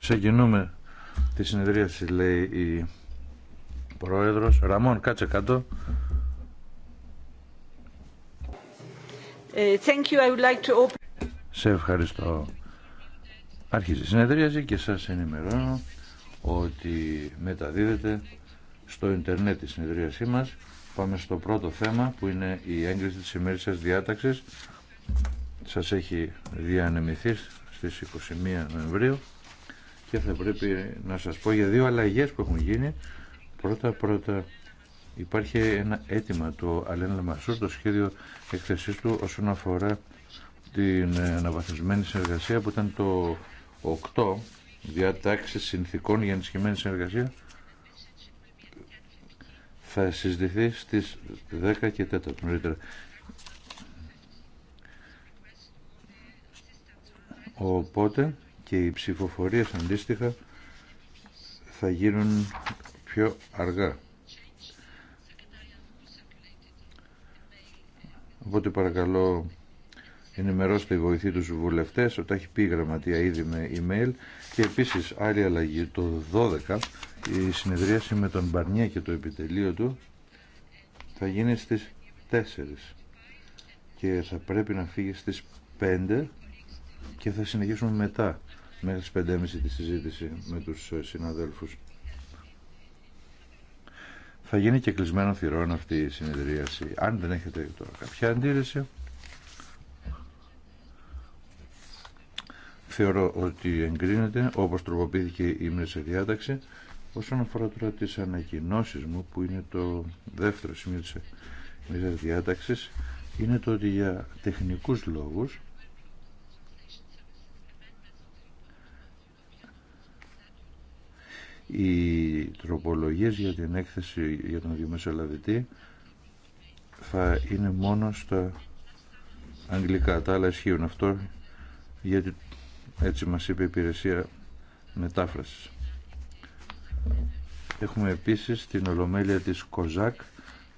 Ξεκινούμε τη συνεδρίαση, λέει η Πρόεδρος. Ραμόν, κάτσε κάτω. Ε, Σε ευχαριστώ. Άρχισε η συνεδρίαση και σα ενημερώνω ότι μεταδίδεται στο ίντερνετ τη συνεδρίασή μας. Πάμε στο πρώτο θέμα που είναι η έγκριση της ημέρησας διάταξης σας έχει διανεμηθεί στις 21 Νοεμβρίου και θα πρέπει να σας πω για δύο αλλαγές που έχουν γίνει. Πρώτα πρώτα υπάρχει ένα αίτημα του Αλέν Λαμασούρ, το σχέδιο εκθεσής του όσον αφορά την αναβαθμισμένη συνεργασία που ήταν το 8 διατάξει συνθήκων για ενισχυμένη συνεργασία θα συζητηθεί στις 10 και 4 νωρίτερα. Οπότε και οι ψηφοφορίες αντίστοιχα θα γίνουν πιο αργά. Οπότε παρακαλώ ενημερώστε οι βοηθοί τους βουλευτές, ότι έχει πει η γραμματεία ήδη με email και επίσης άλλη αλλαγή το 12 η συνεδρίαση με τον Μπαρνιέ και το επιτελείο του θα γίνει στις 4 και θα πρέπει να φύγει στις 5 και θα συνεχίσουμε μετά μέχρι τις 5.30 τη συζήτηση με τους ε, συναδέλφους. Θα γίνει και κλεισμένο θυρών αυτή η συνεδρίαση. Αν δεν έχετε τώρα κάποια αντίρρηση, θεωρώ ότι εγκρίνεται όπως τροποποιήθηκε η μέσα διάταξη όσον αφορά τώρα τις ανακοινώσει μου που είναι το δεύτερο σημείο της μέσα διάταξης είναι το ότι για τεχνικούς λόγους Οι τροπολογίες για την έκθεση για τον διομεσολαβητή θα είναι μόνο στα αγγλικά. Τα άλλα ισχύουν αυτό γιατί έτσι μας είπε η υπηρεσία μετάφρασης. Έχουμε επίσης την Ολομέλεια της Κοζάκ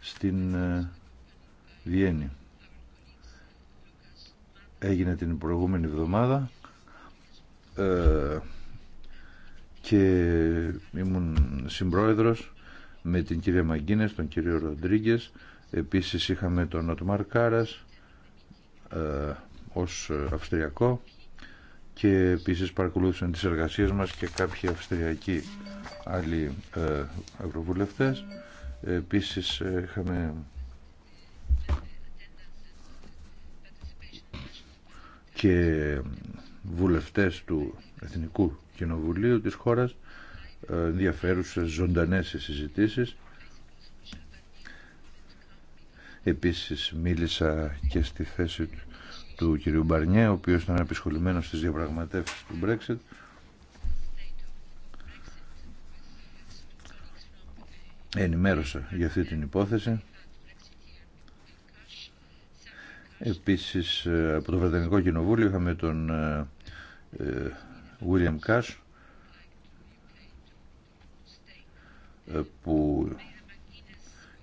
στην ε, Βιέννη. Έγινε την προηγούμενη εβδομάδα. Ε, και ήμουν συμπρόεδρος με την κυρία Μαγκίνες, τον κύριο Ροντρίγκε. Επίσης είχαμε τον Οτμαρ Κάρας ε, ως Αυστριακό και επίσης παρακολούθησαν τις εργασίες μας και κάποιοι Αυστριακοί άλλοι ε, ευρωβουλευτές. Επίσης ε, είχαμε και βουλευτές του Εθνικού Κοινοβουλίου της χώρας, ε, ενδιαφέρουσες ζωντανές συζητήσεις. Επίσης μίλησα και στη θέση του κυρίου Μπαρνιέ, ο οποίος ήταν επισχολημένος στις διαπραγματεύσεις του Brexit. Ενημέρωσα για αυτή την υπόθεση. Επίσης ε, από το Βρετανικό Κοινοβούλιο είχαμε τον ε, William Cash ε, που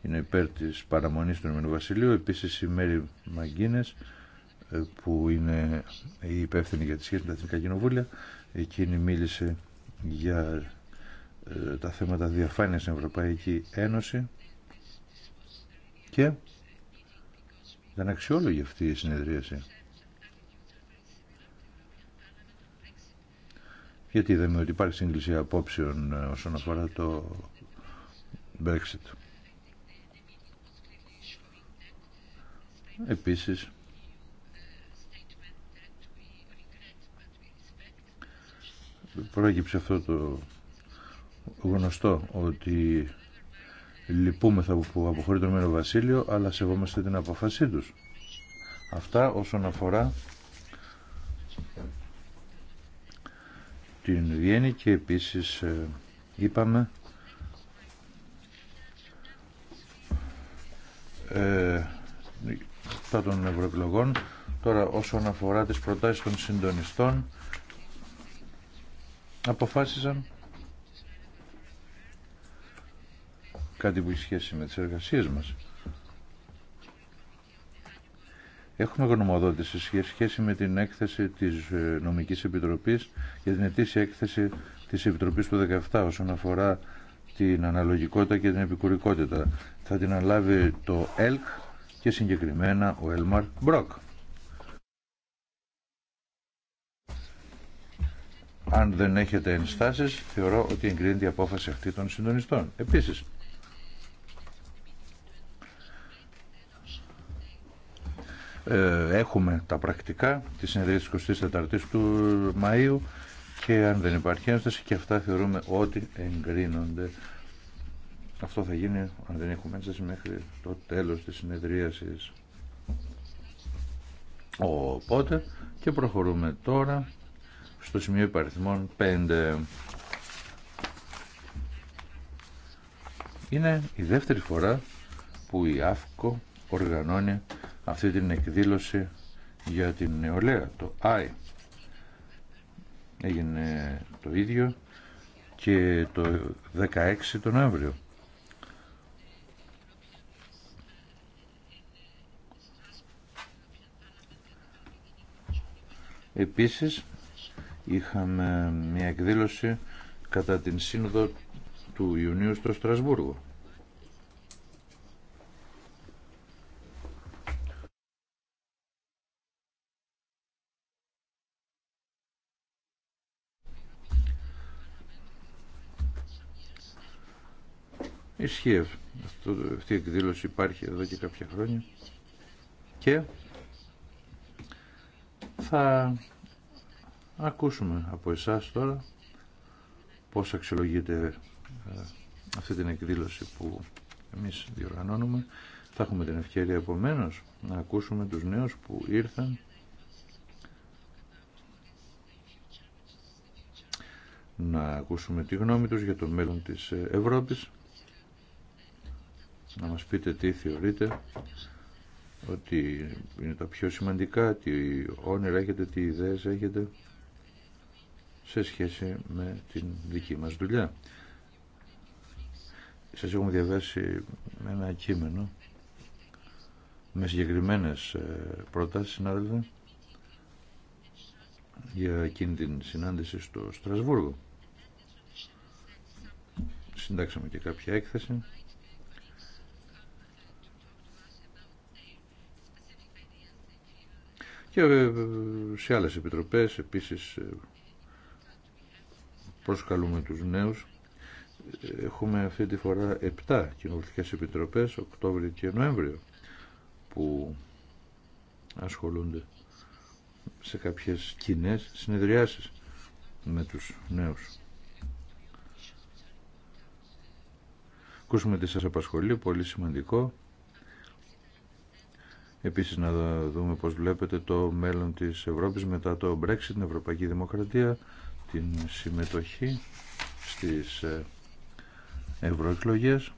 είναι υπέρ της παραμονής του Ηνωμένου Βασιλείου επίσης η Μέρη Μαγκίνες ε, που είναι η υπεύθυνη για τη σχέση με τα Εθνικά Κοινοβούλια εκείνη μίλησε για ε, τα θέματα διαφάνειας στην Ευρωπαϊκή Ένωση και ήταν αξιόλογη αυτή η συνεδρίαση γιατί είδαμε ότι υπάρχει σύγκληση απόψεων ε, όσον αφορά το Brexit. Επίσης, προέκυψε αυτό το γνωστό ότι λυπούμεθα που αποχωρεί το Μέρο Βασίλειο, αλλά σεβόμαστε την αποφασή τους. Αυτά όσον αφορά την Βιέννη και επίσης ε, είπαμε ε, τα των ευρωεκλογών τώρα όσον αφορά τις προτάσεις των συντονιστών αποφάσισαν κάτι που έχει σχέση με τις εργασίες μας Έχουμε γνωμοδότηση σε σχέση με την έκθεση της ε, Νομικής Επιτροπής για την ετήσια έκθεση της Επιτροπής του 17 όσον αφορά την αναλογικότητα και την επικουρικότητα. Θα την αναλάβει το ΕΛΚ και συγκεκριμένα ο Έλμαρ Μπροκ. Αν δεν έχετε ενστάσεις, θεωρώ ότι εγκρίνεται η απόφαση αυτή των συντονιστών. Επίσης, Ε, έχουμε τα πρακτικά τη συνεδρία της 24 η του Μαΐου και αν δεν υπάρχει ένσταση και αυτά θεωρούμε ότι εγκρίνονται. Αυτό θα γίνει αν δεν έχουμε ένσταση μέχρι το τέλος της συνεδρίασης. Οπότε και προχωρούμε τώρα στο σημείο υπαριθμών 5. Είναι η δεύτερη φορά που η ΑΦΚΟ οργανώνει αυτή την εκδήλωση για την νεολαία, το ΆΙ. Έγινε το ίδιο και το 16 τον Αύριο. Επίσης είχαμε μια εκδήλωση κατά την σύνοδο του Ιουνίου στο Στρασβούργο. Ισχύει αυτή η εκδήλωση υπάρχει εδώ και κάποια χρόνια και θα ακούσουμε από εσάς τώρα πώς αξιολογείται ε, αυτή την εκδήλωση που εμείς διοργανώνουμε. Θα έχουμε την ευκαιρία επομένω να ακούσουμε τους νέους που ήρθαν να ακούσουμε τη γνώμη τους για το μέλλον της ε, Ευρώπης να μας πείτε τι θεωρείτε ότι είναι τα πιο σημαντικά, τι όνειρα έχετε, τι ιδέες έχετε σε σχέση με την δική μας δουλειά. Σας έχουμε διαβάσει ένα κείμενο με συγκεκριμένες ε, προτάσεις, συνάδελφε, για εκείνη την συνάντηση στο Στρασβούργο. Συντάξαμε και κάποια έκθεση και ε, σε άλλες επιτροπές επίσης ε, προσκαλούμε τους νέους έχουμε αυτή τη φορά 7 κοινοβουλευτικές επιτροπές Οκτώβριο και Νοέμβριο που ασχολούνται σε κάποιες κοινέ συνεδριάσεις με τους νέους. Ακούσουμε τι σας απασχολεί, πολύ σημαντικό Επίσης να δούμε πώς βλέπετε το μέλλον της Ευρώπης μετά το Brexit, την Ευρωπαϊκή Δημοκρατία, την συμμετοχή στις ε, ευρωεκλογές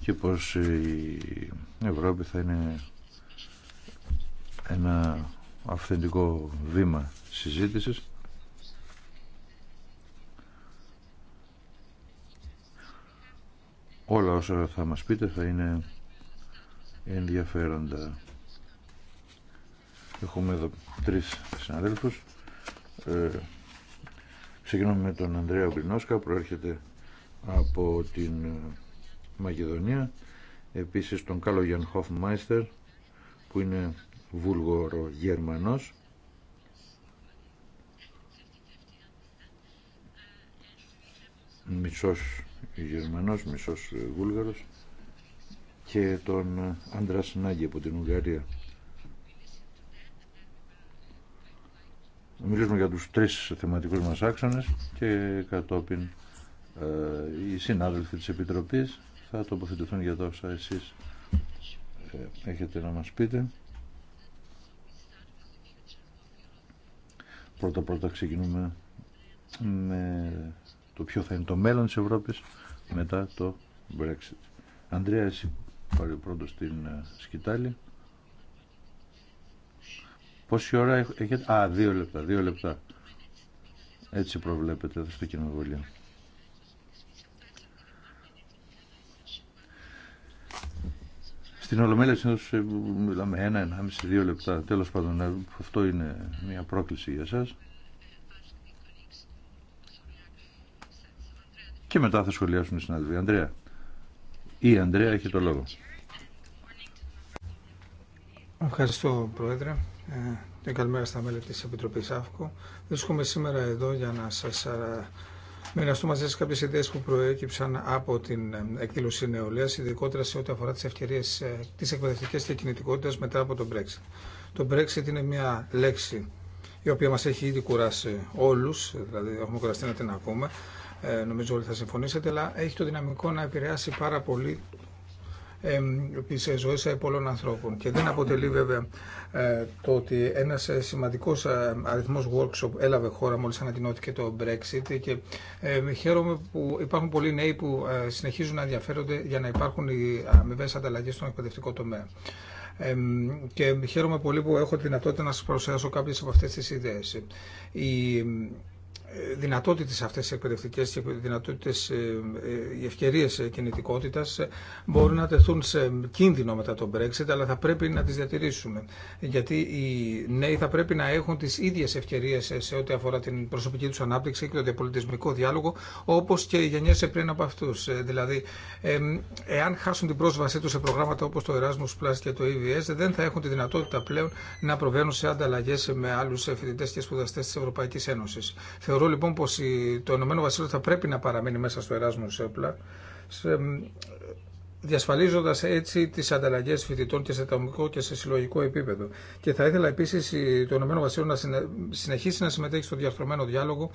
και πως η Ευρώπη θα είναι ένα αυθεντικό βήμα συζήτησης όλα όσα θα μας πείτε θα είναι ενδιαφέροντα. Έχουμε εδώ τρεις συναδέλφους. Ε, ξεκινάμε με τον Ανδρέα που προέρχεται από την Μακεδονία. Επίσης τον Καλογιαν Χοφμάιστερ, που είναι βούλγορο-γερμανός. Μισός Γερμανός, μισός ε, Βούλγαρος και τον ε, Άντρα Σνάγκη από την Ουγγαρία. Μιλήσουμε για τους τρεις θεματικούς μας άξονες και κατόπιν ε, οι συνάδελφοι της Επιτροπής θα τοποθετηθούν για τόσα εσείς έχετε να μας πείτε. Πρώτα πρώτα ξεκινούμε με το ποιο θα είναι το μέλλον της Ευρώπης μετά το Brexit. Ανδρέα, εσύ πάρει πρώτο στην ε, σκητάλη. Πόση ώρα έχετε... Α, δύο λεπτά, δύο λεπτά. Έτσι προβλέπετε εδώ στο κοινοβούλιο. Στην Ολομέλεια συνήθως ε, μιλάμε ένα, ένα. μισή, δύο λεπτά. Τέλος πάντων, ε, αυτό είναι μια πρόκληση για σας. και μετά θα σχολιάσουν οι συνάδελφοι. Ανδρέα. Η Ανδρέα έχει το λόγο. Ευχαριστώ, Πρόεδρε. Ε, καλημέρα στα μέλη της Επιτροπής ΑΦΚΟ. Βρίσκομαι σήμερα εδώ για να σας ε, μοιραστώ μαζί σας κάποιες ιδέες που προέκυψαν από την ε, εκδήλωση νεολαίας, ειδικότερα σε ό,τι αφορά τις ευκαιρίες της εκπαιδευτικής και κινητικότητας μετά από τον Brexit. Το Brexit είναι μια λέξη η οποία μας έχει ήδη κουράσει όλους, δηλαδή έχουμε κουραστεί να την ακούμε, ε, νομίζω όλοι θα συμφωνήσετε, αλλά έχει το δυναμικό να επηρεάσει πάρα πολύ τις ε, ζωές ε, πολλών ανθρώπων και δεν αποτελεί βέβαια το ότι ένας σημαντικός αριθμός workshop έλαβε χώρα μόλις ανακοινώθηκε το Brexit και χαίρομαι που υπάρχουν πολλοί νέοι που συνεχίζουν να ενδιαφέρονται για να υπάρχουν οι αμοιβέ ανταλλαγές στον εκπαιδευτικό τομέα. και χαίρομαι πολύ που έχω τη δυνατότητα να σας παρουσιάσω κάποιες από αυτές τις ιδέες. Η Δυνατότητε αυτέ, οι εκπαιδευτικέ και δυνατότητες, ε, ε, οι ευκαιρίες ε, κινητικότητα μπορούν να τεθούν σε κίνδυνο μετά τον Brexit, αλλά θα πρέπει να τι διατηρήσουμε. Γιατί οι νέοι θα πρέπει να έχουν τι ίδιε ευκαιρίε σε ό,τι αφορά την προσωπική του ανάπτυξη και τον διαπολιτισμικό διάλογο, όπω και οι γενιέ πριν από αυτού. Δηλαδή, εάν χάσουν την πρόσβασή του σε προγράμματα όπω το Erasmus Plus και το EVS, δεν θα έχουν τη δυνατότητα πλέον να προβαίνουν σε ανταλλαγέ με άλλου φοιτητέ και σπουδαστέ τη Ευρωπαϊκής Ένωσης. Θεωρώ λοιπόν πως το Ηνωμένο Βασίλειο θα πρέπει να παραμείνει μέσα στο Erasmus σε, διασφαλίζοντας έτσι τις ανταλλαγές φοιτητών και σε ταμικό και σε συλλογικό επίπεδο. Και θα ήθελα επίσης το ΕΒ να συνεχίσει να συμμετέχει στο διαστρωμένο διάλογο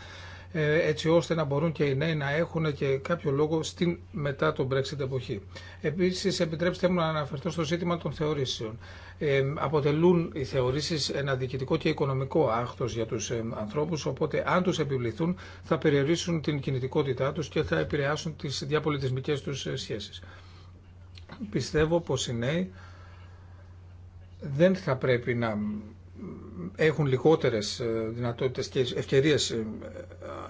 ε, έτσι ώστε να μπορούν και οι νέοι να έχουν και κάποιο λόγο στην μετά τον Brexit εποχή. Επίσης, επιτρέψτε μου να αναφερθώ στο ζήτημα των θεωρήσεων. Ε, αποτελούν οι θεωρήσεις ένα διοικητικό και οικονομικό άκτος για τους ε, ανθρώπους, οπότε αν τους επιβληθούν θα περιορίσουν την κινητικότητά τους και θα επηρεάσουν τις διαπολιτισμικές τους ε, σχέσει. Πιστεύω πω οι νέοι δεν θα πρέπει να έχουν λιγότερες ε, δυνατότητες και ευκαιρίες ε,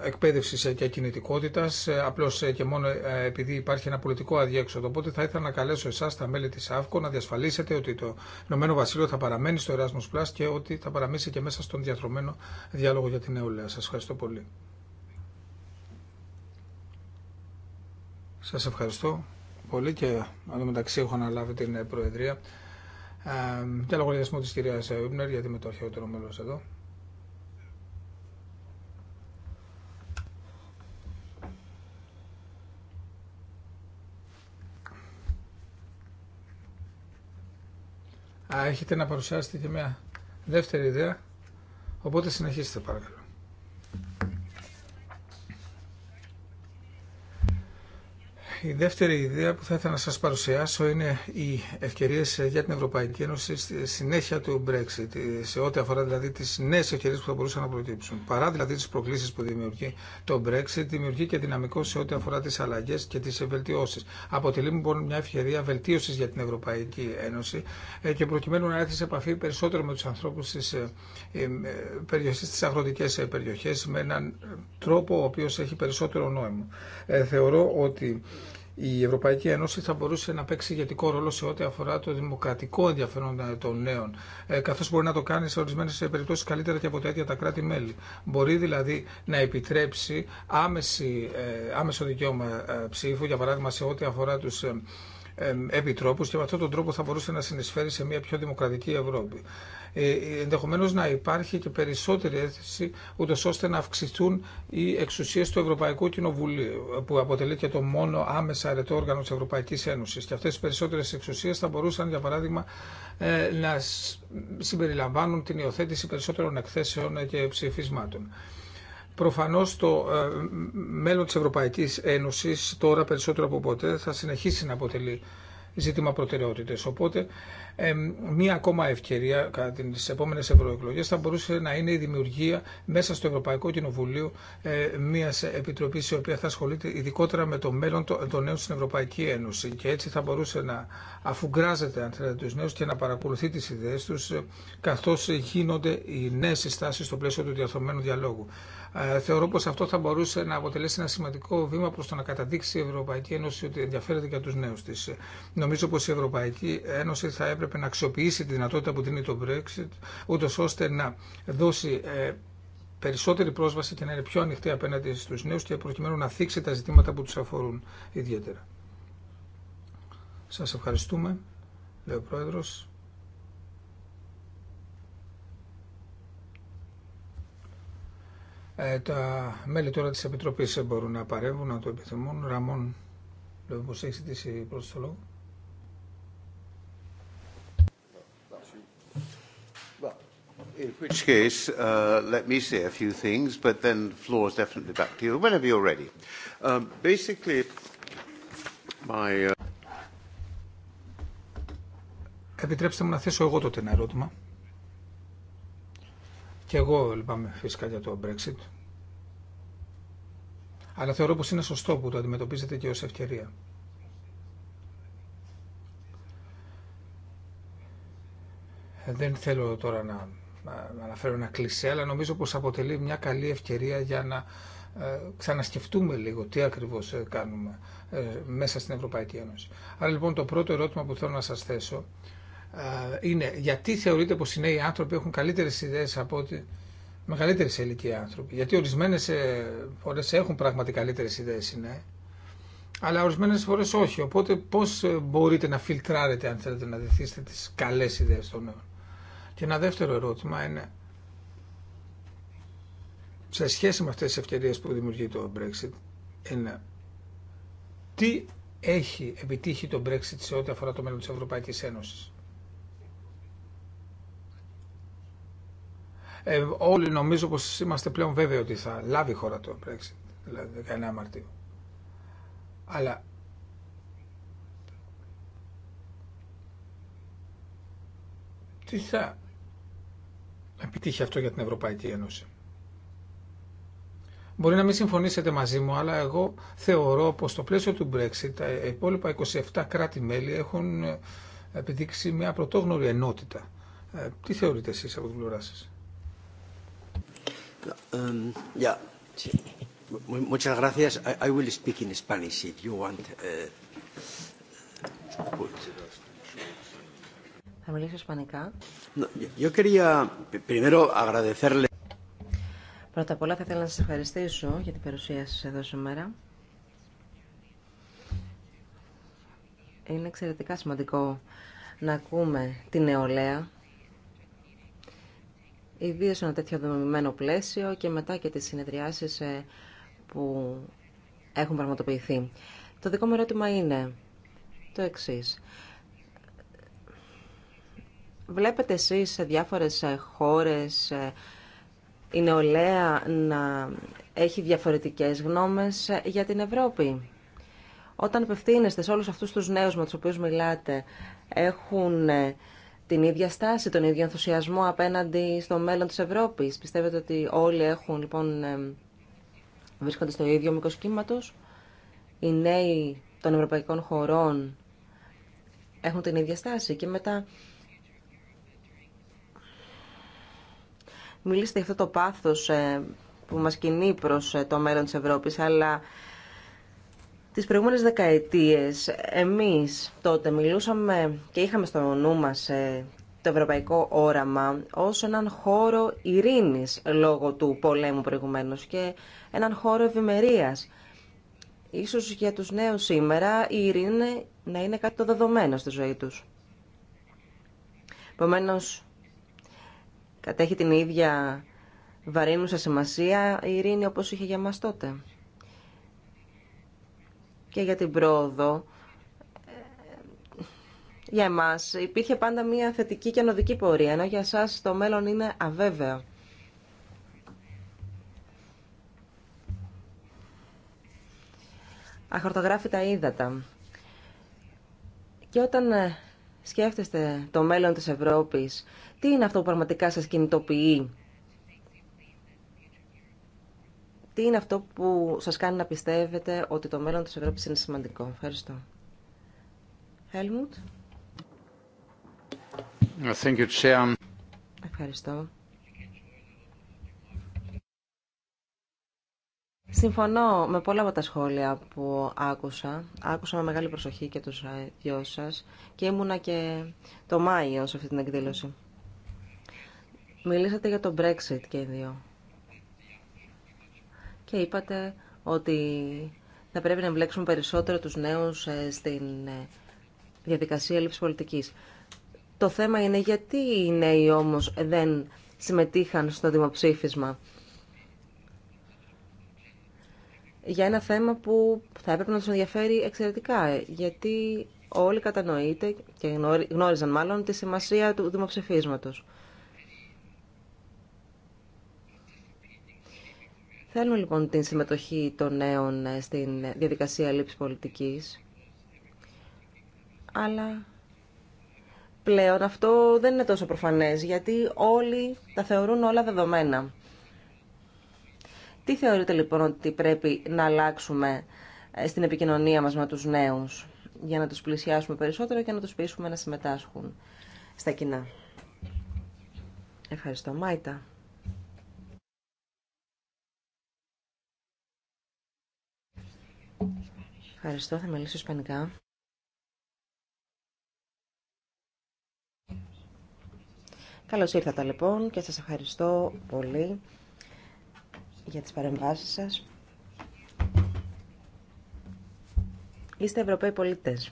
εκπαίδευσης και κινητικότητας ε, απλώς και μόνο επειδή υπάρχει ένα πολιτικό αδιέξοδο. Οπότε θα ήθελα να καλέσω εσάς τα μέλη της ΑΦΚΟ να διασφαλίσετε ότι το Ηνωμένο Βασίλειο θα παραμένει στο Erasmus Plus και ότι θα παραμείνει και μέσα στον διαδρομένο διάλογο για την νεολαία. Σας ευχαριστώ πολύ. Σας ευχαριστώ πολύ και εδώ μεταξύ έχω αναλάβει την Προεδρία και λογαριασμό της κυρίας Ούμπνερ, γιατί με το αρχαιότερο μέλος εδώ. έχετε να παρουσιάσετε και μια δεύτερη ιδέα, οπότε συνεχίστε παρακαλώ. Η δεύτερη ιδέα που θα ήθελα να σας παρουσιάσω είναι οι ευκαιρίες για την Ευρωπαϊκή Ένωση στη συνέχεια του Brexit, σε ό,τι αφορά δηλαδή τις νέες ευκαιρίες που θα μπορούσαν να προκύψουν. Παρά δηλαδή τις προκλήσεις που δημιουργεί το Brexit, δημιουργεί και δυναμικό σε ό,τι αφορά τις αλλαγές και τις βελτιώσεις. Αποτελεί λοιπόν μια ευκαιρία βελτίωσης για την Ευρωπαϊκή Ένωση ε, και προκειμένου να έρθει σε επαφή περισσότερο με τους ανθρώπους στις, ε, ε, περιοχές, στις αγροτικές περιοχές με έναν τρόπο ο οποίος έχει περισσότερο νόημα. Θεωρώ ότι η Ευρωπαϊκή Ένωση θα μπορούσε να παίξει ηγετικό ρόλο σε ό,τι αφορά το δημοκρατικό ενδιαφέρον των νέων, ε, καθώ μπορεί να το κάνει σε ορισμένε περιπτώσει καλύτερα και από τα ίδια τα κράτη-μέλη. Μπορεί δηλαδή να επιτρέψει άμεση, ε, άμεσο δικαίωμα ε, ψήφου, για παράδειγμα σε ό,τι αφορά του επιτρόπους και με αυτόν τον τρόπο θα μπορούσε να συνεισφέρει σε μια πιο δημοκρατική Ευρώπη. Ε, ενδεχομένως να υπάρχει και περισσότερη αίσθηση ούτως ώστε να αυξηθούν οι εξουσίες του Ευρωπαϊκού Κοινοβουλίου που αποτελεί και το μόνο άμεσα αρετό όργανο της Ευρωπαϊκής Ένωσης και αυτές οι περισσότερες εξουσίες θα μπορούσαν για παράδειγμα ε, να συμπεριλαμβάνουν την υιοθέτηση περισσότερων εκθέσεων ε, και ψηφισμάτων. Προφανώς το μέλλον της Ευρωπαϊκής Ένωσης τώρα περισσότερο από ποτέ θα συνεχίσει να αποτελεί ζήτημα προτεραιότητες. Οπότε ε, μία ακόμα ευκαιρία κατά τις επόμενες ευρωεκλογέ θα μπορούσε να είναι η δημιουργία μέσα στο Ευρωπαϊκό Κοινοβουλίο ε, μιας επιτροπής η οποία θα ασχολείται ειδικότερα με το μέλλον των νέων στην Ευρωπαϊκή Ένωση και έτσι θα μπορούσε να αφουγκράζεται αν θέλετε τους και να παρακολουθεί τις ιδέες τους καθώς γίνονται οι νέες συστάσεις στο πλαίσιο του διαθρομένου διαλόγου. Ε, θεωρώ πως αυτό θα μπορούσε να αποτελέσει ένα σημαντικό βήμα προς το να καταδείξει η Ευρωπαϊκή Ένωση ότι ενδιαφέρεται για τους νέους της. Νομίζω πως η Ευρωπαϊκή Ένωση θα έπρεπε να αξιοποιήσει τη δυνατότητα που δίνει το Brexit, ούτως ώστε να δώσει ε, περισσότερη πρόσβαση και να είναι πιο ανοιχτή απέναντι στους νέους και προκειμένου να θίξει τα ζητήματα που τους αφορούν ιδιαίτερα. Σας ευχαριστούμε, λέει ο Πρόεδρος. Ε, τα μέλη τώρα της Επιτροπής μπορούν να παρέμβουν, να το επιθυμούν. Ραμόν, λοιπόν, έχει ζητήσει πρώτος το λόγο. In which case, uh, let me say a few things, but then the floor is definitely back to you whenever you're ready. Um, basically, my... Uh... Επιτρέψτε μου να θέσω εγώ τότε ένα ερώτημα. Και εγώ λυπάμαι φυσικά για το Brexit. Αλλά θεωρώ πως είναι σωστό που το αντιμετωπίζετε και ως ευκαιρία. Δεν θέλω τώρα να αναφέρω ένα κλισέ, αλλά νομίζω πως αποτελεί μια καλή ευκαιρία για να ε, ξανασκεφτούμε λίγο τι ακριβώς ε, κάνουμε ε, μέσα στην Ευρωπαϊκή Ένωση. Άρα λοιπόν το πρώτο ερώτημα που θέλω να σας θέσω ε, είναι γιατί θεωρείτε πως οι νέοι άνθρωποι έχουν καλύτερες ιδέες από ότι μεγαλύτερη σε ηλικία άνθρωποι. Γιατί ορισμένε ε, φορέ έχουν πράγματι καλύτερε ιδέε οι αλλά ορισμένε φορέ όχι. Οπότε πώ ε, μπορείτε να φιλτράρετε, αν θέλετε, να δεθείστε τι καλέ ιδέε των νέων. Και ένα δεύτερο ερώτημα είναι σε σχέση με αυτές τις ευκαιρίες που δημιουργεί το Brexit είναι τι έχει επιτύχει το Brexit σε ό,τι αφορά το μέλλον της Ευρωπαϊκής Ένωσης. Ε, όλοι νομίζω πως είμαστε πλέον βέβαιοι ότι θα λάβει η χώρα το Brexit, δηλαδή 19 Μαρτίου. Αλλά τι θα επιτύχει αυτό για την Ευρωπαϊκή Ένωση. Μπορεί να μην συμφωνήσετε μαζί μου, αλλά εγώ θεωρώ πως στο πλαίσιο του Brexit τα ε, ε, υπόλοιπα 27 κράτη-μέλη έχουν επιδείξει μια πρωτόγνωρη ενότητα. Τι θεωρείτε εσείς από την πλευρά σας. Θα μιλήσω ισπανικά. Πρώτα απ' όλα θα ήθελα να σας ευχαριστήσω για την παρουσία σας εδώ σήμερα. Είναι εξαιρετικά σημαντικό να ακούμε την νεολαία ιδίω σε ένα τέτοιο δομημένο πλαίσιο και μετά και τις συνεδριάσεις ε, που έχουν πραγματοποιηθεί. Το δικό μου ερώτημα είναι το εξής. Βλέπετε εσείς σε διάφορες ε, χώρες ε, η νεολαία να έχει διαφορετικές γνώμες για την Ευρώπη. Όταν απευθύνεστε σε όλους αυτούς τους νέους με τους οποίους μιλάτε, έχουν την ίδια στάση, τον ίδιο ενθουσιασμό απέναντι στο μέλλον της Ευρώπης. Πιστεύετε ότι όλοι έχουν, λοιπόν, ε, βρίσκονται στο ίδιο μήκος κύματος. Οι νέοι των ευρωπαϊκών χωρών έχουν την ίδια στάση. Και μετά μιλήσετε για αυτό το πάθος ε, που μας κινεί προς ε, το μέλλον της Ευρώπης, αλλά Τις προηγούμενες δεκαετίες εμείς τότε μιλούσαμε και είχαμε στο νου μας ε, το ευρωπαϊκό όραμα ως έναν χώρο ειρήνης λόγω του πολέμου προηγουμένως και έναν χώρο ευημερία. Ίσως για τους νέους σήμερα η ειρήνη να είναι κάτι το δεδομένο στη ζωή τους. Επομένω, κατέχει την ίδια βαρύνουσα σημασία η ειρήνη όπως είχε για τότε και για την πρόοδο. Ε, για εμάς υπήρχε πάντα μια θετική και ανωδική πορεία, ενώ για σας το μέλλον είναι αβέβαιο. τα ύδατα. Και όταν ε, σκέφτεστε το μέλλον της Ευρώπης, τι είναι αυτό που πραγματικά σας κινητοποιεί Τι είναι αυτό που σας κάνει να πιστεύετε ότι το μέλλον της Ευρώπης είναι σημαντικό. Ευχαριστώ. Helmut. you, Ευχαριστώ. Συμφωνώ με πολλά από τα σχόλια που άκουσα. Άκουσα με μεγάλη προσοχή και τους δυο σας και ήμουνα και το Μάιο σε αυτή την εκδήλωση. Μιλήσατε για το Brexit και οι δύο και είπατε ότι θα πρέπει να εμπλέξουμε περισσότερο τους νέους ε, στην ε, διαδικασία λήψης πολιτικής. Το θέμα είναι γιατί οι νέοι όμως δεν συμμετείχαν στο δημοψήφισμα για ένα θέμα που θα έπρεπε να τους ενδιαφέρει εξαιρετικά, ε, γιατί όλοι κατανοείτε και γνώριζαν μάλλον τη σημασία του δημοψηφίσματος. θέλουν λοιπόν την συμμετοχή των νέων ε, στην διαδικασία λήψη πολιτικής. Αλλά πλέον αυτό δεν είναι τόσο προφανές, γιατί όλοι τα θεωρούν όλα δεδομένα. Τι θεωρείτε λοιπόν ότι πρέπει να αλλάξουμε ε, στην επικοινωνία μας με τους νέους, για να τους πλησιάσουμε περισσότερο και να τους πείσουμε να συμμετάσχουν στα κοινά. Ευχαριστώ. Μάιτα. Ευχαριστώ, θα μιλήσω ισπανικά. Καλώς ήρθατε λοιπόν και σας ευχαριστώ πολύ για τις παρεμβάσεις σας. Είστε Ευρωπαίοι πολίτες.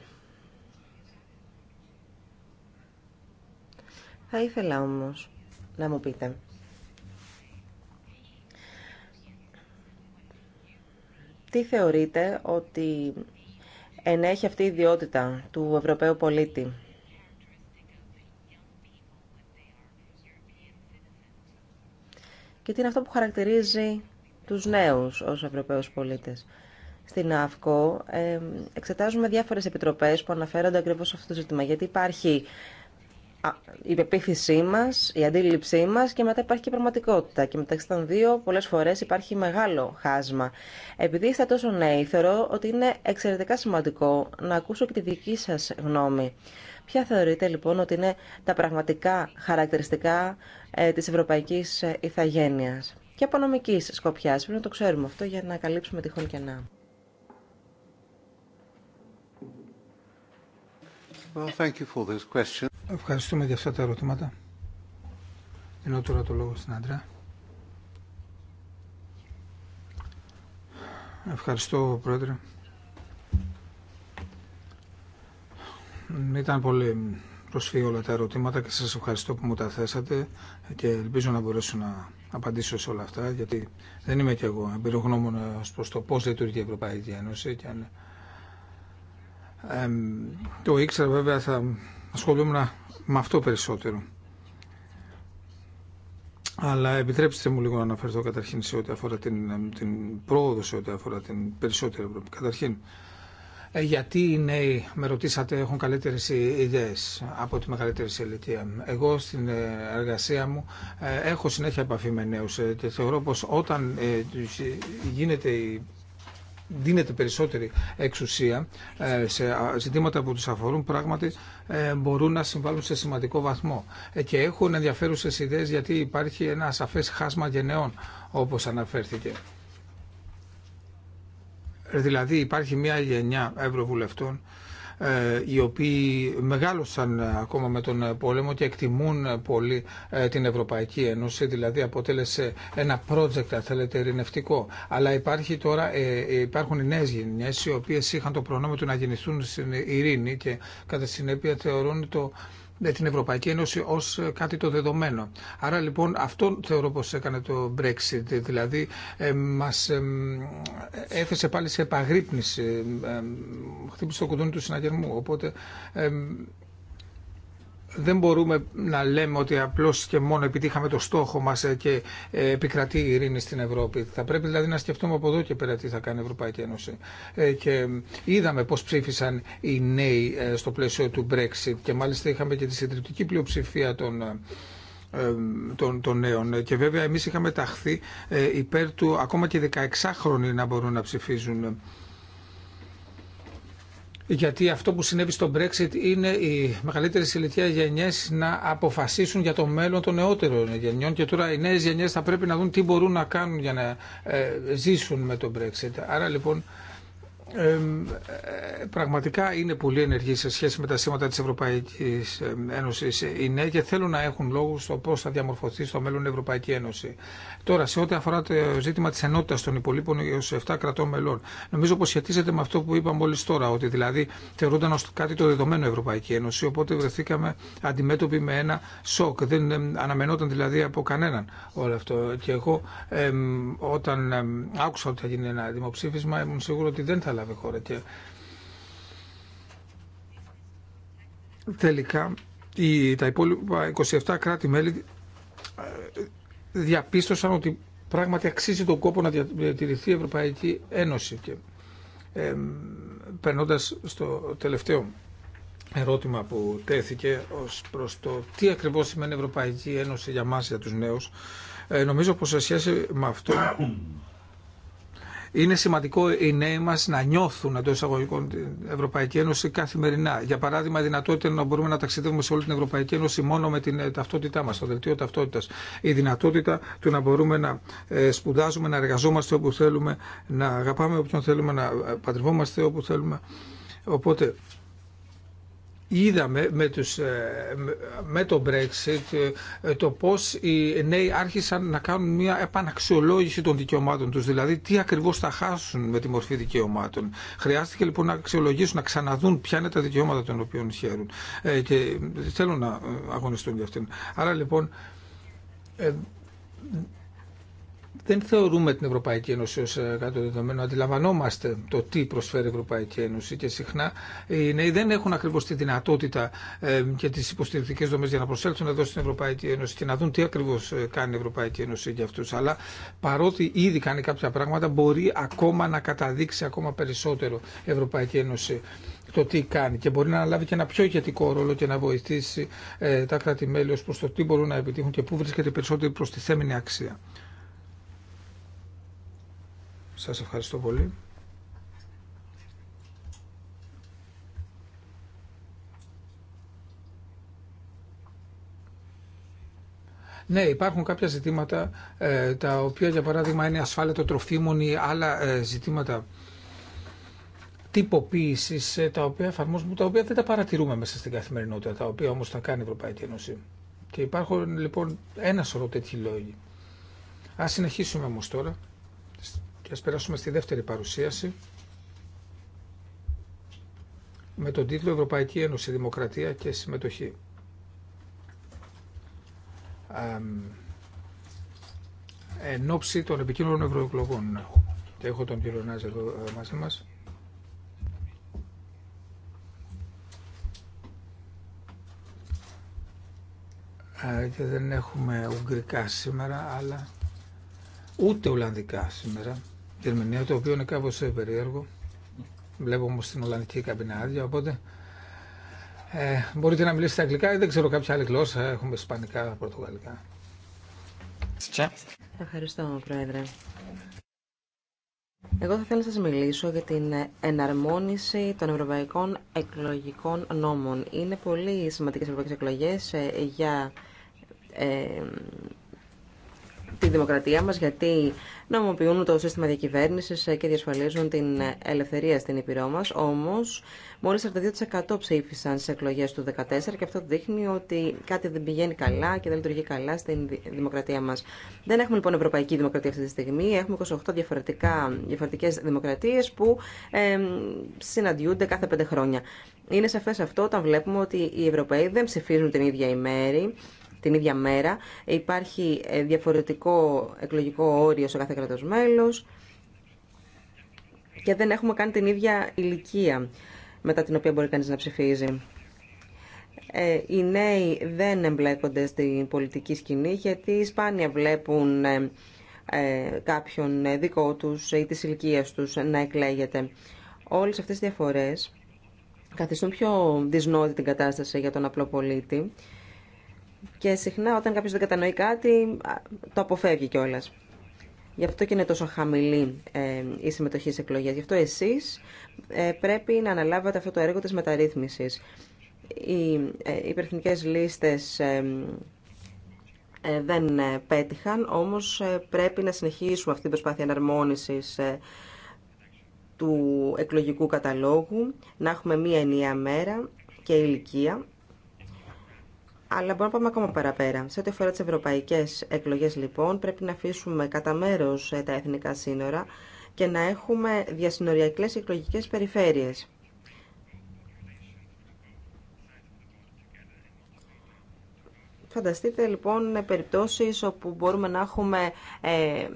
Θα ήθελα όμως να μου πείτε τι θεωρείτε ότι ενέχει αυτή η ιδιότητα του Ευρωπαίου πολίτη. Και τι είναι αυτό που χαρακτηρίζει τους νέους ως Ευρωπαίους πολίτες. Στην ΑΦΚΟ εξετάζουμε διάφορες επιτροπές που αναφέρονται ακριβώς σε αυτό το ζήτημα, γιατί υπάρχει η πεποίθησή μας, η αντίληψή μας και μετά υπάρχει και η πραγματικότητα. Και μεταξύ των δύο πολλές φορές υπάρχει μεγάλο χάσμα. Επειδή είστε τόσο νέοι, θεωρώ ότι είναι εξαιρετικά σημαντικό να ακούσω και τη δική σας γνώμη. Ποια θεωρείτε λοιπόν ότι είναι τα πραγματικά χαρακτηριστικά ε, της ευρωπαϊκής ε, ηθαγένειας και απονομική σκοπιά, σκοπιάς. Πρέπει να το ξέρουμε αυτό για να καλύψουμε τυχόν κενά. Ευχαριστούμε για αυτά τα ερωτήματα. Δίνω τώρα το λόγο στην Αντρέα. Ευχαριστώ, Πρόεδρε. Ήταν πολύ προσφύγει όλα τα ερωτήματα και σας ευχαριστώ που μου τα θέσατε και ελπίζω να μπορέσω να απαντήσω σε όλα αυτά γιατί δεν είμαι και εγώ εμπειρογνώμων προς το πώς λειτουργεί η Ευρωπαϊκή Ένωση και αν το ήξερα βέβαια θα ασχολούμουν με αυτό περισσότερο. Αλλά επιτρέψτε μου λίγο να αναφερθώ καταρχήν σε ό,τι αφορά την, την πρόοδο, σε ό,τι αφορά την περισσότερη Ευρώπη. Καταρχήν, ε, γιατί οι νέοι, με ρωτήσατε, έχουν καλύτερε ιδέε από τη μεγαλύτερη ηλικία. Εγώ στην ε, εργασία μου ε, έχω συνέχεια επαφή με νέου θεωρώ πω όταν γίνεται η δίνεται περισσότερη εξουσία ε, σε ζητήματα που τους αφορούν πράγματι ε, μπορούν να συμβάλλουν σε σημαντικό βαθμό. Ε, και έχουν ενδιαφέρουσες ιδέες γιατί υπάρχει ένα σαφές χάσμα γενναιών όπως αναφέρθηκε. Δηλαδή υπάρχει μια γενιά ευρωβουλευτών ε, οι οποίοι μεγάλωσαν ακόμα με τον πόλεμο και εκτιμούν πολύ ε, την Ευρωπαϊκή Ένωση, δηλαδή αποτέλεσε ένα project, αν θέλετε, ειρηνευτικό. Αλλά υπάρχει τώρα, ε, υπάρχουν οι νέε γενιέ, οι οποίε είχαν το προνόμιο του να γεννηθούν στην ειρήνη και κατά συνέπεια θεωρούν το ναι, την Ευρωπαϊκή Ένωση ω ε, κάτι το δεδομένο. Άρα λοιπόν αυτό θεωρώ πώ έκανε το Brexit, δηλαδή ε, μας ε, ε, έθεσε πάλι σε επαγρύπνηση, ε, χτύπησε το κουδούνι του συναγερμού, οπότε δεν μπορούμε να λέμε ότι απλώς και μόνο επιτύχαμε το στόχο μας ε, και ε, επικρατεί η ειρήνη στην Ευρώπη. Θα πρέπει δηλαδή να σκεφτούμε από εδώ και πέρα τι θα κάνει η Ευρωπαϊκή Ένωση. Ε, και είδαμε πώς ψήφισαν οι νέοι στο πλαίσιο του Brexit και μάλιστα είχαμε και τη συντριπτική πλειοψηφία των των, των νέων. Και βέβαια εμείς είχαμε ταχθεί υπέρ του ακόμα και 16χρονοι να μπορούν να ψηφίζουν γιατί αυτό που συνέβη στο Brexit είναι οι μεγαλύτερε ηλικία γενιέ να αποφασίσουν για το μέλλον των νεότερων γενιών και τώρα οι νέε γενιέ θα πρέπει να δουν τι μπορούν να κάνουν για να ε, ζήσουν με το Brexit. Άρα λοιπόν ε, πραγματικά είναι πολύ ενεργή σε σχέση με τα σήματα της Ευρωπαϊκής Ένωσης είναι και θέλουν να έχουν λόγους στο πώς θα διαμορφωθεί στο μέλλον η Ευρωπαϊκή Ένωση. Τώρα, σε ό,τι αφορά το ζήτημα της ενότητας των υπολείπων έως 7 κρατών μελών, νομίζω πως σχετίζεται με αυτό που είπα μόλις τώρα, ότι δηλαδή θεωρούνταν ως κάτι το δεδομένο Ευρωπαϊκή υπολειπων ως οπότε βρεθήκαμε αντιμέτωποι με ένα σοκ. Δεν αναμενόταν δηλαδή από κανέναν όλο αυτό. Και εγώ όταν άκουσα ότι θα γίνει ένα δημοψήφισμα, ήμουν σίγουρο ότι δεν θα χώρα και τελικά τα υπόλοιπα 27 κράτη-μέλη ε, διαπίστωσαν ότι πράγματι αξίζει τον κόπο να διατηρηθεί η Ευρωπαϊκή Ένωση και ε, περνώντας στο τελευταίο ερώτημα που τέθηκε ως προς το τι ακριβώς σημαίνει Ευρωπαϊκή Ένωση για μας, για τους νέους. Ε, νομίζω πως σε σχέση με αυτό είναι σημαντικό οι νέοι μα να νιώθουν εντό εισαγωγικών την Ευρωπαϊκή Ένωση καθημερινά. Για παράδειγμα, η δυνατότητα να μπορούμε να ταξιδεύουμε σε όλη την Ευρωπαϊκή Ένωση μόνο με την ε, ταυτότητά μα, το δελτίο ταυτότητα. Η δυνατότητα του να μπορούμε να ε, σπουδάζουμε, να εργαζόμαστε όπου θέλουμε, να αγαπάμε όποιον θέλουμε, να ε, παντρευόμαστε όπου θέλουμε. Οπότε είδαμε με, τους, ε, με το Brexit ε, το πώς οι νέοι άρχισαν να κάνουν μια επαναξιολόγηση των δικαιωμάτων τους, δηλαδή τι ακριβώς θα χάσουν με τη μορφή δικαιωμάτων. Χρειάστηκε λοιπόν να αξιολογήσουν, να ξαναδούν ποια είναι τα δικαιώματα των οποίων χαίρουν ε, και θέλουν να αγωνιστούν για αυτήν. Άρα λοιπόν δεν θεωρούμε την Ευρωπαϊκή Ένωση ως ε, κάτι δεδομένο. Αντιλαμβανόμαστε το τι προσφέρει η Ευρωπαϊκή Ένωση και συχνά οι νέοι δεν έχουν ακριβώς τη δυνατότητα ε, και τις υποστηρικτικές δομές για να προσέλθουν εδώ στην Ευρωπαϊκή Ένωση και να δουν τι ακριβώς ε, κάνει η Ευρωπαϊκή Ένωση για αυτούς. Αλλά παρότι ήδη κάνει κάποια πράγματα μπορεί ακόμα να καταδείξει ακόμα περισσότερο η Ευρωπαϊκή Ένωση το τι κάνει και μπορεί να αναλάβει και ένα πιο ηγετικό ρόλο και να βοηθήσει τα κράτη-μέλη ως προς το τι μπορούν να επιτύχουν και πού βρίσκεται η περισσότερη προστιθέμενη αξία. Σας ευχαριστώ πολύ. Ναι, υπάρχουν κάποια ζητήματα ε, τα οποία για παράδειγμα είναι ασφάλεια τροφίμων ή άλλα ε, ζητήματα τυποποίηση ε, τα οποία εφαρμόζουμε, τα οποία δεν τα παρατηρούμε μέσα στην καθημερινότητα, τα οποία όμω τα κάνει η Ευρωπαϊκή Ένωση. Και υπάρχουν λοιπόν ένα σωρό τέτοιοι λόγοι. Α συνεχίσουμε όμω τώρα Ας περάσουμε στη δεύτερη παρουσίαση με τον τίτλο Ευρωπαϊκή Ένωση, Δημοκρατία και Συμμετοχή. Ε, εν ώψη των επικίνδυνων ευρωεκλογών. Και έχω τον κύριο Νάζη εδώ ε, μαζί μας. Ε, και δεν έχουμε ουγγρικά σήμερα, αλλά ούτε ολλανδικά σήμερα. Γερμανία, το οποίο είναι κάπως ε, περίεργο. Βλέπω όμω στην Ολλανδική καμπίνα άδεια, οπότε ε, μπορείτε να μιλήσετε αγγλικά ή δεν ξέρω κάποια άλλη γλώσσα. Έχουμε ισπανικά, πορτογαλικά. Ευχαριστώ, Πρόεδρε. Εγώ θα ήθελα να σας μιλήσω για την εναρμόνιση των ευρωπαϊκών εκλογικών νόμων. Είναι πολύ σημαντικές ευρωπαϊκές εκλογές ε, για ε, τη δημοκρατία μας γιατί νομοποιούν το σύστημα διακυβέρνησης και διασφαλίζουν την ελευθερία στην Ήπειρό μας. Όμως, μόλις 42% ψήφισαν στις εκλογές του 2014 και αυτό δείχνει ότι κάτι δεν πηγαίνει καλά και δεν λειτουργεί καλά στην δημοκρατία μας. Δεν έχουμε λοιπόν ευρωπαϊκή δημοκρατία αυτή τη στιγμή. Έχουμε 28 διαφορετικά, διαφορετικές δημοκρατίες που ε, συναντιούνται κάθε πέντε χρόνια. Είναι σαφές αυτό όταν βλέπουμε ότι οι Ευρωπαίοι δεν ψηφίζουν την ίδια ημέρη την ίδια μέρα. Υπάρχει ε, διαφορετικό εκλογικό όριο σε κάθε κράτος μέλος και δεν έχουμε καν την ίδια ηλικία μετά την οποία μπορεί κανείς να ψηφίζει. Ε, οι νέοι δεν εμπλέκονται στην πολιτική σκηνή γιατί σπάνια βλέπουν ε, κάποιον δικό τους ή της ηλικία τους να εκλέγεται. Όλες αυτές οι διαφορές καθιστούν πιο δυσνόητη την κατάσταση για τον απλό πολίτη και συχνά όταν κάποιος δεν κατανοεί κάτι, το αποφεύγει κιόλα. Γι' αυτό και είναι τόσο χαμηλή ε, η συμμετοχή σε εκλογέ. Γι' αυτό εσείς ε, πρέπει να αναλάβετε αυτό το έργο της μεταρρύθμιση. Οι ε, λίστες ε, δεν πέτυχαν, όμως πρέπει να συνεχίσουμε αυτή την προσπάθεια ε, του εκλογικού καταλόγου, να έχουμε μία ενιαία μέρα και ηλικία αλλά μπορούμε να πάμε ακόμα παραπέρα. Σε ό,τι αφορά τι ευρωπαϊκέ εκλογέ, λοιπόν, πρέπει να αφήσουμε κατά μέρο ε, τα εθνικά σύνορα και να έχουμε διασυνοριακέ εκλογικέ περιφέρειε. Φανταστείτε λοιπόν περιπτώσεις όπου μπορούμε να έχουμε ε,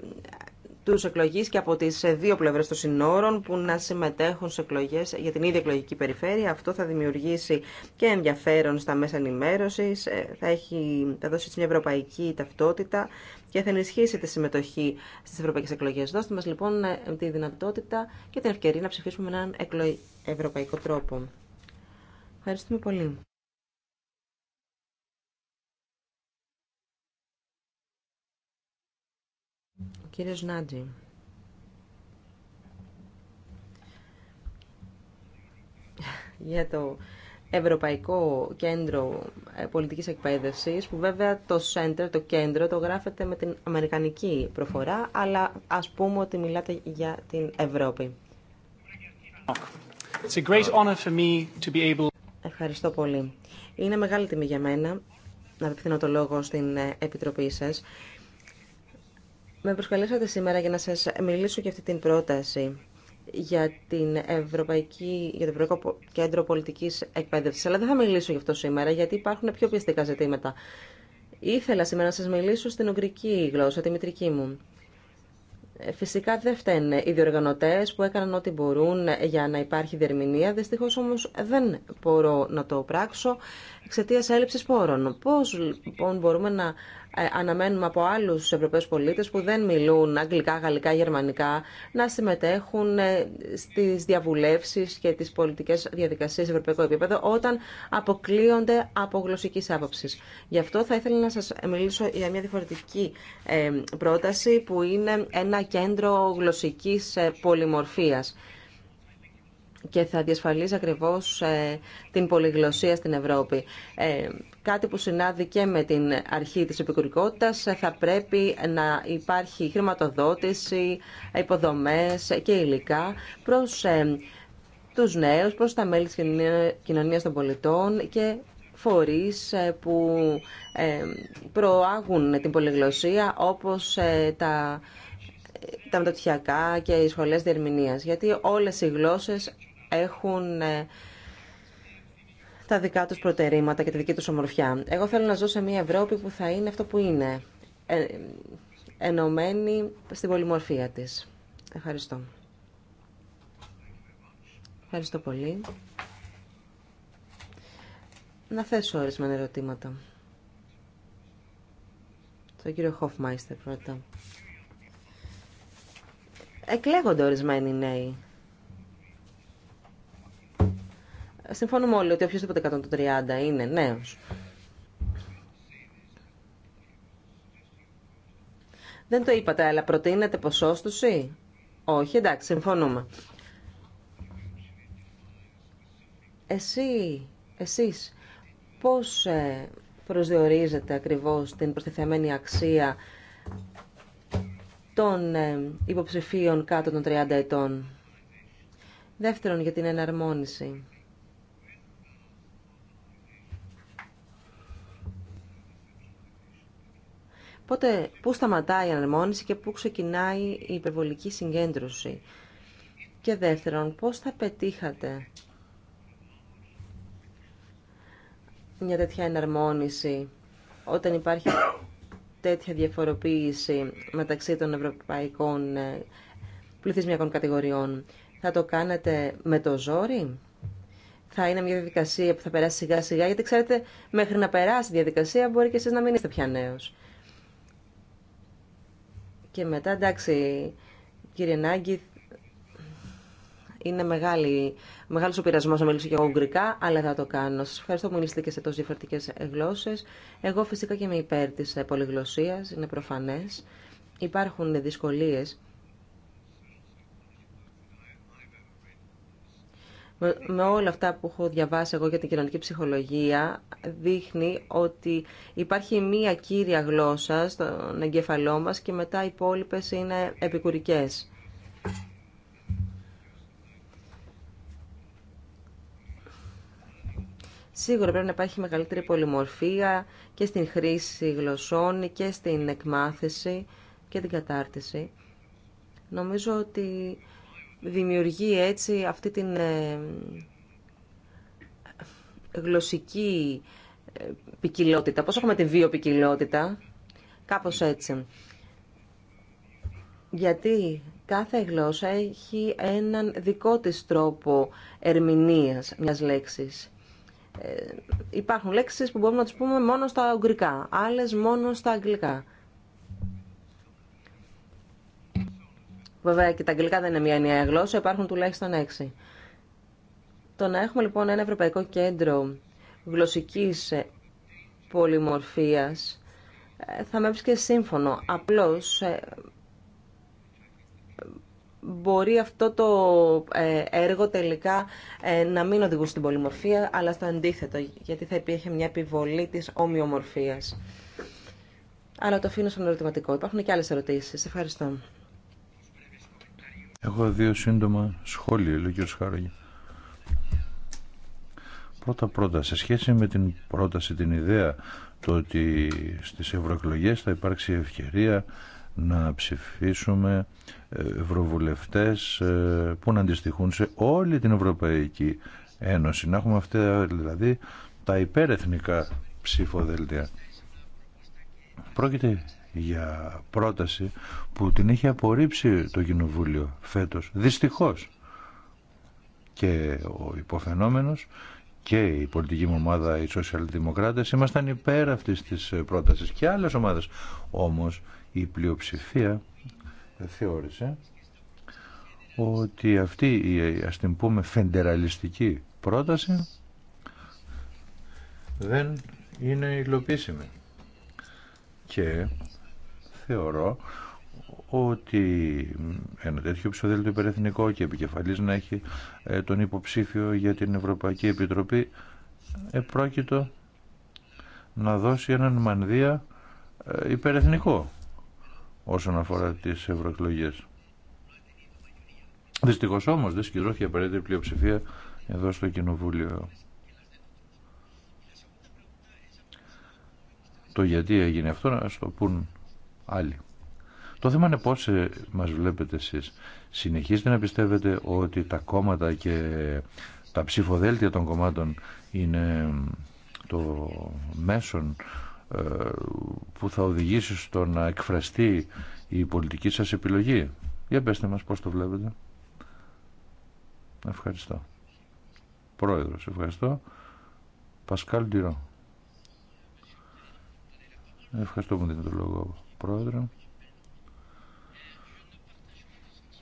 τους εκλογείς και από τις ε, δύο πλευρές των συνόρων που να συμμετέχουν σε εκλογές για την ίδια εκλογική περιφέρεια. Αυτό θα δημιουργήσει και ενδιαφέρον στα μέσα ενημέρωσης, ε, θα, έχει, θα δώσει μια ευρωπαϊκή ταυτότητα και θα ενισχύσει τη συμμετοχή στις ευρωπαϊκές εκλογές. Δώστε μας λοιπόν ε, τη δυνατότητα και την ευκαιρία να ψηφίσουμε με έναν ευρωπαϊκό τρόπο. Ευχαριστούμε πολύ. Κύριος Για το Ευρωπαϊκό Κέντρο ε, Πολιτικής Εκπαίδευσης, που βέβαια το center, το κέντρο, το γράφεται με την αμερικανική προφορά, αλλά ας πούμε ότι μιλάτε για την Ευρώπη. Ευχαριστώ πολύ. Είναι μεγάλη τιμή για μένα να απευθύνω το λόγο στην ε, Επιτροπή σας με προσκαλέσατε σήμερα για να σας μιλήσω για αυτή την πρόταση για, την Ευρωπαϊκή, για το Ευρωπαϊκό Κέντρο Πολιτικής Εκπαίδευσης. Αλλά δεν θα μιλήσω γι' αυτό σήμερα, γιατί υπάρχουν πιο πιεστικά ζητήματα. Ήθελα σήμερα να σας μιλήσω στην ουγγρική γλώσσα, τη μητρική μου. Ε, φυσικά δεν φταίνε οι διοργανωτές που έκαναν ό,τι μπορούν για να υπάρχει διερμηνία. Δυστυχώς όμως δεν μπορώ να το πράξω εξαιτία έλλειψη πόρων. Πώς λοιπόν μπορούμε να ε, αναμένουμε από άλλους Ευρωπαίους πολίτες που δεν μιλούν αγγλικά, γαλλικά, γερμανικά να συμμετέχουν ε, στις διαβουλεύσεις και τις πολιτικές διαδικασίες σε ευρωπαϊκό επίπεδο όταν αποκλείονται από γλωσσική άποψη. Γι' αυτό θα ήθελα να σας μιλήσω για μια διαφορετική ε, πρόταση που είναι ένα κέντρο γλωσσικής πολυμορφίας και θα διασφαλίζει ακριβώς ε, την πολυγλωσία στην Ευρώπη. Ε, κάτι που συνάδει και με την αρχή της επικουρικότητας ε, θα πρέπει να υπάρχει χρηματοδότηση, υποδομές και υλικά προς τους νέους, προς τα μέλη της κοινωνίας των πολιτών και φορείς που προάγουν την πολυγλωσία όπως τα τα μεταπτυχιακά και οι σχολές διερμηνίας, γιατί όλες οι γλώσσες έχουν ε, τα δικά τους προτερήματα και τη δική τους ομορφιά. Εγώ θέλω να ζω σε μια Ευρώπη που θα είναι αυτό που είναι, ε, ενωμένη στην πολυμορφία της. Ευχαριστώ. Ευχαριστώ πολύ. Να θέσω ορισμένα ερωτήματα. Το κύριο Χοφμάιστερ πρώτα. Εκλέγονται ορισμένοι νέοι Συμφωνούμε όλοι ότι οποιοδήποτε 130 είναι νέος. Δεν το είπατε, αλλά προτείνετε ποσόστοση. Όχι, εντάξει, συμφωνούμε. Εσύ, εσείς, πώς ε, προσδιορίζετε ακριβώς την προστιθεμένη αξία των ε, υποψηφίων κάτω των 30 ετών. Δεύτερον, για την εναρμόνιση. Οπότε, πού σταματάει η εναρμόνιση και πού ξεκινάει η υπερβολική συγκέντρωση. Και δεύτερον, πώς θα πετύχατε μια τέτοια εναρμόνιση όταν υπάρχει τέτοια διαφοροποίηση μεταξύ των ευρωπαϊκών ε, πληθυσμιακών κατηγοριών. Θα το κάνετε με το ζόρι? Θα είναι μια διαδικασία που θα περάσει σιγά σιγά, γιατί ξέρετε, μέχρι να περάσει η διαδικασία μπορεί και εσείς να μην είστε πια νέος. Και μετά, εντάξει, κύριε Νάγκη, είναι μεγάλη, μεγάλος ο πειρασμός να μιλήσω και εγώ γκρικά, αλλά θα το κάνω. Σας ευχαριστώ που μιλήσετε και σε τόσες διαφορετικές γλώσσες. Εγώ φυσικά και είμαι υπέρ της πολυγλωσσίας, είναι προφανές. Υπάρχουν δυσκολίες με όλα αυτά που έχω διαβάσει εγώ για την κοινωνική ψυχολογία, δείχνει ότι υπάρχει μία κύρια γλώσσα στον εγκέφαλό μας και μετά οι υπόλοιπε είναι επικουρικές. Σίγουρα πρέπει να υπάρχει μεγαλύτερη πολυμορφία και στην χρήση γλωσσών και στην εκμάθηση και την κατάρτιση. Νομίζω ότι δημιουργεί έτσι αυτή την ε, γλωσσική ε, ποικιλότητα. Πώς έχουμε την βιοπικιλότητα, κάπως έτσι. Γιατί κάθε γλώσσα έχει έναν δικό της τρόπο ερμηνείας μιας λέξης. Ε, υπάρχουν λέξεις που μπορούμε να τις πούμε μόνο στα αγγλικά, άλλες μόνο στα αγγλικά. Βέβαια και τα αγγλικά δεν είναι μια ενιαία γλώσσα, υπάρχουν τουλάχιστον έξι. Το να έχουμε λοιπόν ένα Ευρωπαϊκό Κέντρο Γλωσσικής ε, Πολυμορφίας ε, θα με έβρισκε σύμφωνο. Απλώς ε, μπορεί αυτό το έργο τελικά να μην οδηγούσε στην πολυμορφία, αλλά στο αντίθετο, γιατί θα υπήρχε μια επιβολή της ομοιομορφίας. Αλλά το αφήνω στον ερωτηματικό. Υπάρχουν και άλλες ερωτήσεις. Ευχαριστώ. Έχω δύο σύντομα σχόλια, λέει ο πρωτα Πρώτα-πρώτα, σε σχέση με την πρόταση, την ιδέα το ότι στις ευρωεκλογέ θα υπάρξει ευκαιρία να ψηφίσουμε ε, ευρωβουλευτές ε, που να αντιστοιχούν σε όλη την Ευρωπαϊκή Ένωση. Να έχουμε αυτά δηλαδή τα υπερεθνικά ψηφοδέλτια. Πρόκειται για πρόταση που την έχει απορρίψει το Κοινοβούλιο φέτος. Δυστυχώς. Και ο υποφαινόμενος και η πολιτική μου ομάδα, οι σοσιαλδημοκράτες, ήμασταν υπέρ αυτής της πρότασης και άλλες ομάδες. Όμως η πλειοψηφία θεώρησε ότι αυτή η ας την πούμε φεντεραλιστική πρόταση δεν είναι υλοποιήσιμη. Και θεωρώ ότι ένα τέτοιο ψηφοδέλτιο υπερεθνικό και επικεφαλής να έχει ε, τον υποψήφιο για την Ευρωπαϊκή Επιτροπή επρόκειτο να δώσει έναν μανδύα ε, υπερεθνικό όσον αφορά τις ευρωεκλογέ. Δυστυχώς όμως δεν συγκεντρώθηκε απαραίτητη πλειοψηφία εδώ στο Κοινοβούλιο. Το γιατί έγινε αυτό να στο πούν άλλοι. Το θέμα είναι πώς ε, μας βλέπετε εσείς. Συνεχίζετε να πιστεύετε ότι τα κόμματα και τα ψηφοδέλτια των κομμάτων είναι το μέσον ε, που θα οδηγήσει στο να εκφραστεί η πολιτική σας επιλογή. Για πέστε μας πώς το βλέπετε. Ευχαριστώ. Πρόεδρος, ευχαριστώ. Πασκάλ Ντυρό. Ευχαριστώ που μου δίνετε το λόγο. Πρόεδρο.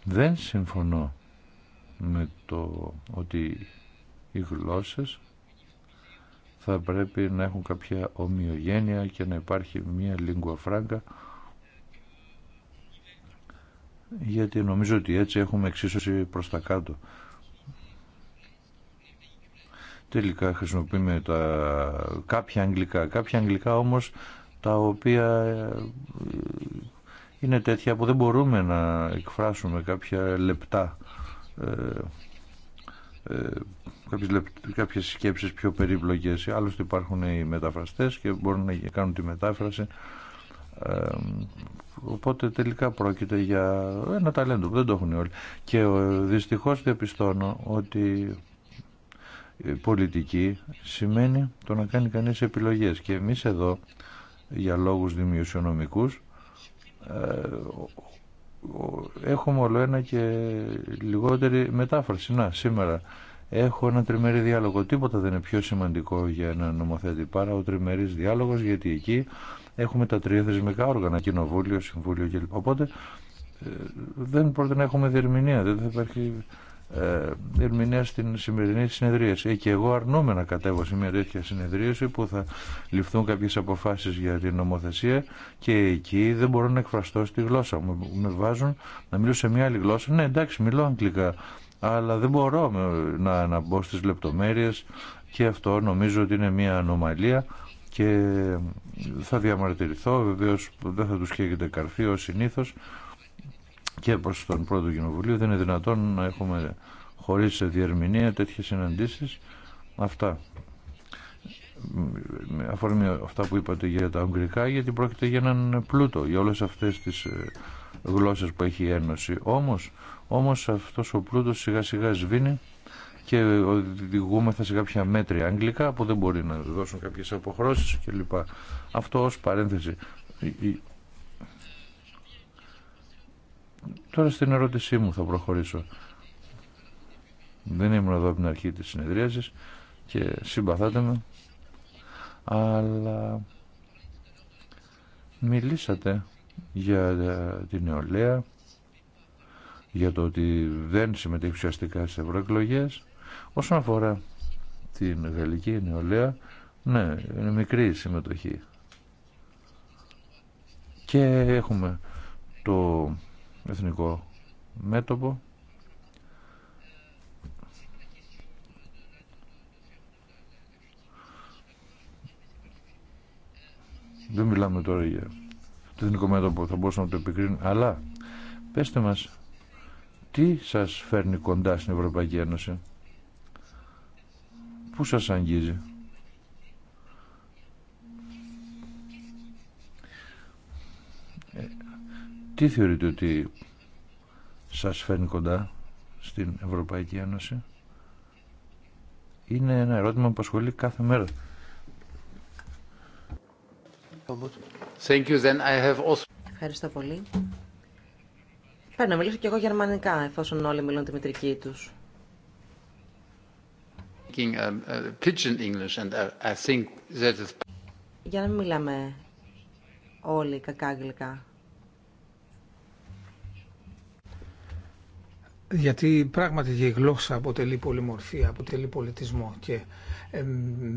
Δεν συμφωνώ με το ότι οι γλώσσες θα πρέπει να έχουν κάποια ομοιογένεια και να υπάρχει μία λίγκουα φράγκα γιατί νομίζω ότι έτσι έχουμε εξίσωση προς τα κάτω. Τελικά χρησιμοποιούμε τα κάποια αγγλικά. Κάποια αγγλικά όμως τα οποία ε, είναι τέτοια που δεν μπορούμε να εκφράσουμε κάποια λεπτά ε, ε, κάποιες, λεπ, κάποιες σκέψεις πιο περίπλοκες άλλωστε υπάρχουν οι μεταφραστές και μπορούν να κάνουν τη μετάφραση οπότε τελικά πρόκειται για ένα ταλέντο που δεν το έχουν όλοι και δυστυχώς διαπιστώνω ότι πολιτική σημαίνει το να κάνει κανείς επιλογές και εμείς εδώ για λόγους ε, έχουμε όλο ένα και λιγότερη μετάφραση. Να, σήμερα έχω ένα τριμερή διάλογο. Τίποτα δεν είναι πιο σημαντικό για ένα νομοθέτη παρά ο τριμερής διάλογος γιατί εκεί έχουμε τα τρία θεσμικά όργανα, κοινοβούλιο, συμβούλιο κλπ. Οπότε ε, δεν πρόκειται να έχουμε διερμηνία, δεν θα υπάρχει ερμηνεία στην σημερινή συνεδρίαση. Ε, και εγώ αρνούμαι να κατέβω σε μια τέτοια συνεδρίαση που θα ληφθούν κάποιε αποφάσει για την νομοθεσία και εκεί δεν μπορώ να εκφραστώ στη γλώσσα μου. Με βάζουν να μιλήσω σε μια άλλη γλώσσα. Ναι, εντάξει, μιλώ αγγλικά, αλλά δεν μπορώ να, να μπω στι λεπτομέρειες και αυτό νομίζω ότι είναι μια ανομαλία και θα διαμαρτυρηθώ, βεβαίως δεν θα τους καίγεται καρφί ως συνήθως, και προς τον πρώτο κοινοβουλίο δεν είναι δυνατόν να έχουμε χωρίς διερμηνία τέτοιες συναντήσεις αυτά αφορμή αυτά που είπατε για τα αγγλικά γιατί πρόκειται για έναν πλούτο για όλες αυτές τις ε, γλώσσες που έχει η Ένωση όμως, όμως αυτός ο πλούτος σιγά σιγά σβήνει και οδηγούμεθα σε κάποια μέτρια αγγλικά που δεν μπορεί να δώσουν κάποιες αποχρώσεις κλπ. Αυτό ως παρένθεση Τώρα στην ερώτησή μου θα προχωρήσω. Δεν ήμουν εδώ από την αρχή της συνεδρίασης και συμπαθάτε με, αλλά μιλήσατε για ε, την νεολαία, για το ότι δεν συμμετέχει ουσιαστικά σε ευρωεκλογέ. Όσον αφορά την γαλλική νεολαία, ναι, είναι μικρή η συμμετοχή. Και έχουμε το εθνικό μέτωπο Δεν μιλάμε τώρα για το εθνικό μέτωπο θα μπορούσαμε να το επικρίνουμε, αλλά πέστε μας τι σας φέρνει κοντά στην Ευρωπαϊκή Ένωση, πού σας αγγίζει. Ε, τι θεωρείτε ότι σας φέρνει κοντά στην Ευρωπαϊκή Ένωση. Είναι ένα ερώτημα που ασχολεί κάθε μέρα. Ευχαριστώ πολύ. Πρέπει να μιλήσω και εγώ γερμανικά, εφόσον όλοι μιλούν τη μητρική τους. Για να μην μιλάμε όλοι κακά αγγλικά. γιατί πράγματι η γλώσσα αποτελεί πολυμορφία, αποτελεί πολιτισμό και ε,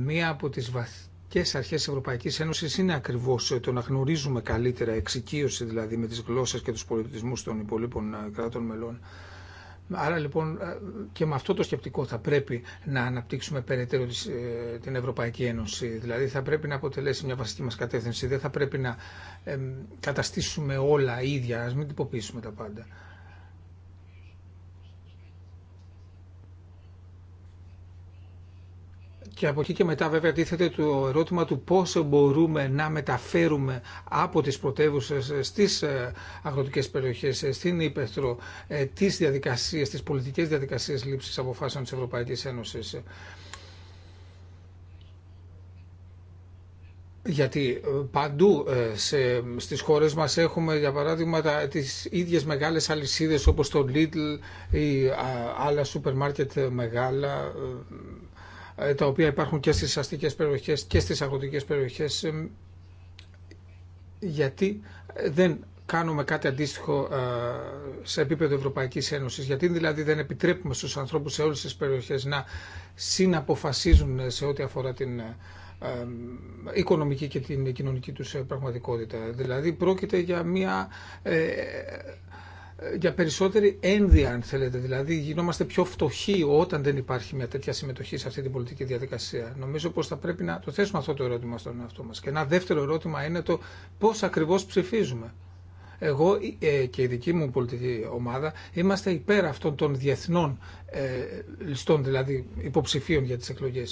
μία από τις βαθικές αρχές της Ευρωπαϊκής Ένωσης είναι ακριβώς ε, το να γνωρίζουμε καλύτερα εξοικείωση δηλαδή με τις γλώσσες και τους πολιτισμούς των υπολείπων ε, κράτων μελών. Άρα λοιπόν και με αυτό το σκεπτικό θα πρέπει να αναπτύξουμε περαιτέρω την Ευρωπαϊκή Ένωση. Δηλαδή θα πρέπει να αποτελέσει μια βασική μας κατεύθυνση. Δεν θα πρέπει να καταστήσουμε όλα ίδια, ας μην τυποποιήσουμε τα πάντα. Και από εκεί και μετά βέβαια τίθεται το ερώτημα του πώς μπορούμε να μεταφέρουμε από τις πρωτεύουσε στις ε, αγροτικές περιοχές, ε, στην Ήπεθρο, ε, τις διαδικασίες, τις πολιτικές διαδικασίες λήψης αποφάσεων της Ευρωπαϊκής Ένωσης. Γιατί παντού σε, στις χώρες μας έχουμε για παράδειγμα τις ίδιες μεγάλες αλυσίδες όπως το Lidl ή άλλα σούπερ μάρκετ μεγάλα ε, τα οποία υπάρχουν και στις αστικές περιοχές και στις αγροτικές περιοχές ε, γιατί δεν κάνουμε κάτι αντίστοιχο ε, σε επίπεδο Ευρωπαϊκής Ένωσης. Γιατί δηλαδή δεν επιτρέπουμε στους ανθρώπους σε όλες τις περιοχές να συναποφασίζουν σε ό,τι αφορά την οικονομική και την κοινωνική τους πραγματικότητα. Δηλαδή πρόκειται για μια για περισσότερη ένδυα, αν θέλετε. Δηλαδή, γινόμαστε πιο φτωχοί όταν δεν υπάρχει μια τέτοια συμμετοχή σε αυτή την πολιτική διαδικασία. Νομίζω πω θα πρέπει να το θέσουμε αυτό το ερώτημα στον εαυτό μα. Και ένα δεύτερο ερώτημα είναι το πώ ακριβώ ψηφίζουμε. Εγώ ε, και η δική μου πολιτική ομάδα είμαστε υπέρ αυτών των διεθνών ε, ληστών, δηλαδή υποψηφίων για τι εκλογέ.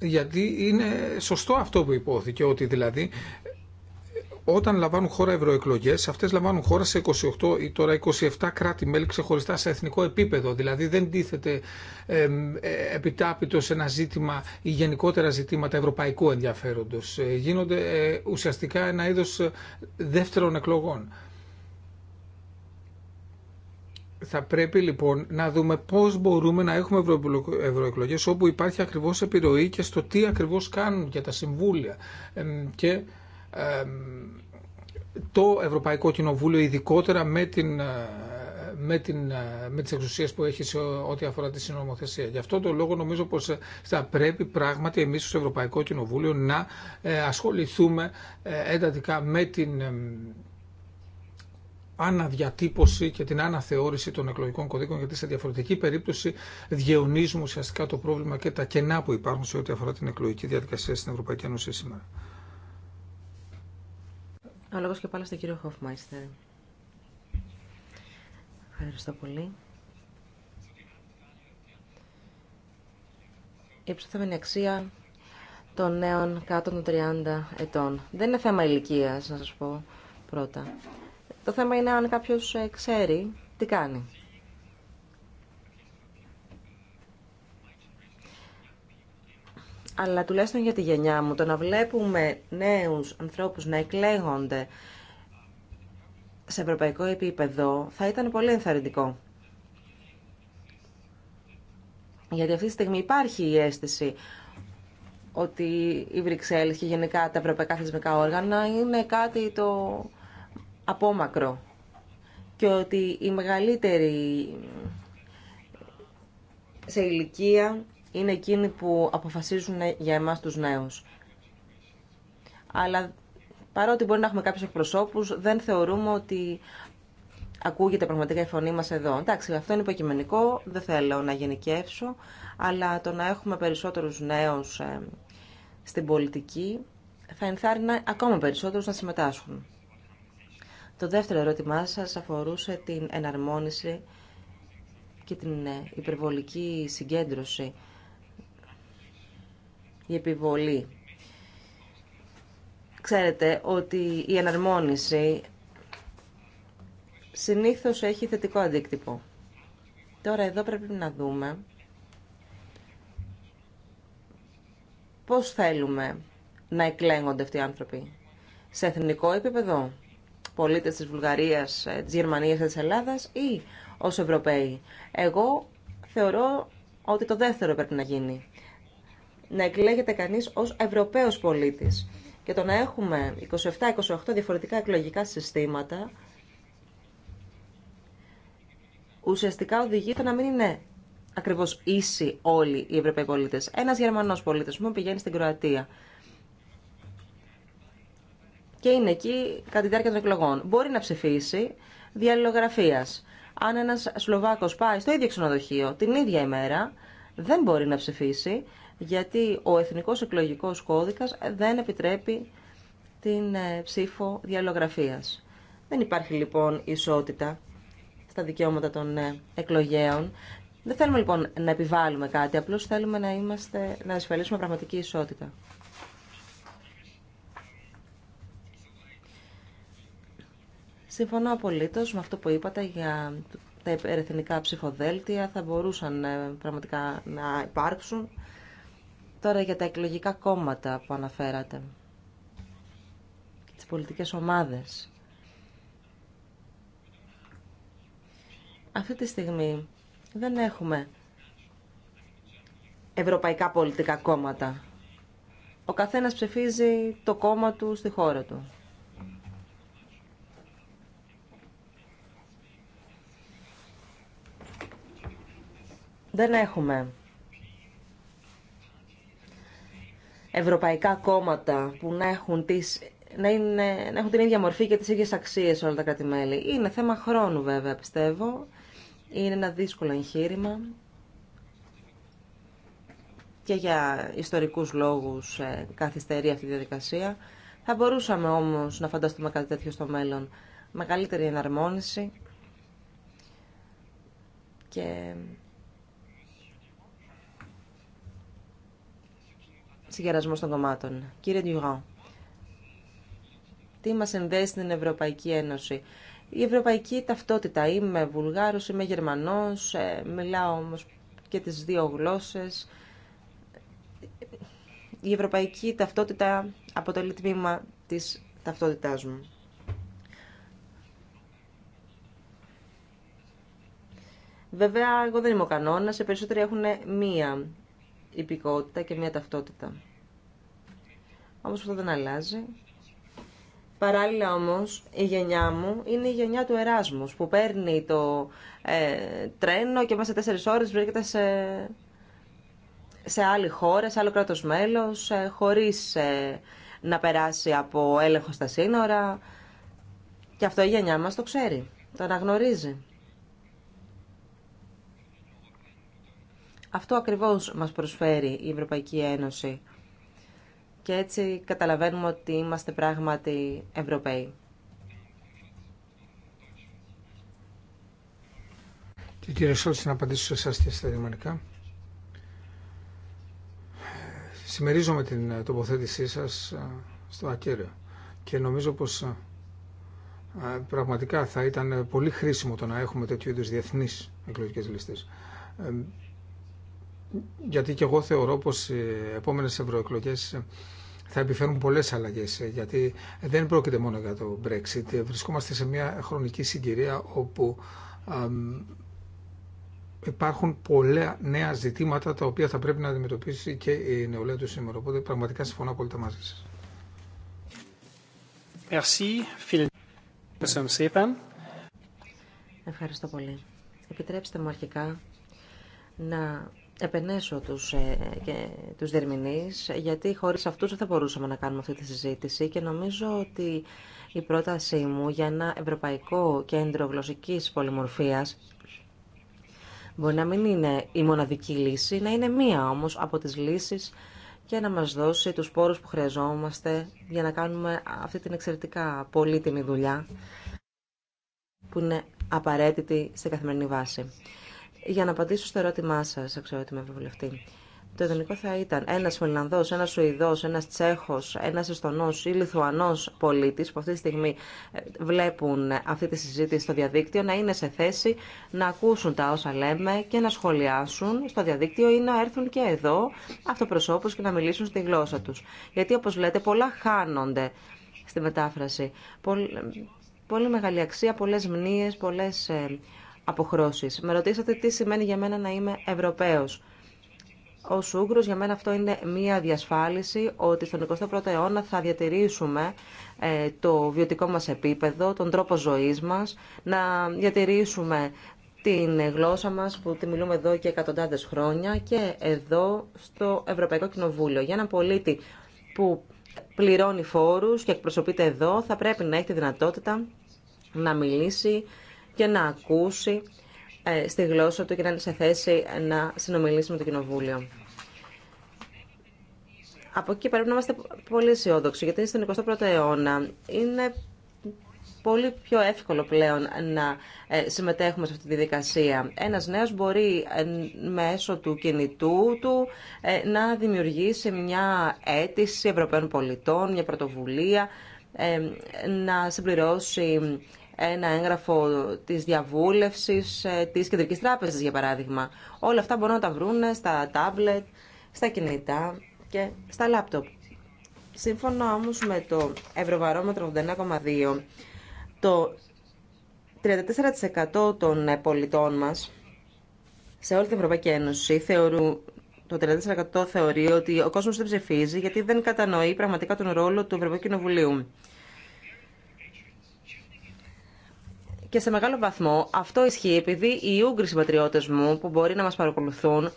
γιατί είναι σωστό αυτό που υπόθηκε, ότι δηλαδή όταν λαμβάνουν χώρα ευρωεκλογέ, αυτέ λαμβάνουν χώρα σε 28 ή τώρα 27 κράτη-μέλη ξεχωριστά σε εθνικό επίπεδο. Δηλαδή δεν τίθεται ε, επιτάπητο σε ένα ζήτημα ή γενικότερα ζητήματα ευρωπαϊκού ενδιαφέροντο. Ε, γίνονται ε, ουσιαστικά ένα είδο δεύτερων εκλογών θα πρέπει λοιπόν να δούμε πώς μπορούμε να έχουμε ευρωεκλογέ όπου υπάρχει ακριβώς επιρροή και στο τι ακριβώς κάνουν για τα συμβούλια και το Ευρωπαϊκό Κοινοβούλιο ειδικότερα με, την, ε, με, την, ε, με τις εξουσίες που έχει σε ό,τι αφορά τη συνομοθεσία. Γι' αυτό το λόγο νομίζω πως ε, θα πρέπει πράγματι εμείς στο Ευρωπαϊκό Κοινοβούλιο να ασχοληθούμε εντατικά με την αναδιατύπωση και την αναθεώρηση των εκλογικών κωδίκων, γιατί σε διαφορετική περίπτωση διαιωνίζουμε ουσιαστικά το πρόβλημα και τα κενά που υπάρχουν σε ό,τι αφορά την εκλογική διαδικασία στην Ευρωπαϊκή Ένωση σήμερα. Ο λόγος και πάλι στον κύριο Χοφμάιστερ. Ευχαριστώ πολύ. Η προστιθέμενη αξία των νέων κάτω των 30 ετών. Δεν είναι θέμα ηλικίας, να σας πω πρώτα. Το θέμα είναι αν κάποιος ε, ξέρει τι κάνει. Αλλά τουλάχιστον για τη γενιά μου, το να βλέπουμε νέους ανθρώπους να εκλέγονται σε ευρωπαϊκό επίπεδο θα ήταν πολύ ενθαρρυντικό. Γιατί αυτή τη στιγμή υπάρχει η αίσθηση ότι η Βρυξέλλες και γενικά τα ευρωπαϊκά θεσμικά όργανα είναι κάτι το απόμακρο και ότι οι μεγαλύτερη σε ηλικία είναι εκείνοι που αποφασίζουν για εμάς τους νέους. Αλλά παρότι μπορεί να έχουμε κάποιους εκπροσώπους, δεν θεωρούμε ότι ακούγεται πραγματικά η φωνή μας εδώ. Εντάξει, αυτό είναι υποκειμενικό, δεν θέλω να γενικεύσω, αλλά το να έχουμε περισσότερους νέους ε, στην πολιτική θα ενθάρρυνα ακόμα περισσότερους να συμμετάσχουν. Το δεύτερο ερώτημά σας αφορούσε την εναρμόνιση και την ε, υπερβολική συγκέντρωση, η επιβολή. Ξέρετε ότι η εναρμόνιση συνήθως έχει θετικό αντίκτυπο. Τώρα εδώ πρέπει να δούμε πώς θέλουμε να εκλέγονται αυτοί οι άνθρωποι. Σε εθνικό επίπεδο, πολίτες της Βουλγαρίας, ε, της Γερμανίας της Ελλάδας ή ως Ευρωπαίοι. Εγώ θεωρώ ότι το δεύτερο πρέπει να γίνει. Να εκλέγεται κανείς ως Ευρωπαίος πολίτης. Και το να έχουμε 27-28 διαφορετικά εκλογικά συστήματα ουσιαστικά οδηγεί το να μην είναι ακριβώς ίσοι όλοι οι Ευρωπαίοι πολίτες. Ένας Γερμανός πολίτης μου πηγαίνει στην Κροατία και είναι εκεί κατά τη διάρκεια των εκλογών. Μπορεί να ψηφίσει διαλληλογραφία. Αν ένα Σλοβάκο πάει στο ίδιο ξενοδοχείο την ίδια ημέρα, δεν μπορεί να ψηφίσει γιατί ο Εθνικός Εκλογικός Κώδικας δεν επιτρέπει την ε, ψήφο διαλλογραφίας. Δεν υπάρχει λοιπόν ισότητα στα δικαιώματα των ε, εκλογέων. Δεν θέλουμε λοιπόν να επιβάλλουμε κάτι, απλώς θέλουμε να, είμαστε, να ασφαλίσουμε πραγματική ισότητα. Συμφωνώ απολύτως με αυτό που είπατε για τα υπερεθνικά ψηφοδέλτια. Θα μπορούσαν ε, πραγματικά να υπάρξουν. Τώρα για τα εκλογικά κόμματα που αναφέρατε. Και τις πολιτικές ομάδες. Αυτή τη στιγμή δεν έχουμε ευρωπαϊκά πολιτικά κόμματα. Ο καθένας ψηφίζει το κόμμα του στη χώρα του. δεν έχουμε ευρωπαϊκά κόμματα που να έχουν, τις, να, είναι, να έχουν την ίδια μορφή και τις ίδιες αξίες όλα τα κρατη Είναι θέμα χρόνου βέβαια πιστεύω. Είναι ένα δύσκολο εγχείρημα και για ιστορικούς λόγους ε, καθυστερεί αυτή η διαδικασία. Θα μπορούσαμε όμως να φανταστούμε κάτι τέτοιο στο μέλλον. καλύτερη εναρμόνιση και συγκερασμό των κομμάτων. Κύριε Ντιουγάν, τι μα συνδέει στην Ευρωπαϊκή Ένωση. Η ευρωπαϊκή ταυτότητα. Είμαι Βουλγάρος, είμαι Γερμανός, ε, μιλάω όμως και τις δύο γλώσσες. Η ευρωπαϊκή ταυτότητα αποτελεί τμήμα της ταυτότητάς μου. Βέβαια, εγώ δεν είμαι ο κανόνας, οι περισσότεροι έχουν μία υπηκότητα και μια ταυτότητα. Όμως αυτό δεν αλλάζει. Παράλληλα όμως η γενιά μου είναι η γενιά του Εράσμους που παίρνει το ε, τρένο και μέσα σε τέσσερις ώρες βρίσκεται σε, σε άλλη χώρα, σε άλλο κράτος μέλος, ε, χωρίς ε, να περάσει από έλεγχο στα σύνορα. Και αυτό η γενιά μας το ξέρει, το αναγνωρίζει. Αυτό ακριβώς μας προσφέρει η Ευρωπαϊκή Ένωση. Και έτσι καταλαβαίνουμε ότι είμαστε πράγματι Ευρωπαίοι. Και κύριε Σόλτς, να απαντήσω σε εσάς και στα γερμανικά. Συμμερίζομαι την ε, τοποθέτησή σας ε, στο ακέραιο και νομίζω πως ε, πραγματικά θα ήταν πολύ χρήσιμο το να έχουμε τέτοιου είδους διεθνείς εκλογικές λίστες γιατί και εγώ θεωρώ πως οι ε, επόμενες ευρωεκλογές ε, θα επιφέρουν πολλές αλλαγές, ε, γιατί δεν πρόκειται μόνο για το Brexit. Βρισκόμαστε σε μια χρονική συγκυρία όπου υπάρχουν πολλά νέα ζητήματα τα οποία θα πρέπει να αντιμετωπίσει και η νεολαία του σήμερα. Οπότε πραγματικά συμφωνώ τα μαζί σας. Ευχαριστώ πολύ. Επιτρέψτε μου αρχικά να επενέσω τους, ε, και, τους δερμηνείς, γιατί χωρίς αυτούς δεν θα μπορούσαμε να κάνουμε αυτή τη συζήτηση και νομίζω ότι η πρότασή μου για ένα Ευρωπαϊκό Κέντρο Γλωσσικής Πολυμορφίας μπορεί να μην είναι η μοναδική λύση, να είναι μία όμως από τις λύσεις και να μας δώσει τους πόρους που χρειαζόμαστε για να κάνουμε αυτή την εξαιρετικά πολύτιμη δουλειά που είναι απαραίτητη σε καθημερινή βάση για να απαντήσω στο ερώτημά σας, με ευρωβουλευτή. Το ιδανικό θα ήταν ένα Φιλανδό, ένα Σουηδό, ένα τσέχο, ένα Εστονό ή λιθουανό πολίτη που αυτή τη στιγμή ε, βλέπουν αυτή τη συζήτηση στο διαδίκτυο να είναι σε θέση να ακούσουν τα όσα λέμε και να σχολιάσουν στο διαδίκτυο ή να έρθουν και εδώ αυτοπροσώπους και να μιλήσουν στη γλώσσα του. Γιατί όπω λέτε πολλά χάνονται στη μετάφραση. Ε, πολύ, μεγάλη αξία, πολλέ μνήες, πολλές ε, αποχρώσεις. Με ρωτήσατε τι σημαίνει για μένα να είμαι Ευρωπαίος. Ο Σούγκρος για μένα αυτό είναι μία διασφάλιση ότι στον 21ο αιώνα θα διατηρήσουμε ε, το βιωτικό μας επίπεδο, τον τρόπο ζωής μας, να διατηρήσουμε την γλώσσα μας που τη μιλούμε εδώ και εκατοντάδες χρόνια και εδώ στο Ευρωπαϊκό Κοινοβούλιο. Για έναν πολίτη που πληρώνει φόρους και εκπροσωπείται εδώ θα πρέπει να έχει τη δυνατότητα να μιλήσει, και να ακούσει ε, στη γλώσσα του και να είναι σε θέση να συνομιλήσει με το Κοινοβούλιο. Από εκεί πρέπει να είμαστε πολύ αισιόδοξοι, γιατί στον 21ο αιώνα είναι πολύ πιο εύκολο πλέον να ε, συμμετέχουμε σε αυτή τη δικασία. Ένας νέος μπορεί ε, μέσω του κινητού του να δημιουργήσει μια αίτηση Ευρωπαίων πολιτών, μια πρωτοβουλία, να συμπληρώσει ένα έγγραφο της διαβούλευση, ε, της Κεντρικής τράπεζα, για παράδειγμα. Όλα αυτά μπορούν να τα βρουν στα τάμπλετ, στα κινητά και στα λάπτοπ. Σύμφωνα όμως με το Ευρωβαρόμετρο 89,2, το 34% των ε, πολιτών μας σε όλη την Ευρωπαϊκή Ένωση θεωρούν το 34% θεωρεί ότι ο κόσμος δεν ψηφίζει γιατί δεν κατανοεί πραγματικά τον ρόλο του Ευρωπαϊκού Κοινοβουλίου. Και σε μεγάλο βαθμό αυτό ισχύει επειδή οι Ούγγροι συμπατριώτες μου που μπορεί να μας παρακολουθούν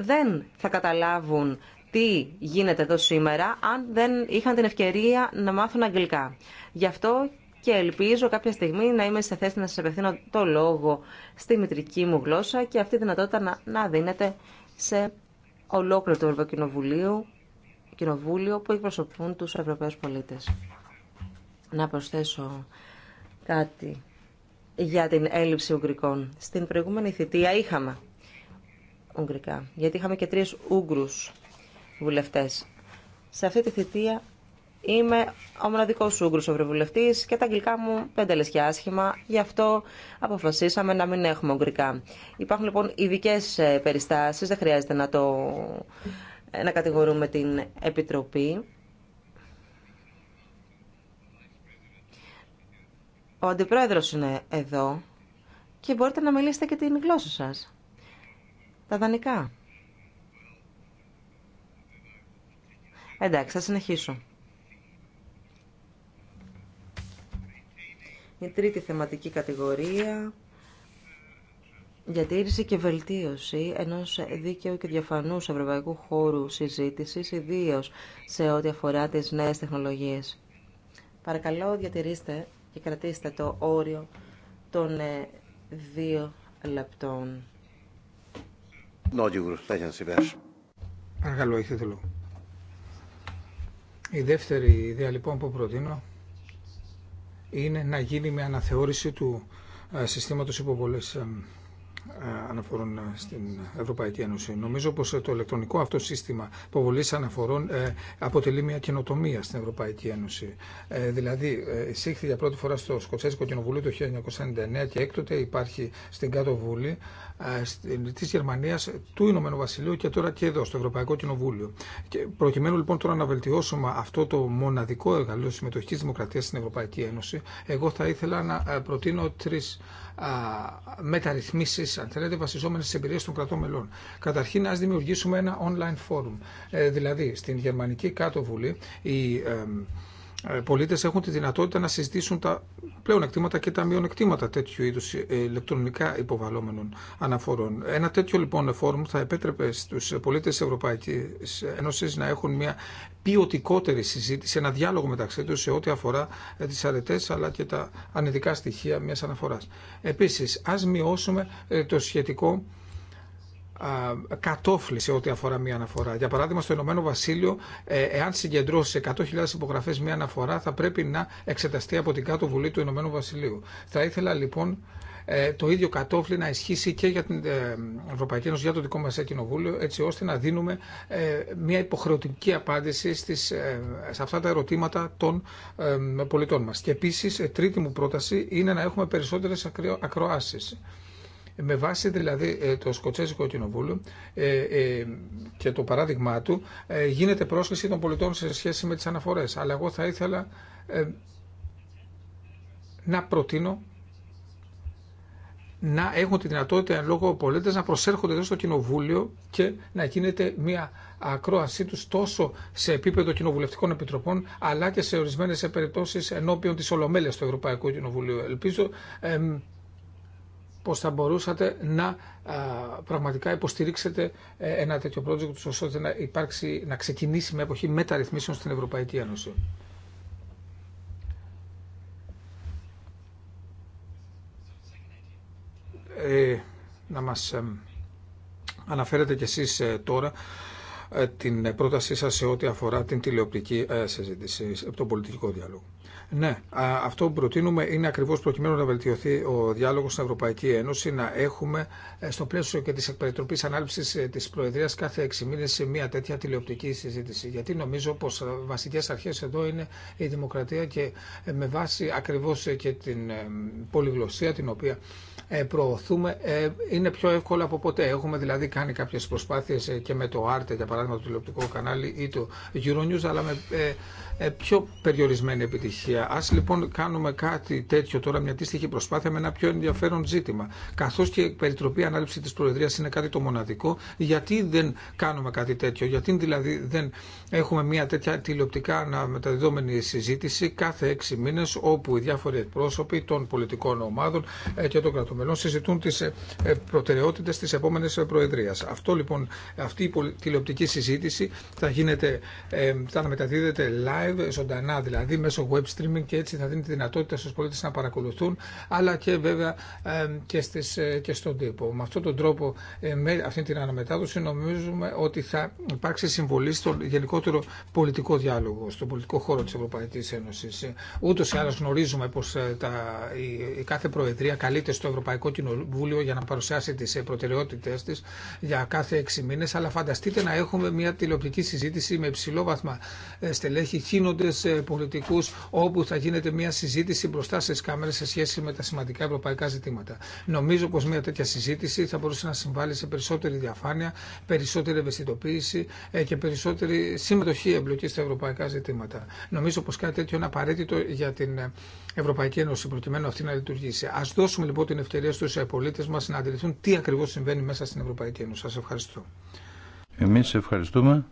δεν θα καταλάβουν τι γίνεται εδώ σήμερα αν δεν είχαν την ευκαιρία να μάθουν αγγλικά. Γι' αυτό και ελπίζω κάποια στιγμή να είμαι σε θέση να σας επευθύνω το λόγο στη μητρική μου γλώσσα και αυτή η δυνατότητα να, να δίνεται σε ολόκληρο το Ευρωκοινοβουλίο κοινοβούλιο που εκπροσωπούν τους Ευρωπαίους πολίτες. Να προσθέσω κάτι για την έλλειψη Ουγγρικών. Στην προηγούμενη θητεία είχαμε Ουγγρικά, γιατί είχαμε και τρεις Ούγγρους βουλευτές. Σε αυτή τη θητεία είμαι ο μοναδικός Ούγγρος ευρωβουλευτής και τα αγγλικά μου πέντε λες και άσχημα, γι' αυτό αποφασίσαμε να μην έχουμε Ουγγρικά. Υπάρχουν λοιπόν ειδικέ ε, περιστάσεις, δεν χρειάζεται να, το, ε, να κατηγορούμε την Επιτροπή. Ο αντιπρόεδρος είναι εδώ και μπορείτε να μιλήσετε και την γλώσσα σας. Τα δανεικά. Εντάξει, θα συνεχίσω. Η τρίτη θεματική κατηγορία διατήρηση και βελτίωση ενός δίκαιου και διαφανούς ευρωπαϊκού χώρου συζήτησης, ιδίως σε ό,τι αφορά τις νέες τεχνολογίες. Παρακαλώ, διατηρήστε και κρατήστε το όριο των ε, δύο λεπτών. Παρακαλώ, έχετε λόγο. Η δεύτερη ιδέα λοιπόν που προτείνω είναι να γίνει με αναθεώρηση του ε, συστήματος υποβολής ε, ε, αναφορών ε, στην Ευρωπαϊκή Ένωση. Νομίζω πως ε, το ηλεκτρονικό αυτό σύστημα υποβολή αναφορών αποτελεί μια καινοτομία στην Ευρωπαϊκή Ένωση. Δηλαδή, εισήχθη για πρώτη φορά στο Σκοτσέζικο Κοινοβούλιο το 1999 και έκτοτε υπάρχει στην Κάτω Βούλη τη Γερμανία, του Ηνωμένου Βασιλείου και τώρα και εδώ, στο Ευρωπαϊκό Κοινοβούλιο. Και προκειμένου λοιπόν τώρα να βελτιώσουμε αυτό το μοναδικό εργαλείο συμμετοχή δημοκρατία στην Ευρωπαϊκή Ένωση, εγώ θα ήθελα να προτείνω τρει μεταρρυθμίσεις, αν θέλετε, βασιζόμενες στις εμπειρίες των κρατών μελών. Καταρχήν, α δημιουργήσουμε ένα online forum. Ε, δηλαδή, στην Γερμανική Κάτω Βουλή, η ε, πολίτες έχουν τη δυνατότητα να συζητήσουν τα πλέον εκτήματα και τα μειονεκτήματα τέτοιου είδου ε, ηλεκτρονικά υποβαλλόμενων αναφορών. Ένα τέτοιο λοιπόν φόρουμ θα επέτρεπε στους πολίτες της Ευρωπαϊκής Ένωσης να έχουν μια ποιοτικότερη συζήτηση, ένα διάλογο μεταξύ τους σε ό,τι αφορά ε, τις αρετές αλλά και τα ανεδικά στοιχεία μια αναφορά. Επίση, α μειώσουμε το σχετικό κατόφλη σε ό,τι αφορά μία αναφορά. Για παράδειγμα, στο Ηνωμένο Βασίλειο, ε, εάν συγκεντρώσει 100.000 υπογραφέ μία αναφορά, θα πρέπει να εξεταστεί από την κάτω βουλή του Ηνωμένου Βασιλείου. Θα ήθελα λοιπόν ε, το ίδιο κατόφλι να ισχύσει και για την ε, Ευρωπαϊκή Ένωση, για το δικό μα κοινοβούλιο, έτσι ώστε να δίνουμε μία υποχρεωτική απάντηση στις, σε αυτά τα ερωτήματα των πολιτών μα. Και επίση, τρίτη μου πρόταση είναι να έχουμε περισσότερε ακροάσει με βάση δηλαδή ε, το Σκοτσέζικο Κοινοβούλιο ε, ε, και το παράδειγμά του γίνεται πρόσκληση των πολιτών σε σχέση με τις αναφορές. Αλλά εγώ θα ήθελα να προτείνω να έχουν τη δυνατότητα εν λόγω πολίτες να προσέρχονται εδώ στο κοινοβούλιο και να γίνεται μια ακρόασή τους τόσο σε επίπεδο κοινοβουλευτικών επιτροπών αλλά και σε ορισμένες περιπτώσεις ενώπιον της Ολομέλειας του Ευρωπαϊκού Κοινοβουλίου. Ελπίζω πως θα μπορούσατε να πραγματικά υποστηρίξετε ε, ένα τέτοιο project ώστε να, υπάρξει, να ξεκινήσει με εποχή μεταρρυθμίσεων στην Ευρωπαϊκή Ένωση. Ε, να μας ε, αναφέρετε κι εσείς ε, τώρα την πρότασή σας σε ό,τι αφορά την τηλεοπτική συζήτηση, τον πολιτικό διάλογο. Ναι, αυτό που προτείνουμε είναι ακριβώ προκειμένου να βελτιωθεί ο διάλογο στην Ευρωπαϊκή Ένωση, να έχουμε ε, στο πλαίσιο και τη εκπαιδευτική ανάληψη ε, τη Προεδρία κάθε 6 μήνε σε μια τέτοια τηλεοπτική συζήτηση. Γιατί νομίζω πω ε, βασικέ αρχέ εδώ είναι η δημοκρατία και με βάση ακριβώ και την πολυγλωσία την οποία προωθούμε είναι πιο εύκολο από ποτέ. Έχουμε δηλαδή κάνει κάποιε προσπάθειε και με το Άρτε, για παράδειγμα, το τηλεοπτικό κανάλι ή το Euronews, αλλά με πιο περιορισμένη επιτυχία. Ας λοιπόν κάνουμε κάτι τέτοιο τώρα, μια αντίστοιχη προσπάθεια με ένα πιο ενδιαφέρον ζήτημα. Καθώ και η περιτροπή ανάληψη τη Προεδρίας είναι κάτι το μοναδικό, γιατί δεν κάνουμε κάτι τέτοιο, γιατί δηλαδή δεν έχουμε μια τέτοια τηλεοπτικά αναμεταδιδόμενη συζήτηση κάθε έξι μήνε όπου οι διάφοροι εκπρόσωποι των πολιτικών ομάδων ε, και των κρατομελών συζητούν τι ε, ε, προτεραιότητε τη επόμενη προεδρία. Αυτό λοιπόν, αυτή η τηλεοπτική συζήτηση θα γίνεται, θα αναμεταδίδεται live, ζωντανά δηλαδή, μέσω web stream streaming και έτσι θα δίνει τη δυνατότητα στους πολίτες να παρακολουθούν αλλά και βέβαια και, στις, ε, και στον τύπο. Με αυτόν τον τρόπο, ε, με αυτή την αναμετάδοση νομίζουμε ότι θα υπάρξει συμβολή στον γενικότερο πολιτικό διάλογο, στον πολιτικό χώρο της Ευρωπαϊκής Ένωσης. Ούτως ή άλλως γνωρίζουμε πως ε, τα, η, κάθε Προεδρία καλείται στο Ευρωπαϊκό Κοινοβούλιο για να παρουσιάσει τις προτεραιότητες της για κάθε έξι μήνες, αλλά φανταστείτε να έχουμε μια τηλεοπτική συζήτηση με υψηλό βαθμα στελέχη, χύνοντες πολιτικούς, όπου που θα γίνεται μια συζήτηση μπροστά στι κάμερε σε σχέση με τα σημαντικά ευρωπαϊκά ζητήματα. Νομίζω πω μια τέτοια συζήτηση θα μπορούσε να συμβάλλει σε περισσότερη διαφάνεια, περισσότερη ευαισθητοποίηση ε, και περισσότερη συμμετοχή εμπλοκή στα ευρωπαϊκά ζητήματα. Νομίζω πω κάτι τέτοιο είναι απαραίτητο για την Ευρωπαϊκή Ένωση προκειμένου αυτή να λειτουργήσει. Α δώσουμε λοιπόν την ευκαιρία στου ε, πολίτε μα να αντιληφθούν τι ακριβώ συμβαίνει μέσα στην Ευρωπαϊκή Ένωση. Σα ευχαριστώ. Εμεί ευχαριστούμε.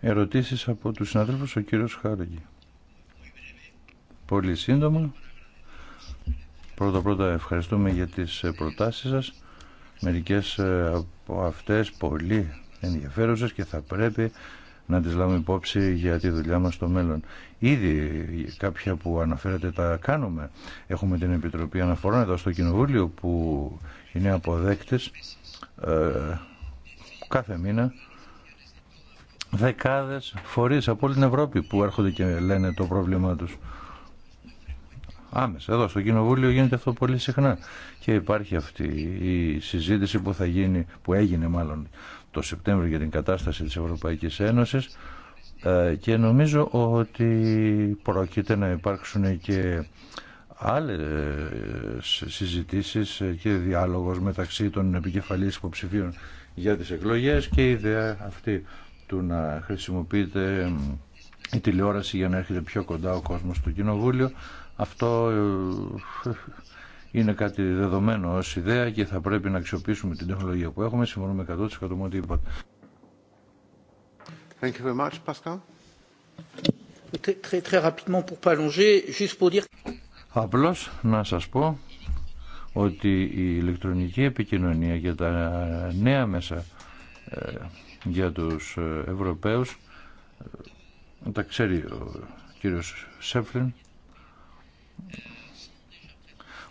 Ερωτήσεις από τους συναδέλφους ο κύριος Χάρηγη πολύ σύντομα. Πρώτα πρώτα ευχαριστούμε για τις ε, προτάσεις σας. Μερικές ε, από αυτές πολύ ενδιαφέρουσες και θα πρέπει να τις λάβουμε υπόψη για τη δουλειά μας στο μέλλον. Ήδη κάποια που αναφέρετε τα κάνουμε. Έχουμε την Επιτροπή Αναφορών εδώ στο Κοινοβούλιο που είναι αποδέκτης ε, κάθε μήνα δεκάδες φορείς από όλη την Ευρώπη που έρχονται και λένε το πρόβλημά τους άμεσα. Εδώ στο Κοινοβούλιο γίνεται αυτό πολύ συχνά και υπάρχει αυτή η συζήτηση που, θα γίνει, που έγινε μάλλον το Σεπτέμβριο για την κατάσταση της Ευρωπαϊκής Ένωσης ε, και νομίζω ότι πρόκειται να υπάρξουν και άλλες ε, συζητήσεις και διάλογος μεταξύ των επικεφαλής υποψηφίων για τις εκλογές και η ιδέα αυτή του να χρησιμοποιείται η τηλεόραση για να έρχεται πιο κοντά ο κόσμος στο κοινοβούλιο αυτό ε, είναι κάτι δεδομένο ως ιδέα και θα πρέπει να αξιοποιήσουμε την τεχνολογία που έχουμε. Συμφωνούμε 100% με ό,τι είπατε. Thank Απλώς να σας πω ότι η ηλεκτρονική επικοινωνία για τα νέα μέσα ε, για τους ε, Ευρωπαίους τα ξέρει ο κύριος Σέφλιν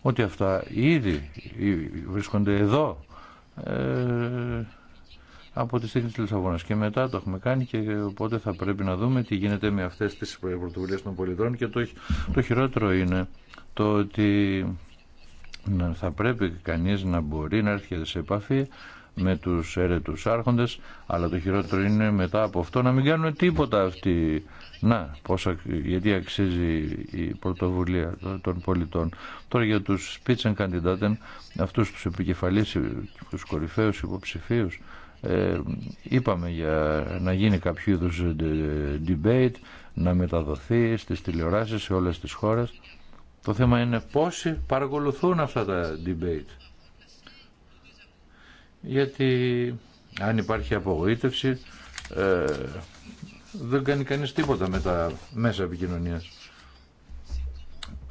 ότι αυτά ήδη βρίσκονται εδώ ε, από τη στιγμή της Λισαβόνας και μετά το έχουμε κάνει και οπότε θα πρέπει να δούμε τι γίνεται με αυτές τις πρωτοβουλίες των πολιτών και το, το χειρότερο είναι το ότι θα πρέπει κανείς να μπορεί να έρχεται σε επαφή με τους έρετους άρχοντες αλλά το χειρότερο είναι μετά από αυτό να μην κάνουν τίποτα αυτοί να, γιατί αξίζει η πρωτοβουλία των πολιτών. Τώρα για τους καντιντάτεν, αυτούς τους επικεφαλής, τους κορυφαίους υποψηφίους, ε, είπαμε για να γίνει κάποιο είδου ε, debate, να μεταδοθεί στις τηλεοράσεις σε όλες τις χώρες. Το θέμα είναι πόσοι παρακολουθούν αυτά τα debate. Γιατί αν υπάρχει απογοήτευση, ε, δεν κάνει κανείς τίποτα με τα μέσα επικοινωνίας.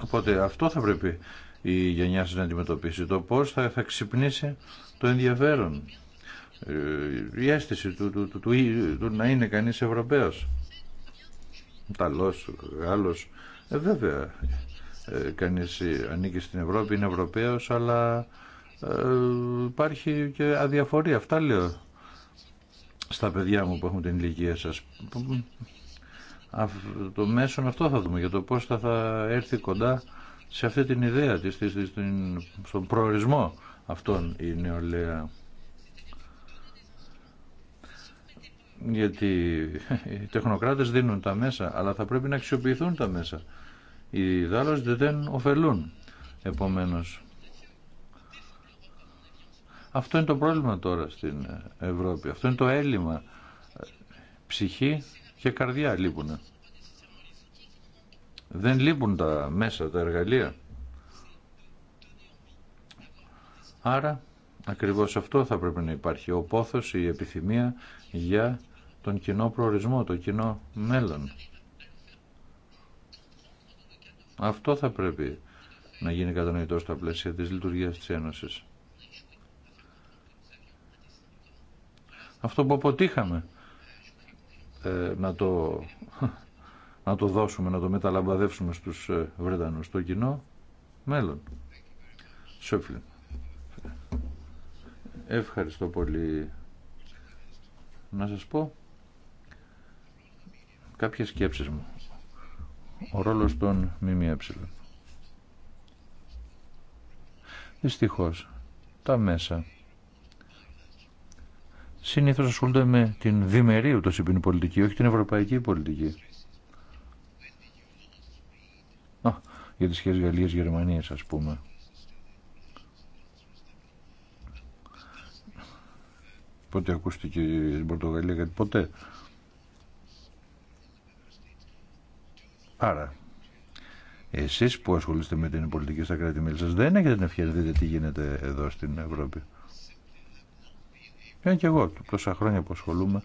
Οπότε αυτό θα πρέπει η γενιά σας να αντιμετωπίσει. Το πώς θα, θα ξυπνήσει το ενδιαφέρον. Ε, η αίσθηση του, να είναι κανείς Ευρωπαίος. Ιταλός, Γάλλος. Ε, βέβαια, ε, κανείς ανήκει στην Ευρώπη, είναι Ευρωπαίος, αλλά ε, υπάρχει και αδιαφορία. Αυτά λέω στα παιδιά μου που έχουν την ηλικία σας. Το μέσο αυτό θα δούμε για το πώς θα, έρθει κοντά σε αυτή την ιδέα της, στον προορισμό αυτών η νεολαία. Γιατί οι τεχνοκράτες δίνουν τα μέσα, αλλά θα πρέπει να αξιοποιηθούν τα μέσα. Οι δάλλοντες δεν ωφελούν. Επομένως, αυτό είναι το πρόβλημα τώρα στην ε, Ευρώπη. Αυτό είναι το έλλειμμα. Ε, ψυχή και καρδιά λείπουν. Δεν λείπουν τα μέσα, τα εργαλεία. Άρα, ακριβώς αυτό θα πρέπει να υπάρχει. Ο πόθος, η επιθυμία για τον κοινό προορισμό, το κοινό μέλλον. Αυτό θα πρέπει να γίνει κατανοητό στα πλαίσια της λειτουργίας της Ένωσης. αυτό που αποτύχαμε ε, να, το, να το δώσουμε, να το μεταλαμβαδεύσουμε στους ε, Βρετανούς, στο κοινό μέλλον. Σόφλιν. Ευχαριστώ πολύ. Να σας πω κάποιες σκέψεις μου. Ο ρόλος των ΜΜΕ. Δυστυχώς, τα μέσα Συνήθω ασχολούνται με την διμερή ούτως ποινή πολιτική, όχι την ευρωπαϊκή πολιτική. για τις σχέσεις Γαλλίας-Γερμανίας ας πούμε. Πότε ακούστηκε η Πορτογαλία γιατί ποτέ. Άρα, εσείς που ασχολείστε με την πολιτική στα κράτη-μέλη σας δεν έχετε την ευκαιρία να δείτε τι γίνεται εδώ στην Ευρώπη. Είναι και εγώ τόσα χρόνια που ασχολούμαι.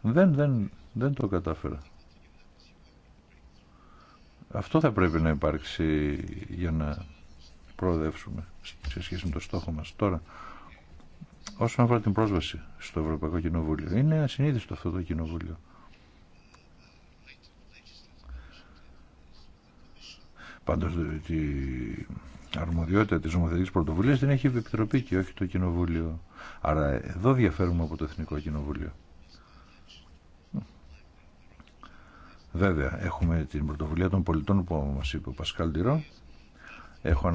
Δεν, δεν, δεν το κατάφερα. Αυτό θα πρέπει να υπάρξει για να προοδεύσουμε σε σχέση με το στόχο μας. Τώρα, όσον αφορά την πρόσβαση στο Ευρωπαϊκό Κοινοβούλιο, είναι ασυνείδηστο αυτό το Κοινοβούλιο. Πάντως, αρμοδιότητα της νομοθετικής πρωτοβουλίας την έχει η Επιτροπή και όχι το Κοινοβούλιο. Άρα εδώ διαφέρουμε από το Εθνικό Κοινοβούλιο. Βέβαια, έχουμε την πρωτοβουλία των πολιτών που μας είπε ο Πασκάλ Τυρό. Έχω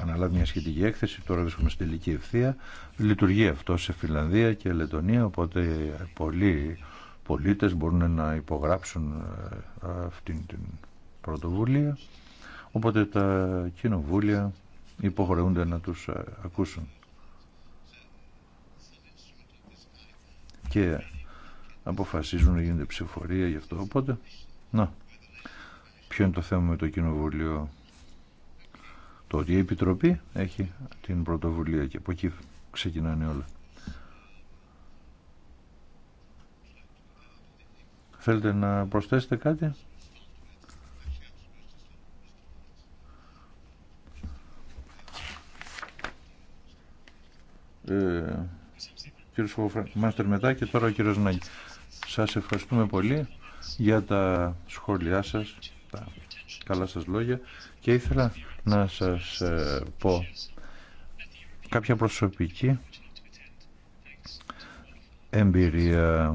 αναλάβει μια σχετική έκθεση, τώρα βρίσκομαι στην τελική ευθεία. Λειτουργεί αυτό σε Φιλανδία και Λετωνία, οπότε πολλοί πολίτες μπορούν να υπογράψουν ε, αυτή την πρωτοβουλία. Οπότε τα κοινοβούλια υποχρεούνται να τους ε, ακούσουν. Και αποφασίζουν να γίνεται ψηφορία γι' αυτό. Οπότε, να, ποιο είναι το θέμα με το κοινοβούλιο. Το ότι η Επιτροπή έχει την πρωτοβουλία και από εκεί ξεκινάνε όλα. Θέλετε να προσθέσετε κάτι. ε, κύριος μετά και τώρα ο κύριος Νάγκη. Σας ευχαριστούμε πολύ για τα σχόλιά σας, τα καλά σας λόγια και ήθελα να σας ε, πω κάποια προσωπική εμπειρία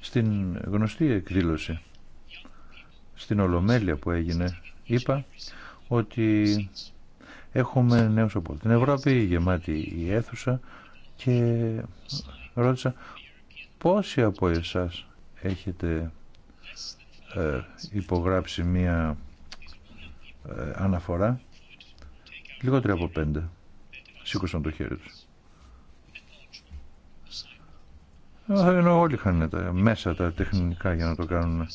στην γνωστή εκδήλωση στην Ολομέλεια που έγινε είπα ότι Έχουμε νέους από την Ευρώπη, γεμάτη η αίθουσα και ρώτησα πόσοι από εσάς έχετε ε, υπογράψει μία ε, αναφορά λιγότερο από πέντε σήκωσαν το χέρι τους ε, ενώ όλοι είχαν τα μέσα τα τεχνικά για να το κάνουν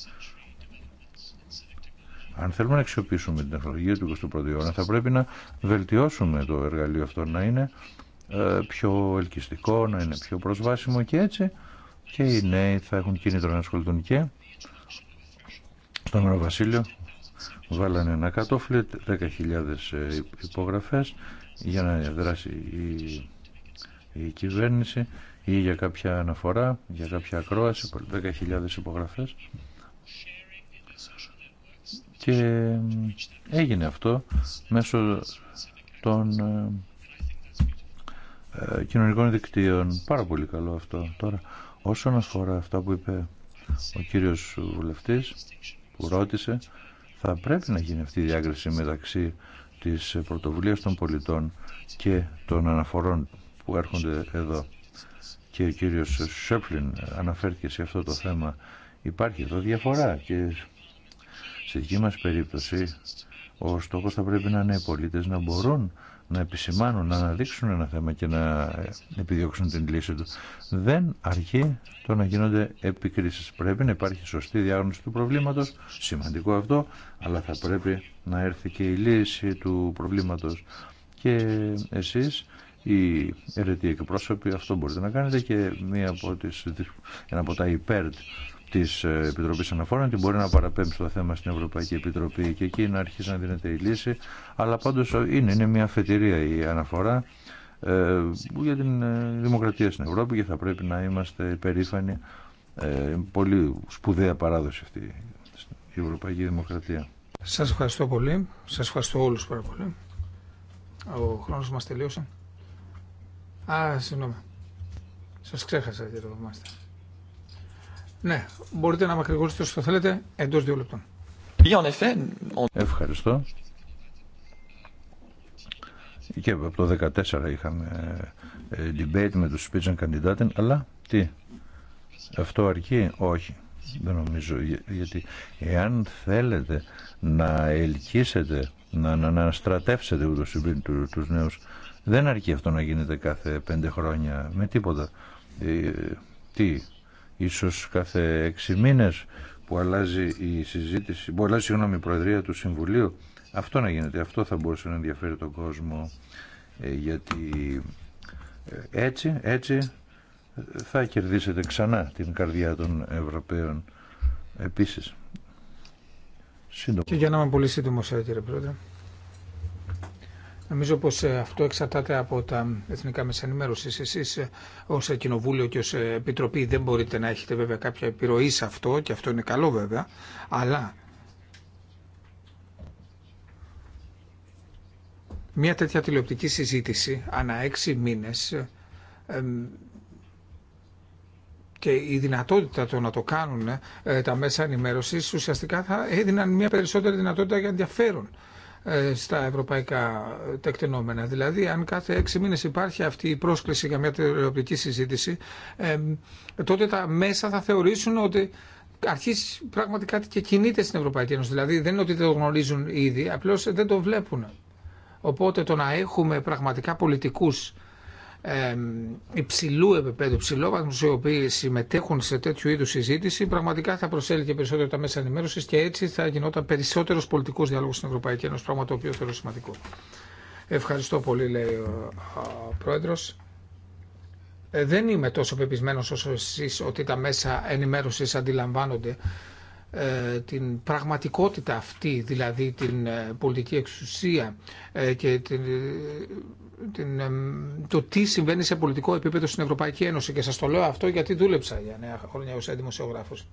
αν θέλουμε να αξιοποιήσουμε την τεχνολογία του 21ου αιώνα, θα πρέπει να βελτιώσουμε το εργαλείο αυτό να είναι ε, πιο ελκυστικό, να είναι πιο προσβάσιμο και έτσι και οι νέοι θα έχουν κίνητρο να ασχοληθούν και στο Μερο Βασίλειο βάλανε ένα κατόφλι 10.000 ε, υπογραφές για να δράσει η, η κυβέρνηση ή για κάποια αναφορά, για κάποια ακρόαση, 10.000 υπογραφές και ε, έγινε αυτό μέσω των ε, ε, κοινωνικών δικτύων. Πάρα πολύ καλό αυτό. Τώρα, όσον αφορά αυτά που είπε ο κύριος βουλευτής που ρώτησε, θα πρέπει να γίνει αυτή η διάκριση μεταξύ της πρωτοβουλίας των πολιτών και των αναφορών που έρχονται εδώ. Και ο κύριος Σέπλιν αναφέρθηκε σε αυτό το θέμα. Υπάρχει εδώ διαφορά και Στη δική μας περίπτωση ο στόχος θα πρέπει να είναι οι να μπορούν να επισημάνουν, να αναδείξουν ένα θέμα και να επιδιώξουν την λύση του. Δεν αρκεί το να γίνονται επικρίσεις. Πρέπει να υπάρχει σωστή διάγνωση του προβλήματος, σημαντικό αυτό, αλλά θα πρέπει να έρθει και η λύση του προβλήματος. Και εσείς οι αιρετοί εκπρόσωποι αυτό μπορείτε να κάνετε και μία ένα από τα υπέρ τη ε, Επιτροπή Αναφόρων ότι μπορεί να παραπέμψει το θέμα στην Ευρωπαϊκή Επιτροπή και εκεί να αρχίσει να δίνεται η λύση. Αλλά πάντω είναι, είναι μια αφετηρία η αναφορά ε, για την ε, δημοκρατία στην Ευρώπη και θα πρέπει να είμαστε περήφανοι. Ε, πολύ σπουδαία παράδοση αυτή η Ευρωπαϊκή Δημοκρατία. Σα ευχαριστώ πολύ. Σα ευχαριστώ όλου πάρα πολύ. Ο χρόνο μα τελείωσε. Α, συγγνώμη. Σα ξέχασα, κύριε ναι, μπορείτε να μακρηγορήσετε όσο θέλετε εντός δύο λεπτών. Ευχαριστώ. Και από το 2014 είχαμε ε, debate με τους speech and αλλά τι, αυτό αρκεί, όχι. Δεν νομίζω, γιατί εάν θέλετε να ελκύσετε, να, να, να στρατεύσετε ούτως του, τους νέους, δεν αρκεί αυτό να γίνεται κάθε πέντε χρόνια με τίποτα. Ε, τι, ίσως κάθε έξι μήνες που αλλάζει η συζήτηση, που αλλάζει συγγνώμη, η Προεδρία του Συμβουλίου. Αυτό να γίνεται, αυτό θα μπορούσε να ενδιαφέρει τον κόσμο ε, γιατί ε, έτσι, έτσι θα κερδίσετε ξανά την καρδιά των Ευρωπαίων επίσης. Σύντομα. Και για να είμαι πολύ σύντομο, ε, κύριε Πρόεδρε. Νομίζω πως ε, αυτό εξαρτάται από τα εθνικά μέσα ενημέρωση Εσείς ε, ως Κοινοβούλιο και ω ε, Επιτροπή δεν μπορείτε να έχετε βέβαια κάποια επιρροή σε αυτό και αυτό είναι καλό βέβαια, αλλά μια τέτοια τηλεοπτική συζήτηση ανά έξι μήνες και η δυνατότητα το να το κάνουν τα μέσα ενημέρωση ουσιαστικά θα έδιναν μια περισσότερη δυνατότητα για ενδιαφέρον ε, στα ευρωπαϊκά τεκτενόμενα. Δηλαδή, αν κάθε έξι μήνες υπάρχει αυτή η πρόσκληση για μια τελευταία συζήτηση, τότε τα μέσα θα θεωρήσουν ότι αρχίζει πραγματικά κάτι και κινείται στην Ευρωπαϊκή Ένωση. Δηλαδή, δεν είναι ότι δεν το γνωρίζουν ήδη, απλώς δεν το βλέπουν. Οπότε το να έχουμε πραγματικά πολιτικούς υψηλού επίπεδου, ψηλόβαθμου, οι οποίοι συμμετέχουν σε τέτοιου είδου συζήτηση, πραγματικά θα προσέλκυε περισσότερο τα μέσα ενημέρωση και έτσι θα γινόταν περισσότερο πολιτικό διάλογο στην Ευρωπαϊκή Ένωση, πράγμα το οποίο θεωρώ σημαντικό. Ευχαριστώ πολύ, λέει ο, ο Πρόεδρο. Ε, δεν είμαι τόσο πεπισμένο όσο εσεί ότι τα μέσα ενημέρωση αντιλαμβάνονται ε, την πραγματικότητα αυτή, δηλαδή την ε, πολιτική εξουσία ε, και την, την, το τι συμβαίνει σε πολιτικό επίπεδο στην Ευρωπαϊκή Ένωση. Και σας το λέω αυτό γιατί δούλεψα για νέα χρόνια ως δημοσιογράφος.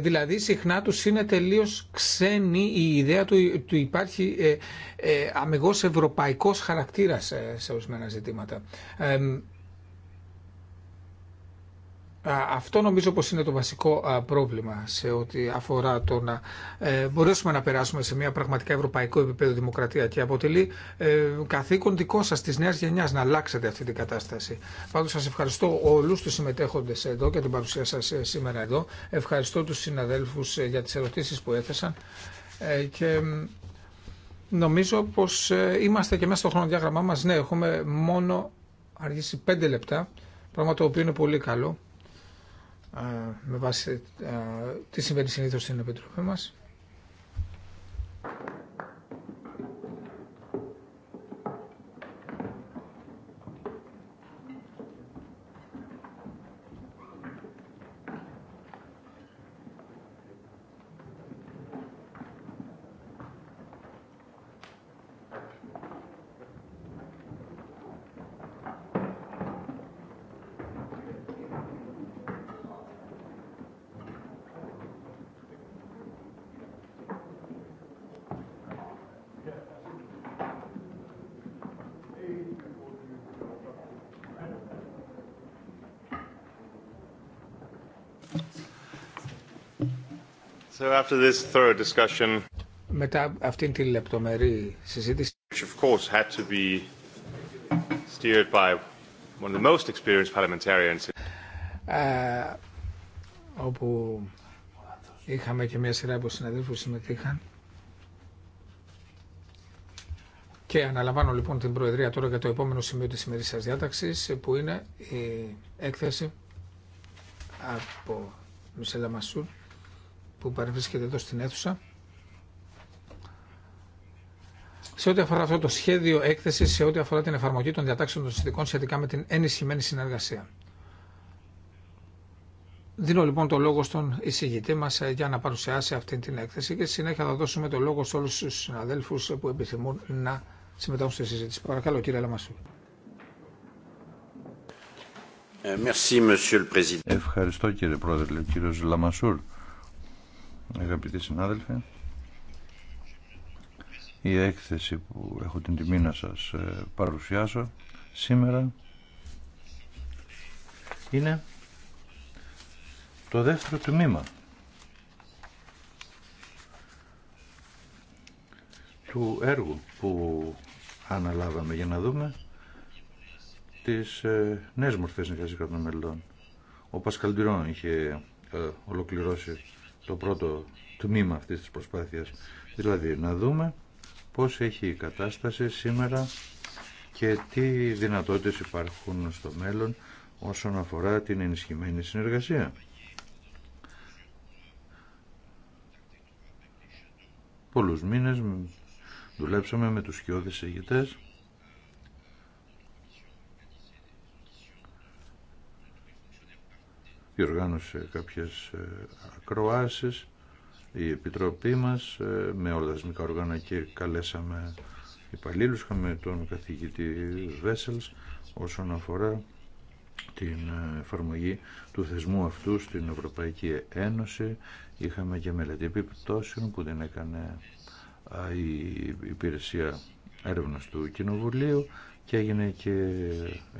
δηλαδή συχνά τους είναι τελείως ξένη η ιδέα του, του υπάρχει ε, ε αμυγός ευρωπαϊκός χαρακτήρας σε ορισμένα ζητήματα. Αυτό νομίζω πως είναι το βασικό πρόβλημα σε ό,τι αφορά το να ε, μπορέσουμε να περάσουμε σε μια πραγματικά ευρωπαϊκό επίπεδο δημοκρατία και αποτελεί ε, καθήκον δικό σας της νέας γενιάς να αλλάξετε αυτή την κατάσταση. Πάντως σας ευχαριστώ όλους τους συμμετέχοντες εδώ και την παρουσία σας ε, σήμερα εδώ. Ευχαριστώ τους συναδέλφους για τις ερωτήσεις που έθεσαν και νομίζω πως είμαστε και μέσα στο χρονοδιάγραμμά μας. Ναι, έχουμε μόνο αργήσει πέντε λεπτά, πράγμα το οποίο είναι πολύ καλό με βάση τι συμβαίνει συνήθως στην Επιτροπή μας. So after this thorough discussion, μετά αυτήν την λεπτομερή συζήτηση, which of course had to be steered by one of the most experienced parliamentarians, uh, όπου είχαμε και μια σειρά από συναδέλφους που συμμετείχαν. Και αναλαμβάνω λοιπόν την Προεδρία τώρα για το επόμενο σημείο της σημερινής διάταξης που είναι η έκθεση από Μισελα Μασούρ που παρευρίσκεται εδώ στην αίθουσα. Σε ό,τι αφορά αυτό το σχέδιο έκθεση, σε ό,τι αφορά την εφαρμογή των διατάξεων των συνδικών σχετικά με την ενισχυμένη συνεργασία. Δίνω λοιπόν το λόγο στον εισηγητή μα ε, για να παρουσιάσει αυτή την έκθεση και συνέχεια θα δώσουμε το λόγο σε όλου του συναδέλφου ε, που επιθυμούν να συμμετάσχουν στη συζήτηση. Παρακαλώ, κύριε Λαμασού. Ε, Ευχαριστώ κύριε Πρόεδρε, κύριο Λαμασούρ αγαπητοί συνάδελφοι. Η έκθεση που έχω την τιμή να σας ε, παρουσιάσω σήμερα είναι το δεύτερο τμήμα του έργου που αναλάβαμε για να δούμε τις ε, νέες μορφές συνεργασίας των μελών. Ο Πασκαλντυρόν είχε ε, ολοκληρώσει το πρώτο τμήμα αυτής της προσπάθειας. Δηλαδή να δούμε πώς έχει η κατάσταση σήμερα και τι δυνατότητες υπάρχουν στο μέλλον όσον αφορά την ενισχυμένη συνεργασία. Πολλούς μήνες δουλέψαμε με τους σκιώδεις ηγητές διοργάνωσε κάποιες ε, ακροάσεις η Επιτροπή μας ε, με όλα τα σμικά οργάνα και καλέσαμε υπαλλήλους είχαμε τον καθηγητή Βέσελς όσον αφορά την ε, εφαρμογή του θεσμού αυτού στην Ευρωπαϊκή Ένωση είχαμε και μελετή επιπτώσεων που την έκανε η υπηρεσία έρευνας του Κοινοβουλίου και έγινε και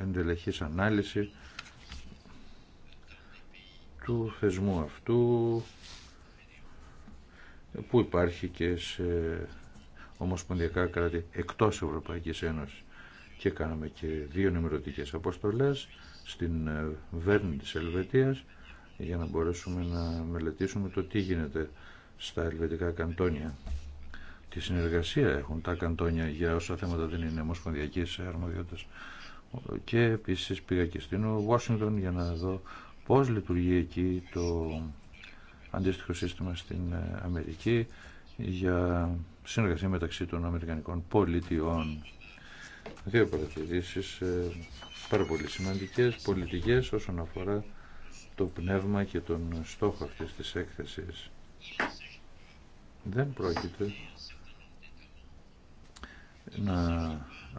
εντελεχής ανάλυση του θεσμού αυτού που υπάρχει και σε ομοσπονδιακά κράτη εκτός Ευρωπαϊκής Ένωσης και κάναμε και δύο νημερωτικές αποστολές στην ε, Βέρνη της Ελβετίας για να μπορέσουμε να μελετήσουμε το τι γίνεται στα ελβετικά καντόνια. Τη συνεργασία έχουν τα καντόνια για όσα θέματα δεν είναι ομοσπονδιακής αρμοδιότητας. Και επίσης πήγα και στην Ουάσιγκτον για να δω πώς λειτουργεί εκεί το αντίστοιχο σύστημα στην ε, Αμερική για συνεργασία μεταξύ των Αμερικανικών πολιτιών. Δύο παρατηρήσεις ε, πάρα πολύ σημαντικές, πολιτικές όσον αφορά το πνεύμα και τον στόχο αυτής της έκθεσης. Δεν πρόκειται να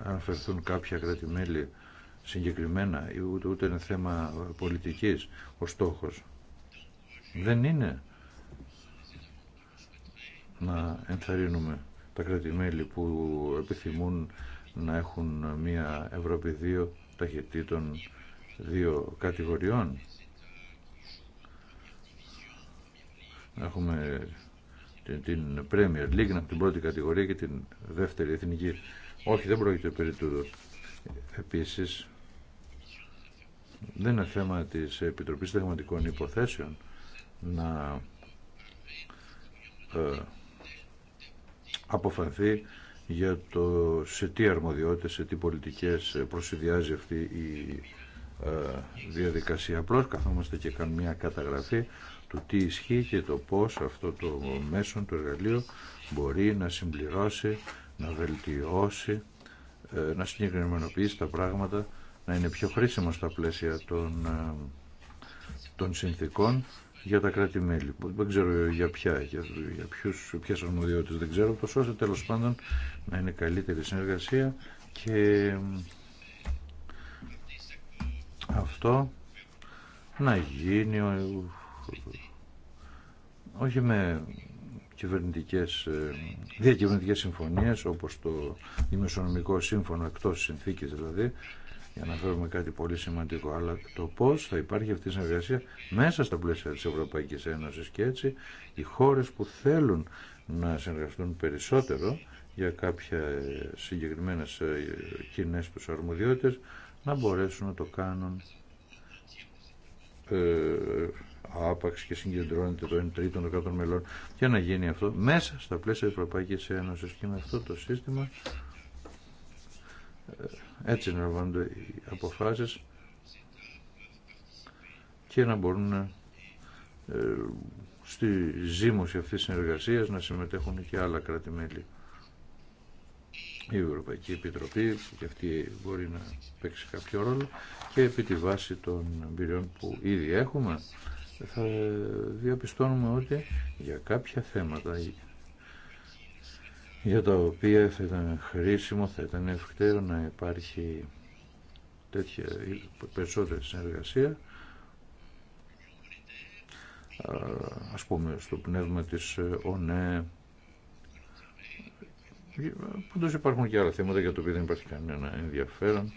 αναφερθούν κάποια κράτη-μέλη συγκεκριμένα, ούτε, ούτε είναι θέμα πολιτικής ο στόχος. Δεν είναι να ενθαρρύνουμε τα κρατημέλη που επιθυμούν να έχουν μια Ευρώπη δύο ταχυτήτων δύο κατηγοριών. Να έχουμε την Premier League από την πρώτη κατηγορία και την δεύτερη εθνική. Όχι, δεν πρόκειται περί τούτο. Επίσης, δεν είναι θέμα της Επιτροπής Δεγματικών Υποθέσεων να ε, αποφανθεί για το σε τι αρμοδιότητες, σε τι πολιτικές προσυδειάζει αυτή η ε, διαδικασία. Απλώ καθόμαστε και κάνουμε μια καταγραφή του τι ισχύει και το πώς αυτό το μέσο, το εργαλείο μπορεί να συμπληρώσει, να βελτιώσει, ε, να συγκεκριμενοποιήσει τα πράγματα να είναι πιο χρήσιμο στα πλαίσια των, ε, των συνθήκων για τα κράτη-μέλη. Δεν ξέρω για ποια, για, για ποιους, ποιες αρμοδιότητες δεν ξέρω, πως ώστε τέλος πάντων να είναι καλύτερη συνεργασία και ε, αυτό να γίνει ε, όχι με κυβερνητικές, διακυβερνητικές συμφωνίες όπως το δημοσιονομικό σύμφωνο εκτός συνθήκης δηλαδή για να φέρουμε κάτι πολύ σημαντικό, αλλά το πώς θα υπάρχει αυτή η συνεργασία μέσα στα πλαίσια της Ευρωπαϊκής Ένωσης και έτσι οι χώρες που θέλουν να συνεργαστούν περισσότερο για κάποια ε, συγκεκριμένες ε, κοινέ του αρμοδιότητες να μπορέσουν να το κάνουν ε, άπαξ και συγκεντρώνεται το 1 τρίτο των μελών και να γίνει αυτό μέσα στα πλαίσια της Ευρωπαϊκής Ένωσης και με αυτό το σύστημα ε, έτσι να οι αποφάσεις και να μπορούν ε, ε, στη ζήμωση αυτής της συνεργασίας να συμμετέχουν και άλλα κράτη-μέλη. Η Ευρωπαϊκή Επιτροπή και αυτή μπορεί να παίξει κάποιο ρόλο και επί τη βάση των εμπειριών που ήδη έχουμε θα διαπιστώνουμε ότι για κάποια θέματα για τα οποία θα ήταν χρήσιμο, θα ήταν ευκταίο να υπάρχει τέτοια περισσότερη συνεργασία ας πούμε στο πνεύμα της ε, ΟΝΕ Πάντως υπάρχουν και άλλα θέματα για το οποίο δεν υπάρχει κανένα ενδιαφέρον.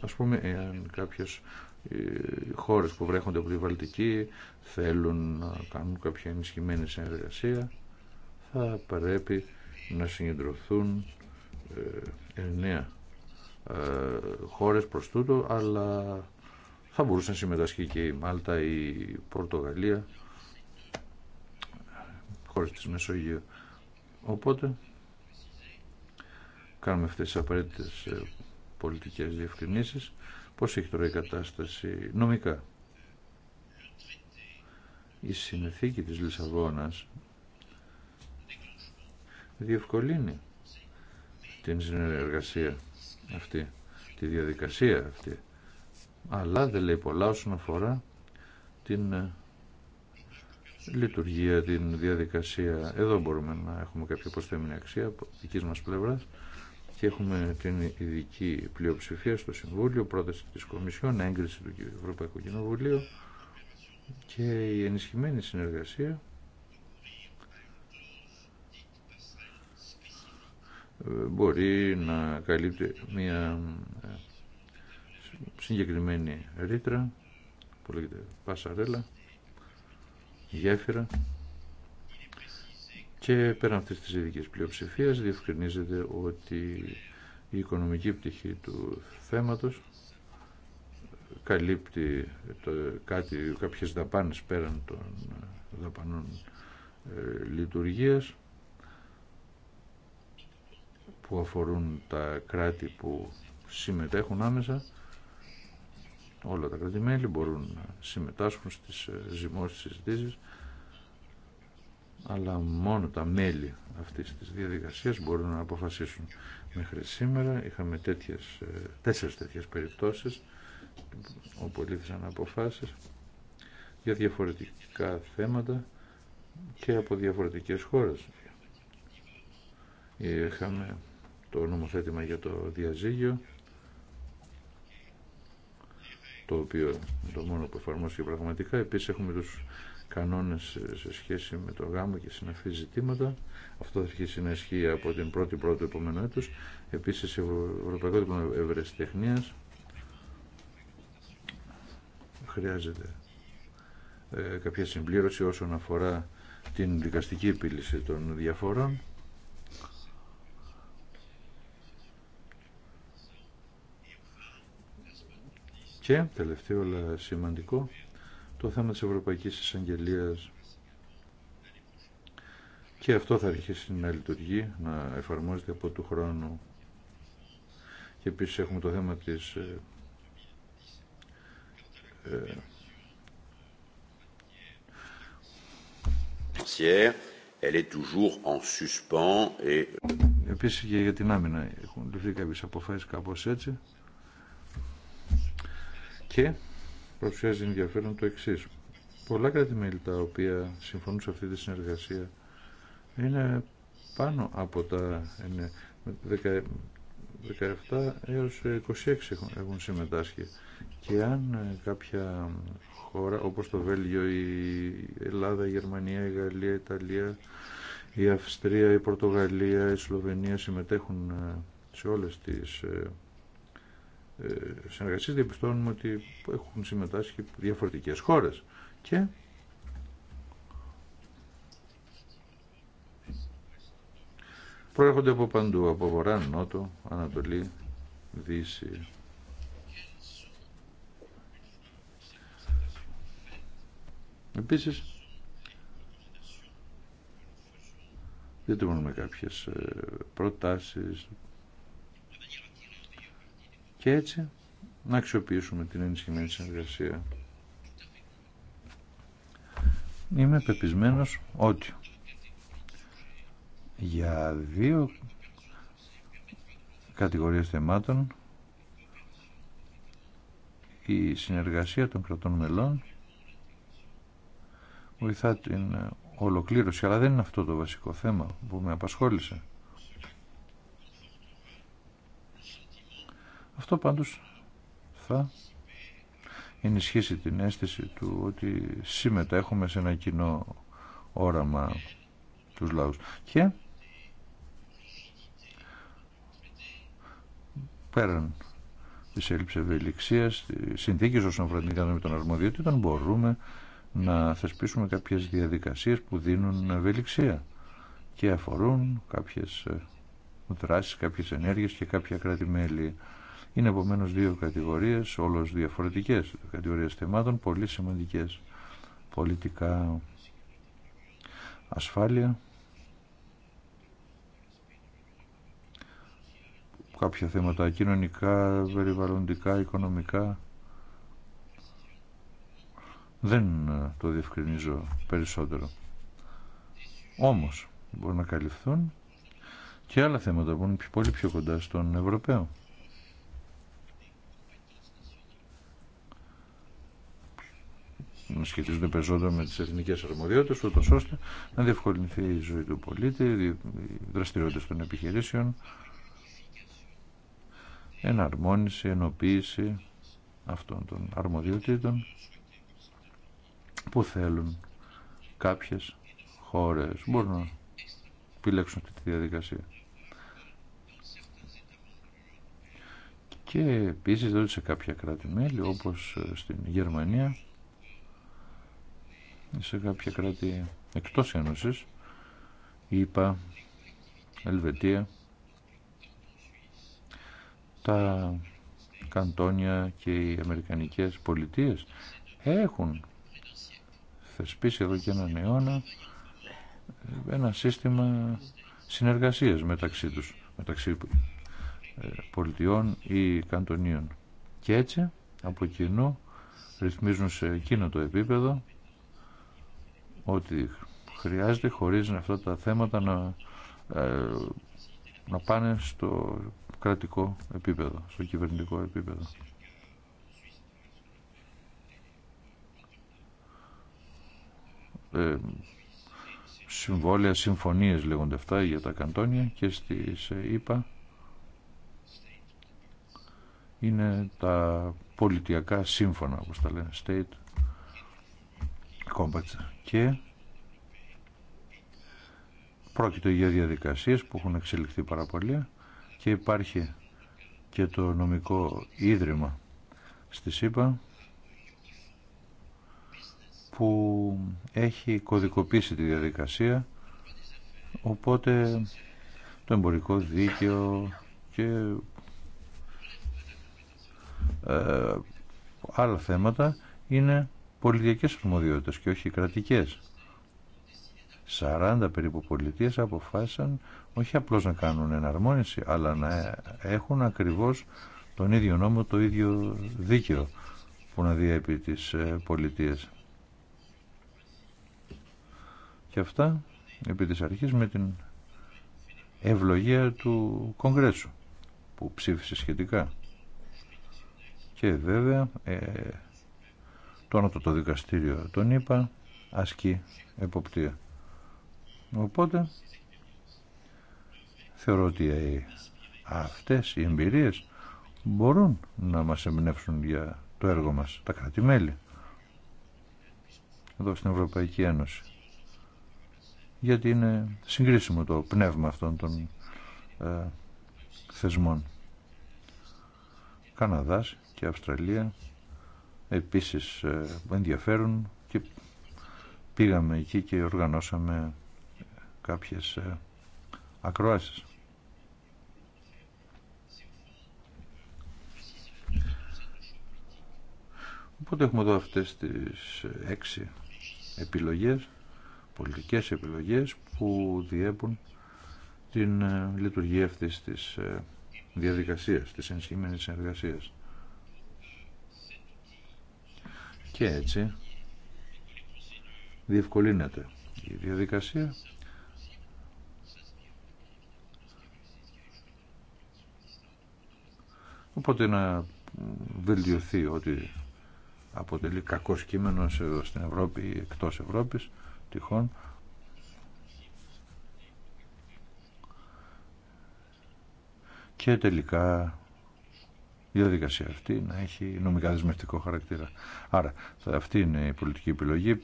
Ας πούμε, εάν κάποιες ε, χώρες που βρέχονται από τη Βαλτική θέλουν να κάνουν κάποια ενισχυμένη συνεργασία, θα πρέπει να συγκεντρωθούν ε, εννέα ε, χώρες προς τούτο, αλλά θα μπορούσε να συμμετασχεί και η Μάλτα, η Πορτογαλία, χώρες της Μεσογείου. Οπότε, κάνουμε αυτές τις απαραίτητες ε, πολιτικές διευκρινήσεις. Πώς έχει τώρα η κατάσταση νομικά. Η συνθήκη της Λισαβόνας διευκολύνει την συνεργασία αυτή, τη διαδικασία αυτή. Αλλά δεν λέει πολλά όσον αφορά την ε, λειτουργία, την διαδικασία. Εδώ μπορούμε να έχουμε κάποια προσθέμενη αξία από δική μας πλευράς και έχουμε την ειδική πλειοψηφία στο Συμβούλιο, πρόταση της Κομισιόν, έγκριση του Ευρωπαϊκού Κοινοβουλίου και η ενισχυμένη συνεργασία μπορεί να καλύπτει μια ε, συγκεκριμένη ρήτρα που λέγεται πασαρέλα, γέφυρα και πέραν αυτής της ειδικής πλειοψηφίας διευκρινίζεται ότι η οικονομική πτυχή του θέματος καλύπτει το, κάτι, κάποιες δαπάνες πέραν των δαπανών ε, λειτουργίας που αφορούν τα κράτη που συμμετέχουν άμεσα. Όλα τα κράτη-μέλη μπορούν να συμμετάσχουν στις ε, ζυμώσεις συζητήσεις, αλλά μόνο τα μέλη αυτής της διαδικασίας μπορούν να αποφασίσουν. Μέχρι σήμερα είχαμε τέτοιες, ε, τέσσερις τέτοιες περιπτώσεις όπου λήφθησαν αποφάσεις για διαφορετικά θέματα και από διαφορετικές χώρες. Είχαμε το νομοθέτημα για το διαζύγιο το οποίο το μόνο που εφαρμόστηκε πραγματικά. Επίσης έχουμε τους κανόνες σε σχέση με το γάμο και συναφή ζητήματα. Αυτό θα αρχίσει να ισχύει από την πρώτη πρώτη επόμενου έτους. Επίσης Ευρωπαϊκό Τύπο Ευρεσιτεχνίας χρειάζεται ε, κάποια συμπλήρωση όσον αφορά την δικαστική επίλυση των διαφόρων Και τελευταίο αλλά σημαντικό το θέμα της Ευρωπαϊκής Εισαγγελίας και αυτό θα αρχίσει να λειτουργεί, να εφαρμόζεται από του χρόνου. Και επίσης έχουμε το θέμα της ε, ε, Επίσης και για την άμυνα έχουν ληφθεί κάποιες αποφάσεις κάπως έτσι. Και παρουσιάζει ενδιαφέρον το εξή. Πολλά κράτη-μέλη τα οποία συμφωνούν σε αυτή τη συνεργασία είναι πάνω από τα 17 έως 26 έχουν, έχουν συμμετάσχει. Και αν ε, κάποια χώρα όπως το Βέλγιο, η Ελλάδα, η Γερμανία, η Γαλλία, η Ιταλία, η Αυστρία, η Πορτογαλία, η Σλοβενία συμμετέχουν ε, σε όλες τις ε, ε, συνεργασίες διαπιστώνουμε ότι έχουν συμμετάσχει διαφορετικές χώρες και προέρχονται από παντού, από βορρά, νότο, ανατολή, δύση. Επίσης, διατηρούμε κάποιες ε, προτάσεις, και έτσι να αξιοποιήσουμε την ενισχυμένη συνεργασία. Είμαι πεπισμένος ότι για δύο κατηγορίες θεμάτων η συνεργασία των κρατών μελών βοηθά την ολοκλήρωση, αλλά δεν είναι αυτό το βασικό θέμα που με απασχόλησε. Αυτό πάντως θα ενισχύσει την αίσθηση του ότι συμμετέχουμε σε ένα κοινό όραμα τους λαούς. Και πέραν τη έλλειψη ευελιξία, τη συνθήκη όσον αφορά την κατανομή των αρμοδιοτήτων, μπορούμε να θεσπίσουμε κάποιες διαδικασίες που δίνουν ευελιξία και αφορούν κάποιες δράσεις, κάποιες ενέργειες και κάποια κράτη-μέλη. Είναι επομένω δύο κατηγορίες, όλο διαφορετικές κατηγορίε θεμάτων, πολύ σημαντικέ πολιτικά ασφάλεια, κάποια θέματα κοινωνικά, περιβαλλοντικά, οικονομικά. Δεν ε, το διευκρινίζω περισσότερο. Όμως μπορούν να καλυφθούν και άλλα θέματα που είναι πολύ πιο κοντά στον Ευρωπαίο. να σχετίζονται περισσότερο με τι εθνικέ αρμοδιότητες, ούτω ώστε να διευκολυνθεί η ζωή του πολίτη, οι δραστηριότητε των επιχειρήσεων, εναρμόνιση, ενοποίηση αυτών των αρμοδιοτήτων που θέλουν κάποιες χώρες. Μπορούν να επιλέξουν αυτή τη διαδικασία. Και επίσης εδώ δηλαδή, σε κάποια κράτη-μέλη όπως στην Γερμανία σε κάποια κράτη εκτός Ένωσης, είπα Ελβετία, τα καντόνια και οι Αμερικανικές πολιτείες έχουν θεσπίσει εδώ και έναν αιώνα ένα σύστημα συνεργασίας μεταξύ τους, μεταξύ ε, πολιτιών ή καντονίων. Και έτσι από κοινού ρυθμίζουν σε εκείνο το επίπεδο ότι χρειάζεται χωρίς αυτά τα θέματα να, ε, να πάνε στο κρατικό επίπεδο, στο κυβερνητικό επίπεδο. Ε, συμβόλαια, συμφωνίες λέγονται αυτά για τα καντόνια και στις ΕΠΑ είναι τα πολιτιακά σύμφωνα όπως τα λένε, state και πρόκειται για διαδικασίες που έχουν εξελιχθεί πάρα πολύ και υπάρχει και το νομικό ίδρυμα στη ΣΥΠΑ που έχει κωδικοποίησει τη διαδικασία οπότε το εμπορικό δίκαιο και ε, άλλα θέματα είναι πολιτικές αρμοδιότητες και όχι κρατικές. Σαράντα περίπου πολιτείες αποφάσισαν όχι απλώς να κάνουν εναρμόνιση αλλά να έχουν ακριβώς τον ίδιο νόμο, το ίδιο δίκαιο που να διέπει τις ε, πολιτείες. Και αυτά επί της αρχής με την ευλογία του Κογκρέσου που ψήφισε σχετικά. Και βέβαια ε, το το Δικαστήριο τον είπα, ασκεί εποπτεία. Οπότε θεωρώ ότι αυτές οι εμπειρίες μπορούν να μας εμπνεύσουν για το έργο μας, τα κράτη-μέλη εδώ στην Ευρωπαϊκή Ένωση γιατί είναι συγκρίσιμο το πνεύμα αυτών των ε, θεσμών Καναδάς και Αυστραλία επίσης ε, ενδιαφέρον και πήγαμε εκεί και οργανώσαμε κάποιες ε, ακροάσεις. Οπότε έχουμε εδώ αυτές τις έξι επιλογές, πολιτικές επιλογές που διέπουν την ε, λειτουργία αυτής της διαδικασίας, της ενισχυμένης συνεργασίας. Και έτσι διευκολύνεται η διαδικασία. Οπότε να βελτιωθεί ότι αποτελεί κακό κείμενο στην Ευρώπη ή εκτός Ευρώπης τυχόν και τελικά διαδικασία αυτή να έχει νομικά δεσμευτικό χαρακτήρα. Άρα αυτή είναι η πολιτική επιλογή,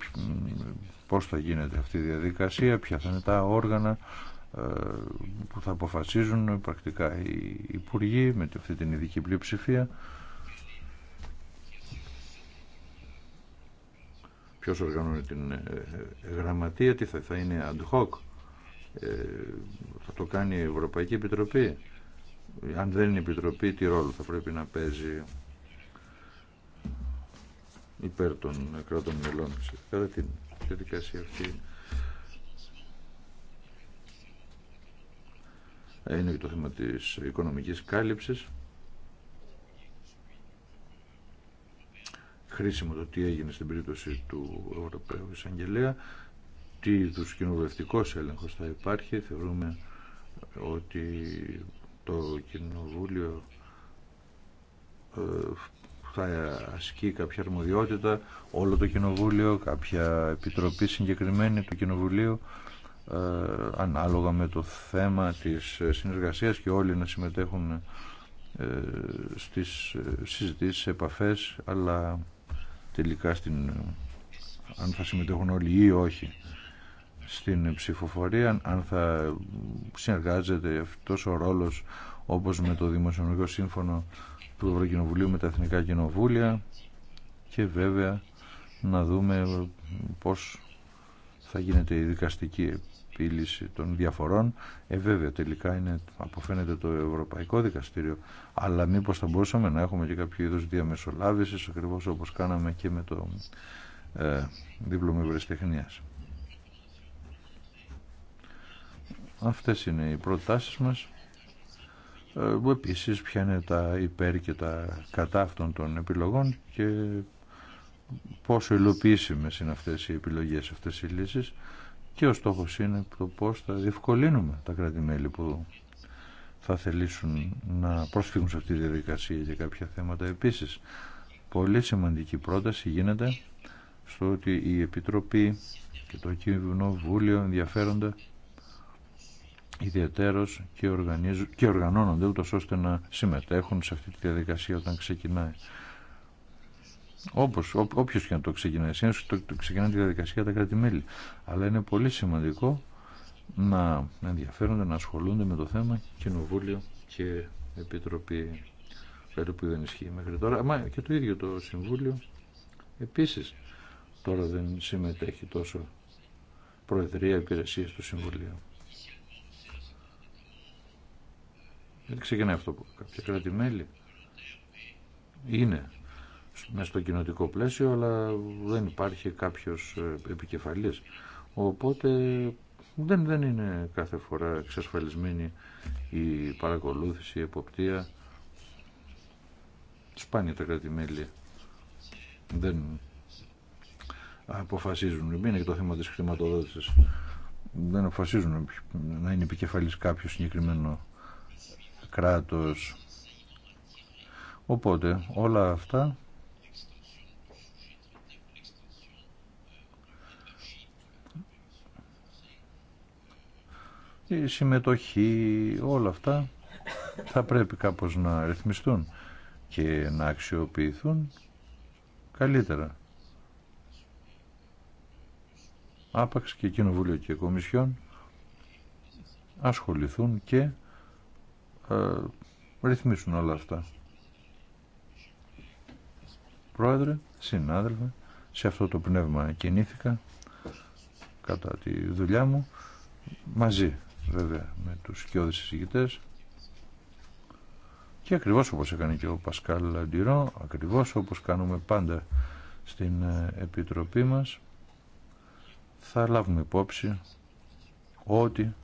πώς θα γίνεται αυτή η διαδικασία, ποια θα είναι τα όργανα ε, που θα αποφασίζουν πρακτικά οι υπουργοί με αυτή την ειδική πλειοψηφία. Ποιο οργανώνει την ε, ε, γραμματεία, τι θα, θα είναι ad hoc, θα το κάνει η Ευρωπαϊκή Επιτροπή αν δεν είναι Επιτροπή, τι ρόλο θα πρέπει να παίζει υπέρ των κρατών μελών κατά την διαδικασία αυτή. Είναι και το θέμα της οικονομικής κάλυψης. Χρήσιμο το τι έγινε στην περίπτωση του Ευρωπαίου Εισαγγελέα, τι είδους κοινοβουλευτικός έλεγχος θα υπάρχει. Θεωρούμε ότι το Κοινοβούλιο ε, θα ασκεί κάποια αρμοδιότητα, όλο το Κοινοβούλιο, κάποια επιτροπή συγκεκριμένη του Κοινοβουλίου, ε, ανάλογα με το θέμα της συνεργασίας και όλοι να συμμετέχουν ε, στις συζητήσεις, επαφές, αλλά τελικά στην, αν θα συμμετέχουν όλοι ή όχι στην ψηφοφορία αν θα συνεργάζεται αυτός ο ρόλος όπως με το Δημοσιονομικό Σύμφωνο του Ευρωκοινοβουλίου με τα Εθνικά Κοινοβούλια και βέβαια να δούμε πώς θα γίνεται η δικαστική επίλυση των διαφορών. Ε, βέβαια, τελικά είναι, αποφαίνεται το Ευρωπαϊκό Δικαστήριο, αλλά μήπως θα μπορούσαμε να έχουμε και κάποιο είδους διαμεσολάβησης, ακριβώς όπως κάναμε και με το ε, δίπλωμα ευρεσιτεχνίας. Αυτές είναι οι προτάσεις μας. Ε, επίσης ποια είναι τα υπέρ και τα κατά αυτών των επιλογών και πόσο υλοποιήσιμες είναι αυτές οι επιλογές, αυτές οι λύσεις και ο στόχος είναι το πώς θα διευκολύνουμε τα κρατη που θα θελήσουν να προσφύγουν σε αυτή τη διαδικασία για κάποια θέματα. Επίσης, πολύ σημαντική πρόταση γίνεται στο ότι η Επιτροπή και το βούλιο ενδιαφέρονται ιδιαίτερος και, και οργανώνονται ούτως ώστε να συμμετέχουν σε αυτή τη διαδικασία όταν ξεκινάει. Όπως, ό, όποιος και να το ξεκινάει, εσύ το, ξεκινάει τη διαδικασία τα κράτη-μέλη. Αλλά είναι πολύ σημαντικό να ενδιαφέρονται, να ασχολούνται με το θέμα Κοινοβούλιο και Επιτροπή. Κάτι που δεν ισχύει μέχρι τώρα. Μα και το ίδιο το Συμβούλιο επίσης τώρα δεν συμμετέχει τόσο Προεδρία Υπηρεσίας του Συμβουλίου. Δεν ξεκινάει αυτό κάποια κράτη-μέλη είναι μέσα στο κοινοτικό πλαίσιο, αλλά δεν υπάρχει κάποιο ε, επικεφαλή. Οπότε δεν, δεν είναι κάθε φορά εξασφαλισμένη η παρακολούθηση, η εποπτεία. Σπάνια τα κράτη-μέλη δεν αποφασίζουν. Είναι και το θέμα της χρηματοδότησης. Δεν αποφασίζουν να είναι επικεφαλής κάποιο συγκεκριμένο κράτος. Οπότε όλα αυτά η συμμετοχή, όλα αυτά θα πρέπει κάπως να ρυθμιστούν και να αξιοποιηθούν καλύτερα. Άπαξ και Κοινοβούλιο και Κομισιόν ασχοληθούν και ε, ρυθμίσουν όλα αυτά. Πρόεδρε, συνάδελφε, σε αυτό το πνεύμα κινήθηκα κατά τη δουλειά μου μαζί βέβαια με τους σκιώδεις εισηγητές και ακριβώς όπως έκανε και ο Πασκάλ Λαντιρό ακριβώς όπως κάνουμε πάντα στην ε, Επιτροπή μας θα λάβουμε υπόψη ότι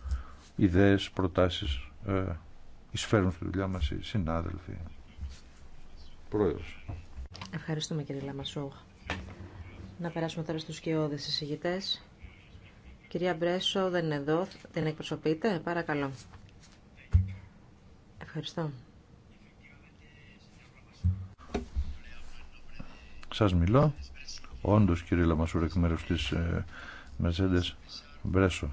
ιδέες, προτάσεις ε, εισφέρουν στη δουλειά μας οι συνάδελφοι. Πρόεδρος. Ευχαριστούμε κύριε Λαμασόγ. Να περάσουμε τώρα στους σκιώδες εισηγητές. Κυρία Μπρέσο δεν είναι εδώ, την εκπροσωπείτε, παρακαλώ. Ευχαριστώ. Σας μιλώ, όντως κύριε Λαμασούρ, εκ μέρους της Μερσέντες Μπρέσο.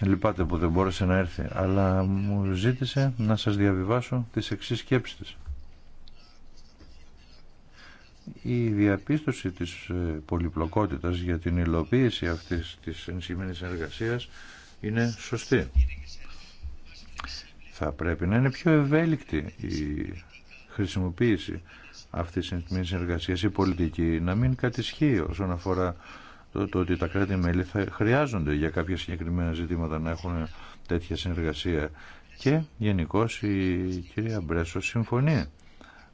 Λυπάται που δεν μπόρεσε να έρθει, αλλά μου ζήτησε να σας διαβιβάσω τις εξής σκέψεις της. Η διαπίστωση της ε, πολυπλοκότητας για την υλοποίηση αυτής της ενσημένης εργασίας είναι σωστή. Θα πρέπει να είναι πιο ευέλικτη η χρησιμοποίηση αυτής της ενσημένης εργασίας, η πολιτική, να μην κατησχύει όσον αφορά το, ότι τα κράτη-μέλη θα χρειάζονται για κάποια συγκεκριμένα ζητήματα να έχουν τέτοια συνεργασία και γενικώ η κυρία Μπρέσο συμφωνεί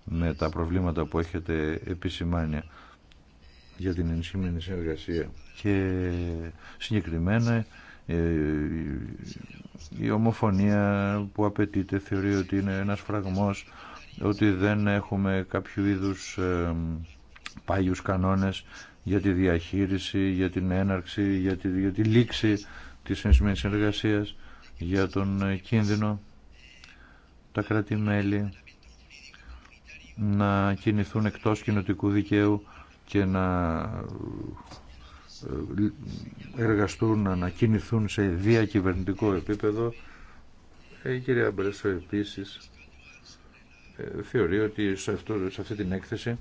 με τα προβλήματα που έχετε επισημάνει για την ενισχυμένη συνεργασία και συγκεκριμένα ε, η ομοφωνία που απαιτείται θεωρεί ότι είναι ένας φραγμός ότι δεν έχουμε κάποιο είδους ε, πάγιους κανόνες για τη διαχείριση, για την έναρξη, για τη, για τη λήξη της για τον ε, κίνδυνο, τα κράτη-μέλη να κινηθούν εκτός κοινοτικού δικαίου και να ε, εργαστούν, να κινηθούν σε διακυβερνητικό επίπεδο. Ε, η κυρία Μπρέσο επίσης θεωρεί ότι σε, αυτό, σε αυτή την έκθεση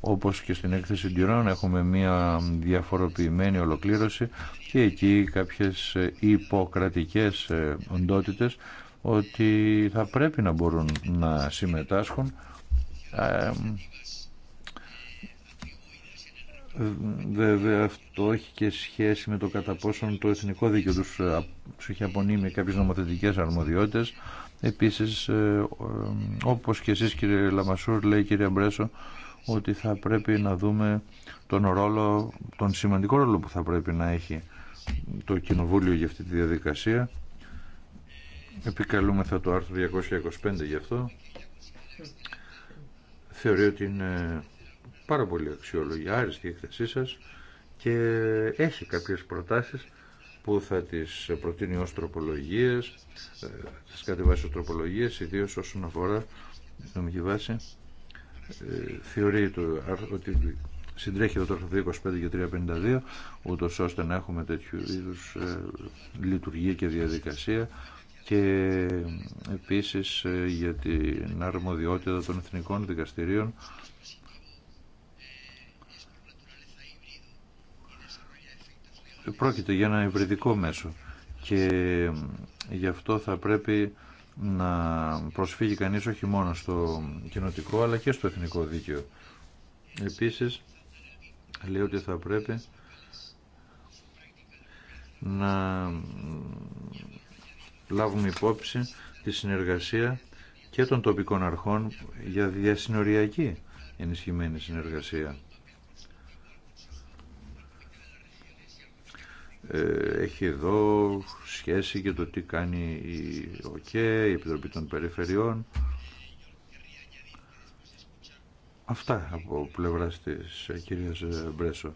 όπως και στην έκθεση Ντυρών έχουμε μια διαφοροποιημένη ολοκλήρωση και εκεί κάποιες υποκρατικές ε, οντότητες ότι θα πρέπει να μπορούν να συμμετάσχουν Βέβαια αυτό έχει και σχέση με το κατά πόσον το εθνικό δίκαιο τους ε, έχει απονείμει κάποιες νομοθετικές αρμοδιότητες Επίσης, ε, ε, όπως και εσείς κύριε Λαμασούρ, λέει κύριε Μπρέσο, ότι θα πρέπει να δούμε τον ρόλο, τον σημαντικό ρόλο που θα πρέπει να έχει το Κοινοβούλιο για αυτή τη διαδικασία. Επικαλούμεθα το άρθρο 225 γι' αυτό. Θεωρεί ότι είναι πάρα πολύ αξιόλογη, άριστη η εκθεσή σας και έχει κάποιες προτάσεις που θα τις προτείνει ως τροπολογίες, ε, τις κατεβάσει ως τροπολογίες, ιδίως όσον αφορά την νομική βάση. Ε, θεωρεί το, ότι συντρέχει το τρόπο 25 και 352, ούτως ώστε να έχουμε τέτοιου είδους ε, λειτουργία και διαδικασία και επίσης για την αρμοδιότητα των εθνικών δικαστηρίων πρόκειται για ένα υβριδικό μέσο και γι' αυτό θα πρέπει να προσφύγει κανείς όχι μόνο στο κοινοτικό αλλά και στο εθνικό δίκαιο. Επίσης, λέει ότι θα πρέπει να λάβουμε υπόψη τη συνεργασία και των τοπικών αρχών για διασυνοριακή ενισχυμένη συνεργασία. Ε, έχει εδώ σχέση και το τι κάνει η ΟΚΕ, η Επιτροπή των Περιφερειών. Αυτά από πλευρά της ε, κυρία ε, Μπρέσο.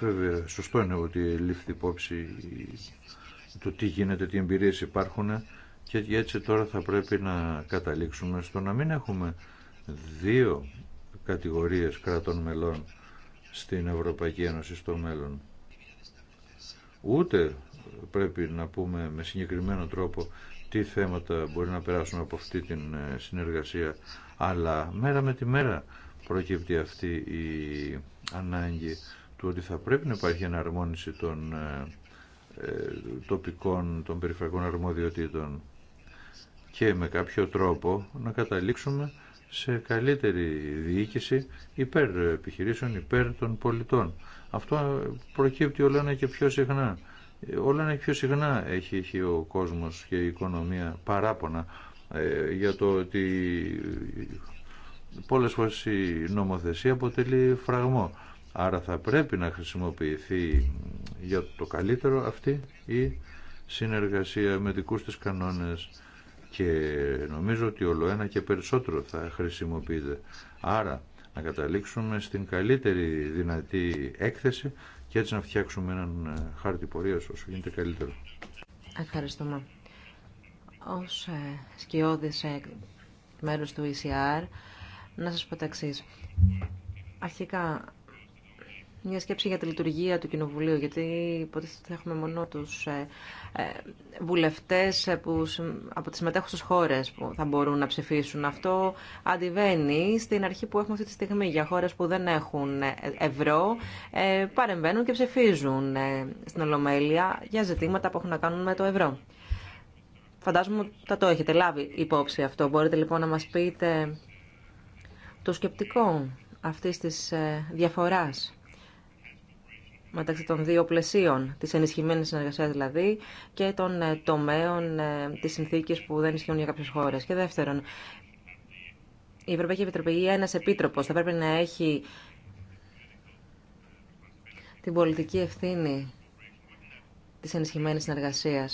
Βέβαια, σωστό είναι ότι λήφθη υπόψη το τι γίνεται, τι εμπειρίες υπάρχουν και έτσι τώρα θα πρέπει να καταλήξουμε στο να μην έχουμε δύο κατηγορίες κρατών μελών στην Ευρωπαϊκή Ένωση στο μέλλον. Ούτε πρέπει να πούμε με συγκεκριμένο τρόπο τι θέματα μπορεί να περάσουν από αυτή την ε, συνεργασία, αλλά μέρα με τη μέρα προκύπτει αυτή η ανάγκη του ότι θα πρέπει να υπάρχει εναρμόνιση των ε, ε, τοπικών, των περιφερειακών αρμοδιοτήτων και με κάποιο τρόπο να καταλήξουμε σε καλύτερη διοίκηση υπέρ επιχειρήσεων, υπέρ των πολιτών. Αυτό προκύπτει όλα ένα και πιο συχνά. Όλα ένα και πιο συχνά έχει, έχει ο κόσμος και η οικονομία παράπονα ε, για το ότι πολλές φορές η νομοθεσία αποτελεί φραγμό. Άρα θα πρέπει να χρησιμοποιηθεί για το καλύτερο αυτή η συνεργασία με δικούς της κανόνες και νομίζω ότι όλο ένα και περισσότερο θα χρησιμοποιείται. Άρα να καταλήξουμε στην καλύτερη δυνατή έκθεση και έτσι να φτιάξουμε έναν ε, χάρτη πορείας όσο γίνεται καλύτερο. Ευχαριστούμε. Ως ε, σκιώδης ε, μέρος του ECR, να σας πω τα Αρχικά, μια σκέψη για τη λειτουργία του Κοινοβουλίου, γιατί υποτίθεται ότι έχουμε μόνο τους ε, ε, βουλευτές ε, που, από τις μετέχουσες χώρες που θα μπορούν να ψηφίσουν. Αυτό αντιβαίνει στην αρχή που έχουμε αυτή τη στιγμή για χώρες που δεν έχουν ευρώ, παρεμβαίνουν και ψηφίζουν στην Ολομέλεια για ζητήματα που έχουν να κάνουν με το ευρώ. Φαντάζομαι ότι θα το έχετε λάβει υπόψη αυτό. Μπορείτε λοιπόν να μας πείτε το σκεπτικό αυτής της διαφοράς μεταξύ των δύο πλαισίων, τη ενισχυμένη συνεργασία δηλαδή και των ε, τομέων ε, τη συνθήκη που δεν ισχύουν για κάποιε χώρε. Και δεύτερον, η Ευρωπαϊκή Επιτροπή ή ένα επίτροπο θα πρέπει να έχει την πολιτική ευθύνη τη ενισχυμένη συνεργασία.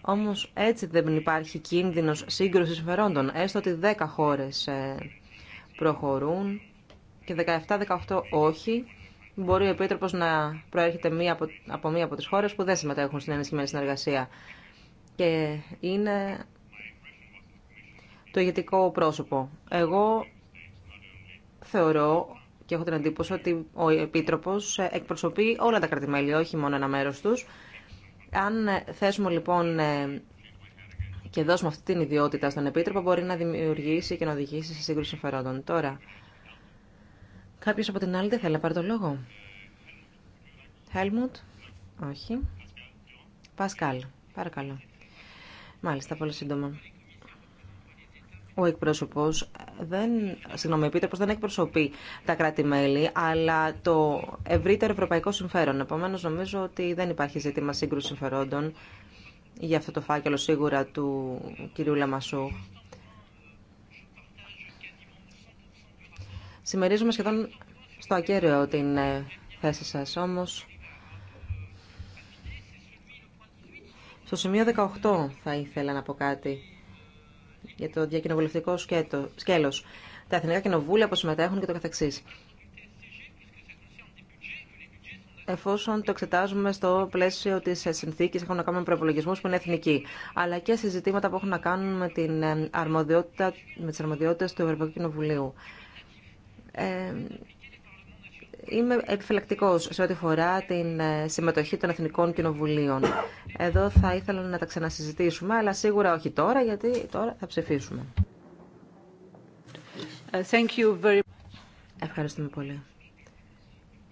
Όμω έτσι δεν υπάρχει κίνδυνο σύγκρουσης συμφερόντων, έστω ότι 10 χώρες ε, προχωρούν και 17-18 όχι μπορεί ο Επίτροπο να προέρχεται μία από, μία από τι χώρε που δεν συμμετέχουν στην ενισχυμένη συνεργασία. Και είναι το ηγετικό πρόσωπο. Εγώ θεωρώ και έχω την εντύπωση ότι ο Επίτροπο εκπροσωπεί όλα τα κρατημέλη, όχι μόνο ένα μέρο του. Αν θέσουμε λοιπόν ε, και δώσουμε αυτή την ιδιότητα στον Επίτροπο, μπορεί να δημιουργήσει και να οδηγήσει σε σύγκρουση συμφερόντων. Τώρα, Κάποιος από την άλλη δεν θέλει να πάρει το λόγο. Χέλμουντ. Όχι. Πασκάλ. Παρακαλώ. Μάλιστα, πολύ σύντομα. Ο εκπρόσωπο δεν. Συγγνώμη, ο επίτροπο δεν εκπροσωπεί τα κράτη-μέλη, αλλά το ευρύτερο ευρωπαϊκό συμφέρον. Επομένω, νομίζω ότι δεν υπάρχει ζήτημα σύγκρουση συμφερόντων για αυτό το φάκελο σίγουρα του κυρίου Λαμασού. Συμμερίζουμε σχεδόν στο ακέραιο την ε, θέση σας, όμως... Στο σημείο 18 θα ήθελα να πω κάτι για το διακοινοβουλευτικό σκέτο, σκέλος. Τα εθνικά κοινοβούλια που συμμετέχουν και το καθεξής. Εφόσον το εξετάζουμε στο πλαίσιο τη συνθήκη, έχουν να κάνουν με προπολογισμού που είναι εθνικοί, αλλά και σε ζητήματα που έχουν να κάνουν με, την ε, με τι αρμοδιότητε του Ευρωπαϊκού Κοινοβουλίου είμαι επιφυλακτικός σε ό,τι αφορά την ε, συμμετοχή των Εθνικών Κοινοβουλίων. Εδώ θα ήθελα να τα ξανασυζητήσουμε, αλλά σίγουρα όχι τώρα, γιατί τώρα θα ψηφίσουμε. Ε, thank you very... Ευχαριστούμε πολύ.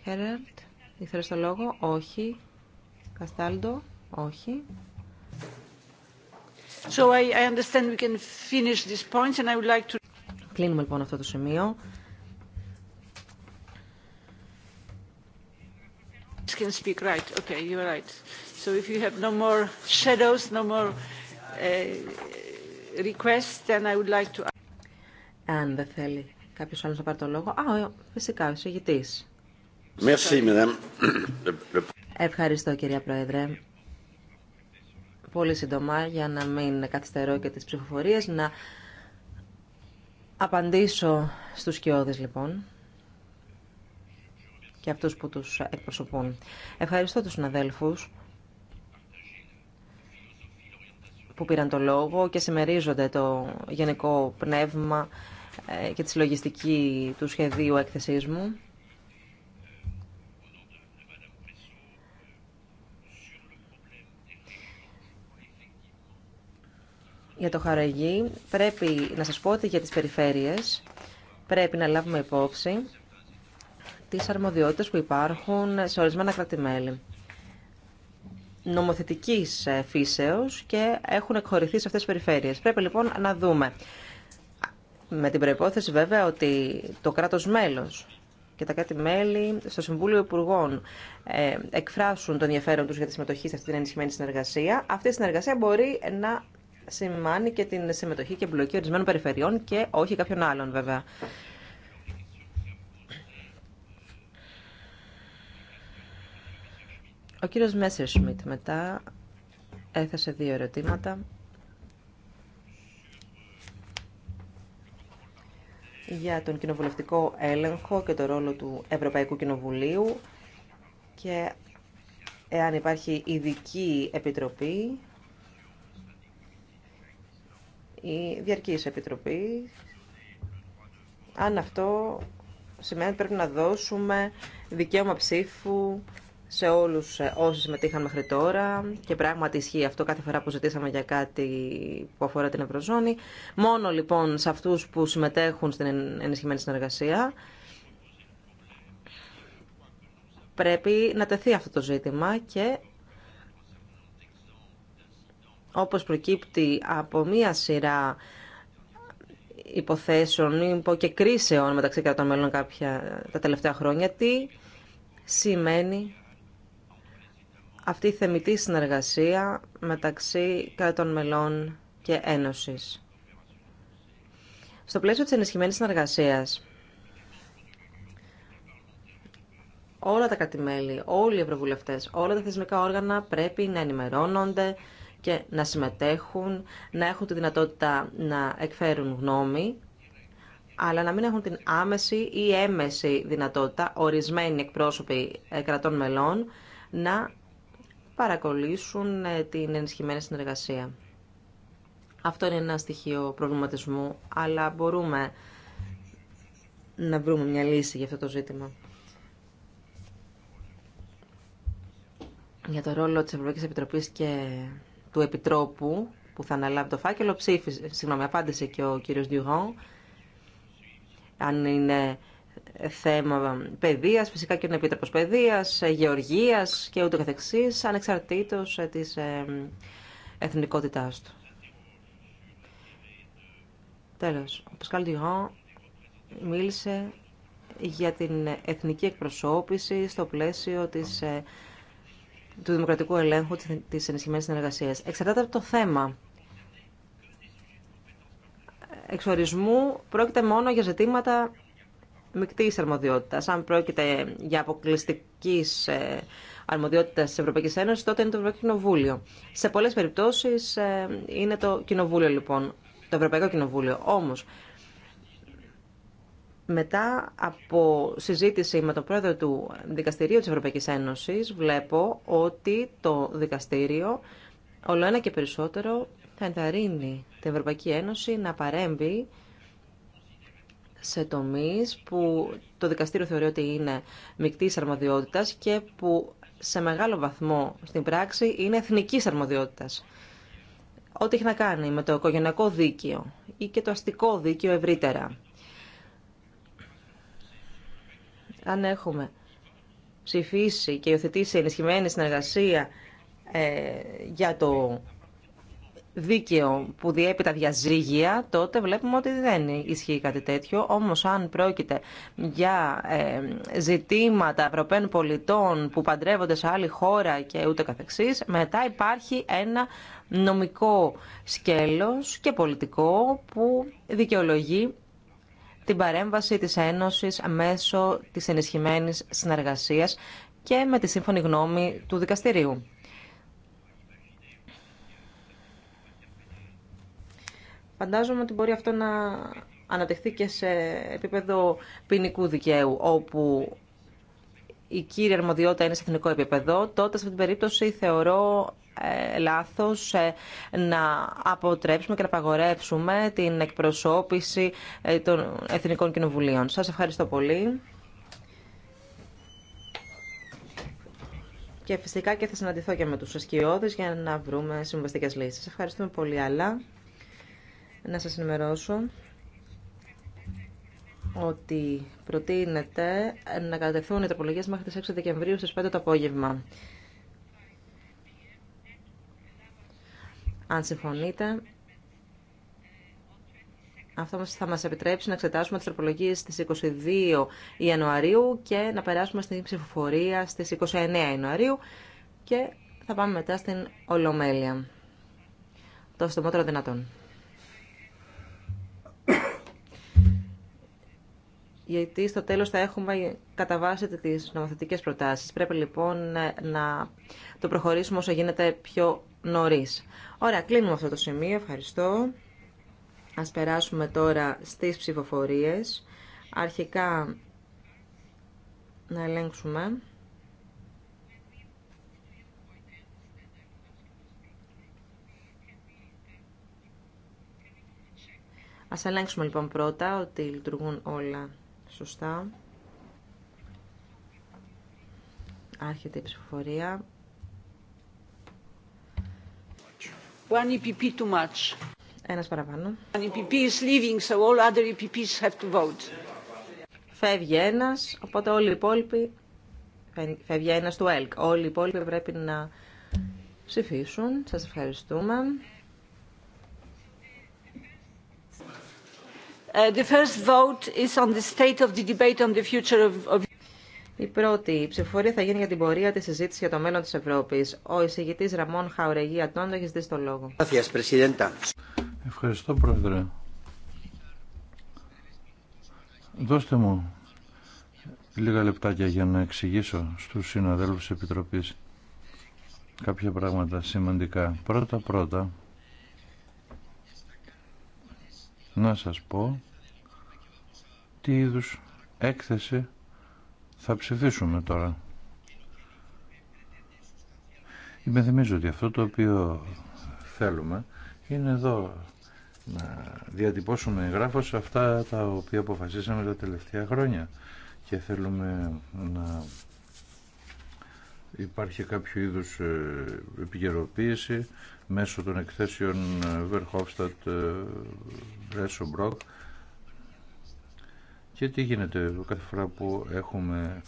Χέρερτ, ήθελες το λόγο. Όχι. Καστάλντο, όχι. So I, understand we can finish this point, and I would like to... Κλείνουμε λοιπόν αυτό το σημείο. can δεν θέλει κάποιο άλλο να πάρει το λόγο. Α, φυσικά, ο Ευχαριστώ, κυρία Πρόεδρε. Πολύ σύντομα, για να μην καθυστερώ και τις ψηφοφορίες, να απαντήσω στους κοιόδες, λοιπόν και αυτούς που τους εκπροσωπούν. Ευχαριστώ τους συναδέλφους που πήραν το λόγο και συμμερίζονται το γενικό πνεύμα ε, και τη συλλογιστική του σχεδίου έκθεσής μου. Για το χαραγή πρέπει να σας πω ότι για τις περιφέρειες πρέπει να λάβουμε υπόψη τις αρμοδιότητες που υπάρχουν σε ορισμένα κράτη-μέλη νομοθετικής ε, φύσεως και έχουν εκχωρηθεί σε αυτές τις περιφέρειες. Πρέπει λοιπόν να δούμε. Με την προϋπόθεση βέβαια ότι το κράτος μέλος και τα κάτι μέλη στο Συμβούλιο Υπουργών ε, εκφράσουν τον ενδιαφέρον τους για τη συμμετοχή σε αυτή την ενισχυμένη συνεργασία. Αυτή η συνεργασία μπορεί να σημάνει και την συμμετοχή και εμπλοκή ορισμένων περιφερειών και όχι κάποιων άλλων βέβαια. Ο κύριος Μέσερ Σμιτ μετά έθεσε δύο ερωτήματα. για τον κοινοβουλευτικό έλεγχο και το ρόλο του Ευρωπαϊκού Κοινοβουλίου και εάν υπάρχει ειδική επιτροπή ή διαρκής επιτροπή, αν αυτό σημαίνει ότι πρέπει να δώσουμε δικαίωμα ψήφου σε όλους όσοι συμμετείχαν μέχρι τώρα και πράγματι ισχύει αυτό κάθε φορά που ζητήσαμε για κάτι που αφορά την Ευρωζώνη. Μόνο λοιπόν σε αυτούς που συμμετέχουν στην ενισχυμένη συνεργασία πρέπει να τεθεί αυτό το ζήτημα και όπως προκύπτει από μία σειρά υποθέσεων και κρίσεων μεταξύ κρατών μέλων κάποια, τα τελευταία χρόνια, τι σημαίνει αυτή η θεμητή συνεργασία μεταξύ κρατών μελών και ένωσης. Στο πλαίσιο της ενισχυμένης συνεργασίας, όλα τα κατημέλη, όλοι οι ευρωβουλευτές, όλα τα θεσμικά όργανα πρέπει να ενημερώνονται και να συμμετέχουν, να έχουν τη δυνατότητα να εκφέρουν γνώμη, αλλά να μην έχουν την άμεση ή έμεση δυνατότητα ορισμένοι εκπρόσωποι ε, κρατών μελών να παρακολύσουν ε, την ενισχυμένη συνεργασία. Αυτό είναι ένα στοιχείο προβληματισμού, αλλά μπορούμε να βρούμε μια λύση για αυτό το ζήτημα. Για το ρόλο της Ευρωπαϊκής Επιτροπής και του Επιτρόπου που θα αναλάβει το φάκελο, ψήφισε, συγγνώμη, απάντησε και ο κύριος Διουγόν, αν είναι θέμα παιδείας, φυσικά και είναι επίτροπος παιδείας, γεωργίας και ούτω καθεξής, ανεξαρτήτως ε, της ε, εθνικότητάς του. Τέλος, ο Πασκάλ Ντιγόν μίλησε για την εθνική εκπροσώπηση στο πλαίσιο της, ε, του δημοκρατικού ελέγχου της ενισχυμένης συνεργασίας. Εξαρτάται από το θέμα. Εξορισμού πρόκειται μόνο για ζητήματα μεικτή αρμοδιότητα. Αν πρόκειται για αποκλειστική ε, αρμοδιότητα τη Ευρωπαϊκή Ένωση, τότε είναι το Ευρωπαϊκό Κοινοβούλιο. Σε πολλέ περιπτώσει ε, είναι το Κοινοβούλιο, λοιπόν, το Ευρωπαϊκό Κοινοβούλιο. Όμω, μετά από συζήτηση με τον πρόεδρο του Δικαστηρίου της Ευρωπαϊκής Ένωσης, βλέπω ότι το δικαστήριο, όλο και περισσότερο, θα ενθαρρύνει την Ευρωπαϊκή Ένωση να παρέμβει σε τομείς που το δικαστήριο θεωρεί ότι είναι μεικτής αρμοδιότητας και που σε μεγάλο βαθμό στην πράξη είναι εθνικής αρμοδιότητας. Ό,τι έχει να κάνει με το οικογενειακό δίκαιο ή και το αστικό δίκαιο ευρύτερα. Αν έχουμε ψηφίσει και υιοθετήσει ενισχυμένη συνεργασία ε, για το δίκαιο που διέπει τα διαζύγια, τότε βλέπουμε ότι δεν ισχύει κάτι τέτοιο. Όμως αν πρόκειται για ε, ζητήματα Ευρωπαίων πολιτών που παντρεύονται σε άλλη χώρα και ούτε καθεξής, μετά υπάρχει ένα νομικό σκέλος και πολιτικό που δικαιολογεί την παρέμβαση της Ένωσης μέσω της ενισχυμένης συνεργασίας και με τη σύμφωνη γνώμη του δικαστηρίου. Φαντάζομαι ότι μπορεί αυτό να ανατεχθεί και σε επίπεδο ποινικού δικαίου, όπου η κύρια αρμοδιότητα είναι σε εθνικό επίπεδο, τότε σε αυτήν την περίπτωση θεωρώ ε, λάθος ε, να αποτρέψουμε και να απαγορεύσουμε την εκπροσώπηση ε, των Εθνικών Κοινοβουλίων. Σας ευχαριστώ πολύ. Και φυσικά και θα συναντηθώ και με τους ασκιώδες για να βρούμε συμβαστικές λύσεις. Ευχαριστούμε πολύ, αλλά να σας ενημερώσω ότι προτείνεται να κατευθούν οι τροπολογίες μέχρι τις 6 Δεκεμβρίου στις 5 το απόγευμα. Αν συμφωνείτε, αυτό θα μας επιτρέψει να εξετάσουμε τις τροπολογίες στις 22 Ιανουαρίου και να περάσουμε στην ψηφοφορία στις 29 Ιανουαρίου και θα πάμε μετά στην Ολομέλεια. Το στομότερο δυνατόν. γιατί στο τέλος θα έχουμε καταβάσει τις νομοθετικές προτάσεις. Πρέπει λοιπόν ε, να το προχωρήσουμε όσο γίνεται πιο νωρίς. Ωραία, κλείνουμε αυτό το σημείο. Ευχαριστώ. Ας περάσουμε τώρα στις ψηφοφορίες. Αρχικά να ελέγξουμε. Ας ελέγξουμε λοιπόν πρώτα ότι λειτουργούν όλα σωστά. Άρχεται η ψηφοφορία. One EPP too much. Ένας παραπάνω. One EPP is leaving, so all other EPPs have to vote. Φεύγει ένας, οπότε όλοι οι υπόλοιποι... Φεύγει ένας του ΕΛΚ. Όλοι οι υπόλοιποι πρέπει να ψηφίσουν. Σας ευχαριστούμε. Η πρώτη ψηφοφορία θα γίνει για την πορεία τη συζήτηση για το μέλλον τη Ευρώπη. Ο εισηγητή Ραμόν Χαουρεγία Τόντο έχει δει στο λόγο. Ευχαριστώ, Πρόεδρε. Δώστε μου λίγα λεπτάκια για να εξηγήσω στους συναδέλφους της Επιτροπής κάποια πράγματα σημαντικά. Πρώτα-πρώτα, να σας πω τι είδους έκθεση θα ψηφίσουμε τώρα. Υπενθυμίζω ότι αυτό το οποίο θέλουμε είναι εδώ να διατυπώσουμε γράφως αυτά τα οποία αποφασίσαμε τα τελευταία χρόνια και θέλουμε να υπάρχει κάποιο είδους ε, επικαιροποίηση μέσω των εκθέσεων ε, Verhofstadt, ε, Ressobrock και τι γίνεται κάθε φορά που έχουμε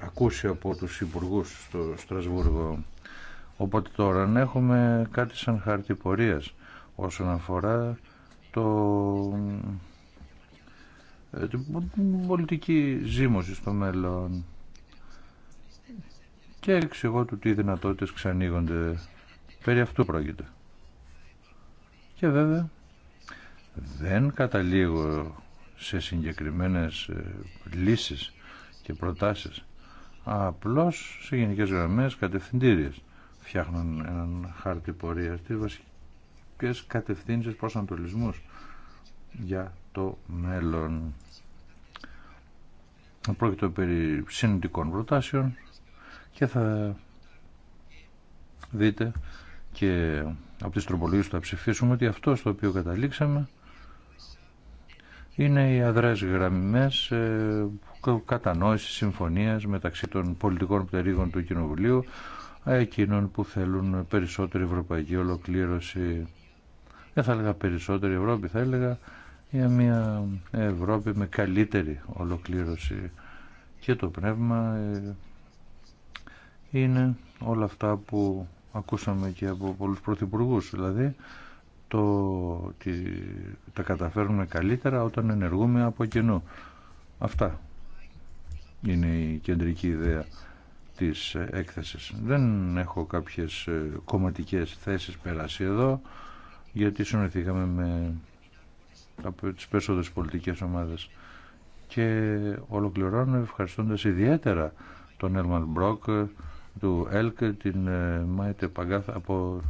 ακούσει από τους υπουργού στο Στρασβούργο οπότε τώρα έχουμε κάτι σαν χάρτη πορείας όσον αφορά το την πολιτική ζήμωση στο μέλλον και εξηγώ του τι δυνατότητες ξανοίγονται. Περί αυτού πρόκειται. Και βέβαια δεν καταλήγω σε συγκεκριμένες ε, λύσεις και προτάσεις. Απλώς σε γενικές γραμμές κατευθυντήριες φτιάχνουν έναν χάρτη πορείας τις βασικές κατευθύνσεις προς αντολισμούς για το μέλλον. Πρόκειται περί συνειδητικών προτάσεων και θα δείτε και από τις τροπολογίες που θα ψηφίσουμε ότι αυτό στο οποίο καταλήξαμε είναι οι αδρές γραμμές ε, κατανόησης συμφωνίας μεταξύ των πολιτικών πτερήγων του Κοινοβουλίου ε, εκείνων που θέλουν περισσότερη ευρωπαϊκή ολοκλήρωση δεν θα έλεγα περισσότερη Ευρώπη θα έλεγα για μια Ευρώπη με καλύτερη ολοκλήρωση και το πνεύμα ε, είναι όλα αυτά που ακούσαμε και από πολλούς πρωθυπουργούς δηλαδή το ότι τα καταφέρνουμε καλύτερα όταν ενεργούμε από κοινού αυτά είναι η κεντρική ιδέα της έκθεσης δεν έχω κάποιες ε, κομματικές θέσεις περάσει εδώ γιατί συνοηθήκαμε με από τις περισσότερες πολιτικές ομάδες και ολοκληρώνω ευχαριστώντας ιδιαίτερα τον Έλμαν Μπρόκ του ΕΛΚ, την ε, Μάιτε Παγκάθ από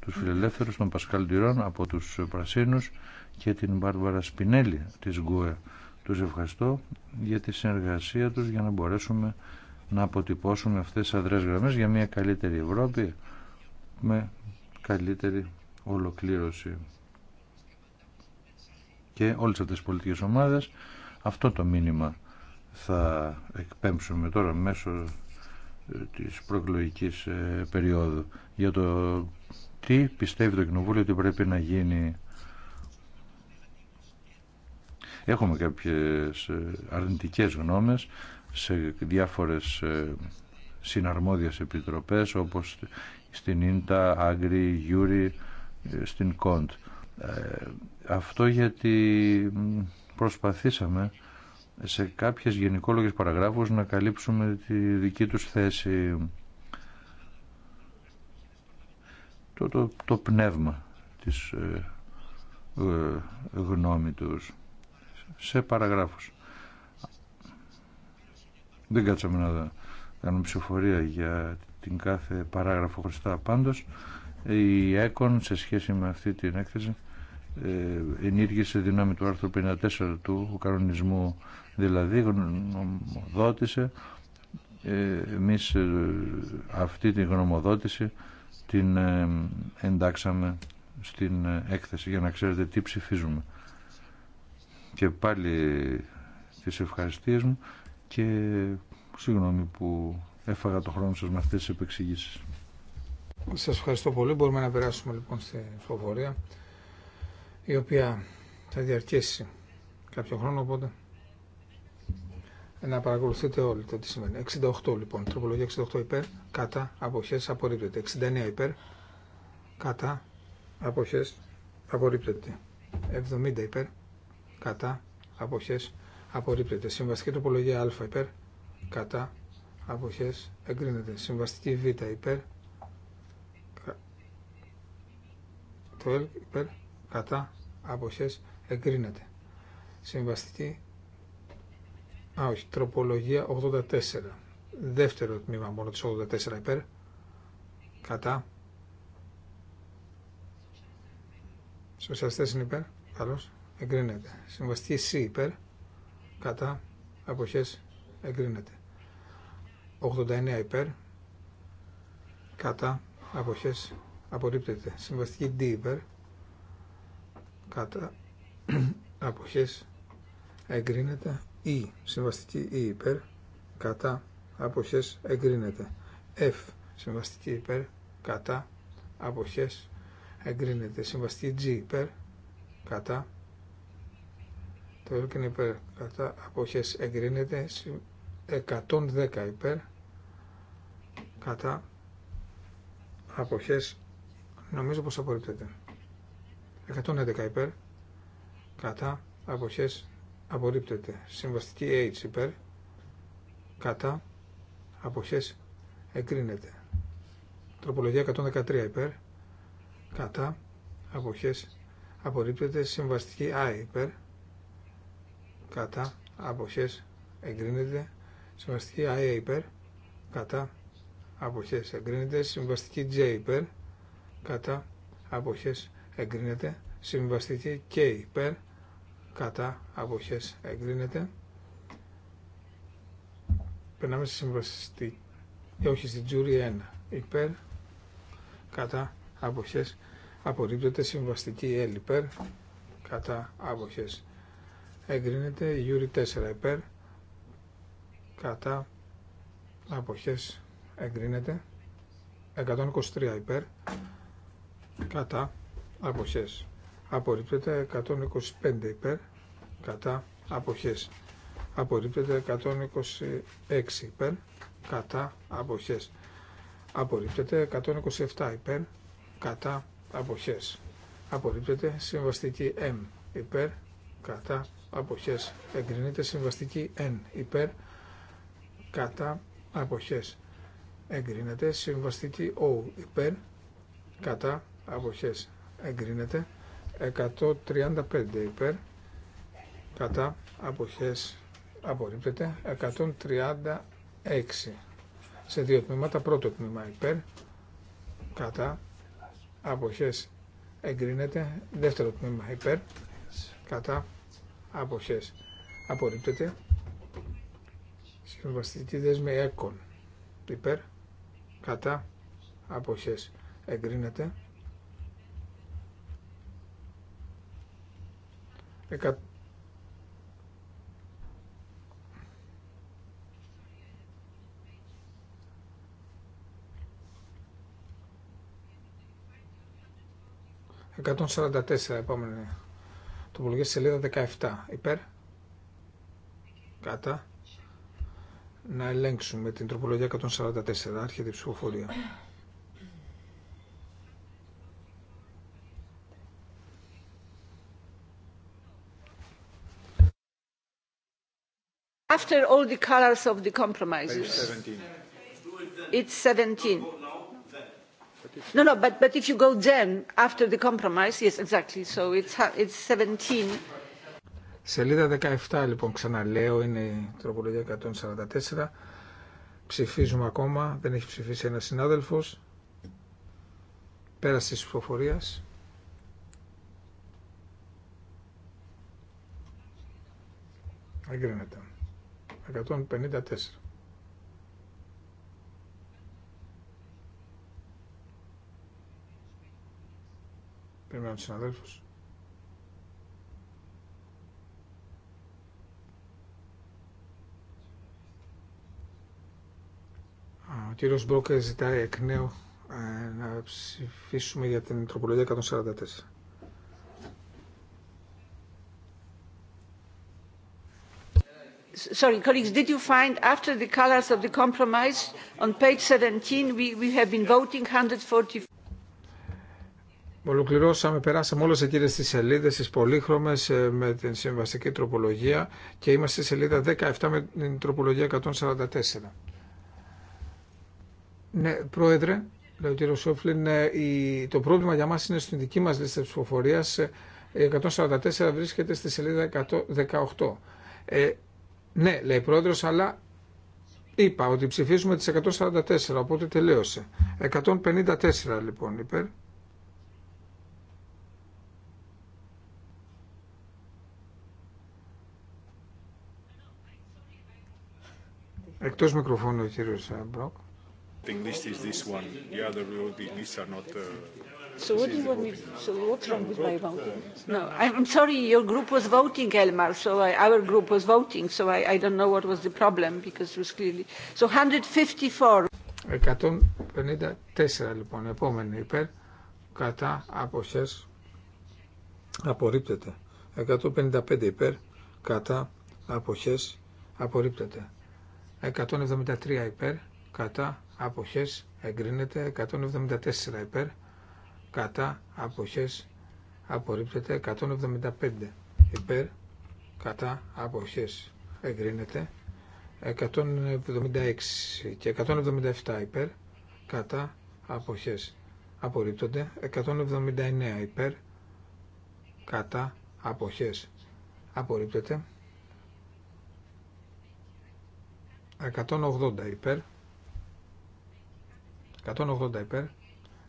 τους φιλελεύθερους, τον Πασκάλ από τους Πρασίνους και την Μπάρβαρα Σπινέλη της ΓΚΟΕ. Τους ευχαριστώ για τη συνεργασία τους για να μπορέσουμε να αποτυπώσουμε αυτές τις αδρές γραμμές για μια καλύτερη Ευρώπη με καλύτερη ολοκλήρωση. Και όλες αυτές τις πολιτικές ομάδες αυτό το μήνυμα θα εκπέμψουμε τώρα μέσω της προεκλογικής ε, περίοδου για το τι πιστεύει το Κοινοβούλιο ότι πρέπει να γίνει. Έχουμε κάποιες ε, αρνητικές γνώμες σε διάφορες ε, συναρμόδιες επιτροπές όπως στην Ίντα, Άγκρι, Γιούρι, στην Κοντ. Αυτό γιατί προσπαθήσαμε σε κάποιες γενικόλογες παραγράφους να καλύψουμε τη δική τους θέση. Το, πνεύμα της ε, ε, γνώμη τους σε παραγράφους. Δεν κάτσαμε να κάνουμε ψηφορία για την κάθε παράγραφο χωριστά. Πάντως, η ΕΚΟΝ σε σχέση με αυτή την έκθεση ε, ενήργησε δυνάμει του άρθρου 54 του κανονισμού δηλαδή γνωμοδότησε ε, εμείς ε, αυτή τη γνωμοδότηση την ε, εντάξαμε στην έκθεση για να ξέρετε τι ψηφίζουμε και πάλι τις ευχαριστίες μου και συγγνώμη που έφαγα το χρόνο σας με αυτές τις επεξηγήσεις. Σας ευχαριστώ πολύ. Μπορούμε να περάσουμε λοιπόν στη φοβορία η οποία θα διαρκέσει κάποιο χρόνο οπότε να παρακολουθείτε όλοι το τι σημαίνει. 68 λοιπόν, τροπολογία 68 υπέρ, κατά, αποχές, απορρίπτεται. 69 υπέρ, κατά, αποχές, απορρίπτεται. 70 υπέρ, κατά, αποχές, απορρίπτεται. Συμβαστική τροπολογία α υπέρ, κατά, αποχές, εγκρίνεται. Συμβαστική β υπέρ, το L υπέρ, κατά, αποχές, εγκρίνεται. Συμβαστική Α, όχι, τροπολογία 84. Δεύτερο τμήμα μόνο της 84 υπέρ. Κατά. Σοσιαστές είναι υπέρ. Καλώς. Εγκρίνεται. Συμβαστική C υπέρ. Κατά. Αποχές. Εγκρίνεται. 89 υπέρ. Κατά. Αποχές. Απορρίπτεται. Συμβαστική D υπέρ. Κατά. Αποχές. Εγκρίνεται η συμβαστική η υπέρ κατά αποχές εγκρίνεται. F συμβαστική υπέρ κατά αποχές εγκρίνεται. Συμβαστική G υπέρ κατά το είναι υπέρ κατά αποχές εγκρίνεται 110 υπέρ κατά αποχές νομίζω πως απορρίπτεται 111 υπέρ κατά αποχές απορρίπτεται. Συμβαστική H υπέρ, κατά, αποχές, εγκρίνεται. Τροπολογία 113 υπέρ, κατά, αποχές, απορρίπτεται. Συμβαστική I υπέρ, κατά, αποχές, εγκρίνεται. Συμβαστική I υπέρ, κατά, αποχές, εγκρίνεται. Συμβαστική J υπέρ, κατά, αποχές, εγκρίνεται. Συμβαστική K υπέρ, κατά αποχές εγκρίνεται. Περνάμε στη συμβαστική, ε, όχι στη τζούρι 1, υπέρ, κατά αποχές απορρίπτεται, συμβαστική L υπέρ, κατά αποχές εγκρίνεται, γιούρι 4 υπέρ, κατά αποχές εγκρίνεται, 123 υπέρ, κατά αποχές απορρίπτεται 125 υπέρ κατά αποχές απορρίπτεται 126 υπέρ κατά αποχές απορρίπτεται 127 υπέρ κατά αποχές απορρίπτεται συμβαστική M υπέρ κατά αποχές έγκρινεται, συμβαστική N υπέρ κατά αποχές εγκρίνεται συμβαστική O υπέρ κατά αποχές εγκρίνεται 135 υπέρ κατά αποχές απορρίπτεται 136 σε δύο τμήματα πρώτο τμήμα υπέρ κατά αποχές εγκρίνεται δεύτερο τμήμα υπέρ κατά αποχές απορρίπτεται συμβαστική δέσμη έκον υπέρ κατά αποχές εγκρίνεται 144 επόμενη τοπολογία σελίδα 17 υπέρ κατά να ελέγξουμε την τροπολογία 144 άρχεται η ψηφοφορία After all the colors of the compromises. It's 17. No, no, but, but if you go then, after the compromise, yes, exactly, so it's, it's 17. Σελίδα 17, λοιπόν, ξαναλέω, είναι η τροπολογία 144. Ψηφίζουμε ακόμα, δεν έχει ψηφίσει ένας συνάδελφος. Πέρασε της ψηφοφορίας. Εγκρίνεται. 154. Περιμένω τους συναδέλφους. Ο κύριος Μπόκερ ζητάει εκ νέου ε, να ψηφίσουμε για την τροπολογία 144. sorry colleagues did you find after the colours of the compromise on page we, have been voting Ολοκληρώσαμε, περάσαμε όλες εκείνες τις σελίδες, τις πολύχρωμες ε, με την συμβαστική τροπολογία και είμαστε στη σελίδα 17 με την τροπολογία 144. Ναι, Πρόεδρε, λέει ο κύριο Σόφλιν, ναι, το πρόβλημα για μας είναι στην δική μας λίστα ψηφοφορίας. Ε, η 144 βρίσκεται στη σελίδα 118. Ναι, λέει πρόεδρο, αλλά είπα ότι ψηφίζουμε τι 144, οπότε τελείωσε. 154 λοιπόν υπέρ. Εκτός μικροφώνου ο κύριος Μπροκ. So what do you want me? So what's wrong with my voting? No, I'm sorry. Your group was voting, Elmar. So I, our group was voting. So I, I don't know what was the problem because it was clearly. So 154. 154 λοιπόν, επόμενη υπέρ, κατά, αποχές, απορρίπτεται. 155 υπέρ, κατά, αποχές, απορρίπτεται. 173 υπέρ, κατά, αποχές, εγκρίνεται. 174 υπέρ, κατά αποχές απορρίπτεται 175 υπέρ κατά αποχές εγκρίνεται 176 και 177 υπέρ κατά αποχές απορρίπτονται 179 υπέρ κατά αποχές απορρίπτεται 180 υπέρ 180 υπέρ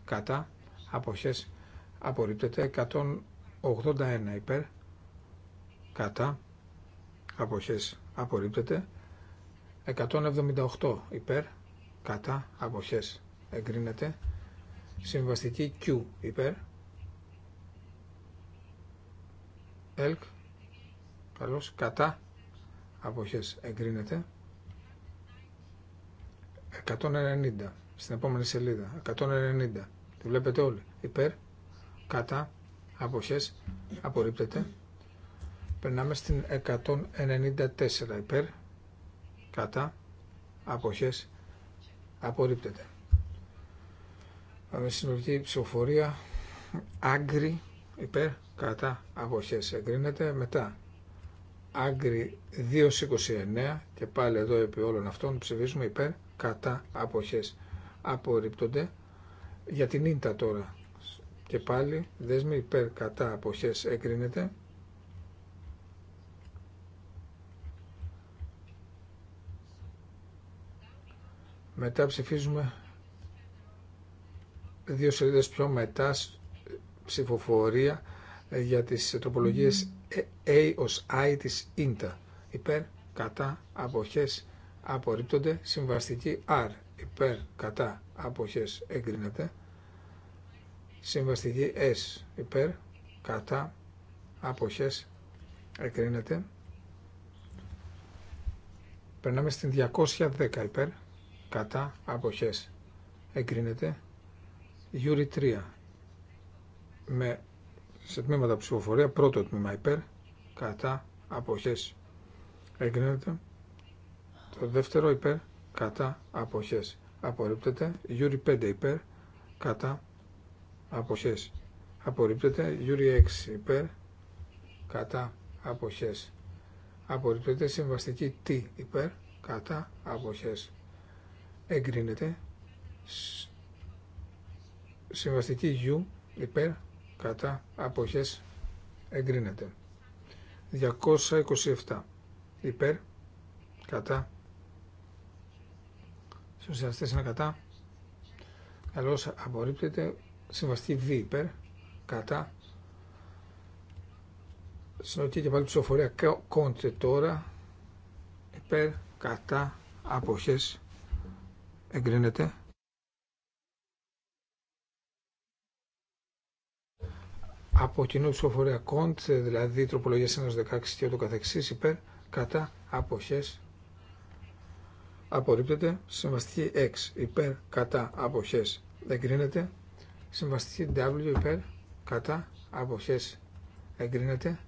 κατά αποχές απορρίπτεται 181 υπέρ κατά αποχές απορρίπτεται 178 υπέρ κατά αποχές εγκρίνεται συμβαστική Q υπέρ ΕΛΚ καλώς κατά αποχές εγκρίνεται 190 στην επόμενη σελίδα 190 Τη βλέπετε όλοι. Υπέρ, κατά, αποχές, απορρίπτεται. Περνάμε στην 194. Υπέρ, κατά, αποχές, απορρίπτεται. Πάμε στην ολική ψηφοφορία. Άγκρι, υπέρ, κατά, αποχές, εγκρίνεται. Μετά, άγκρι 229 και πάλι εδώ επί όλων αυτών ψηφίζουμε υπέρ, κατά, αποχές, απορρίπτονται. Για την ίντα τώρα. Και πάλι δέσμη υπέρ κατά αποχές έκρινεται. Μετά ψηφίζουμε δύο σελίδες πιο μετά ψηφοφορία ε, για τις τροπολογίες ε, A ως I της ίντα. Υπέρ, κατά, αποχές, απορρίπτονται, συμβαστική R υπέρ κατά αποχές εγκρίνεται συμβαστική S υπέρ κατά αποχές εγκρίνεται περνάμε στην 210 υπέρ κατά αποχές εγκρίνεται Γιούρι 3 με σε τμήματα ψηφοφορία πρώτο τμήμα υπέρ κατά αποχές εγκρίνεται το δεύτερο υπέρ κατά αποχές απορρίπτεται Γιούρι 5 υπέρ κατά αποχές απορρίπτεται Γιούρι 6 υπέρ κατά αποχές απορρίπτεται συμβαστική T υπέρ κατά αποχές εγκρίνεται συμβαστική U υπέρ κατά αποχές εγκρίνεται 227 υπέρ κατά Σοσιαλιστές είναι κατά. Καλώς απορρίπτεται. Συμβαστή δι υπέρ. Κατά. Συνολική και πάλι ψηφοφορία κόντε τώρα. Υπέρ. Κατά. Κατά. Εγκρίνεται. από κοινού ψηφοφορία κοντ, δηλαδή τροπολογία 1-16 και ούτω καθεξή. υπέρ, κατά, απόχέ απορρίπτεται. Συμβαστική x υπέρ κατά αποχές εγκρίνεται. Συμβαστική W υπέρ κατά αποχές εγκρίνεται.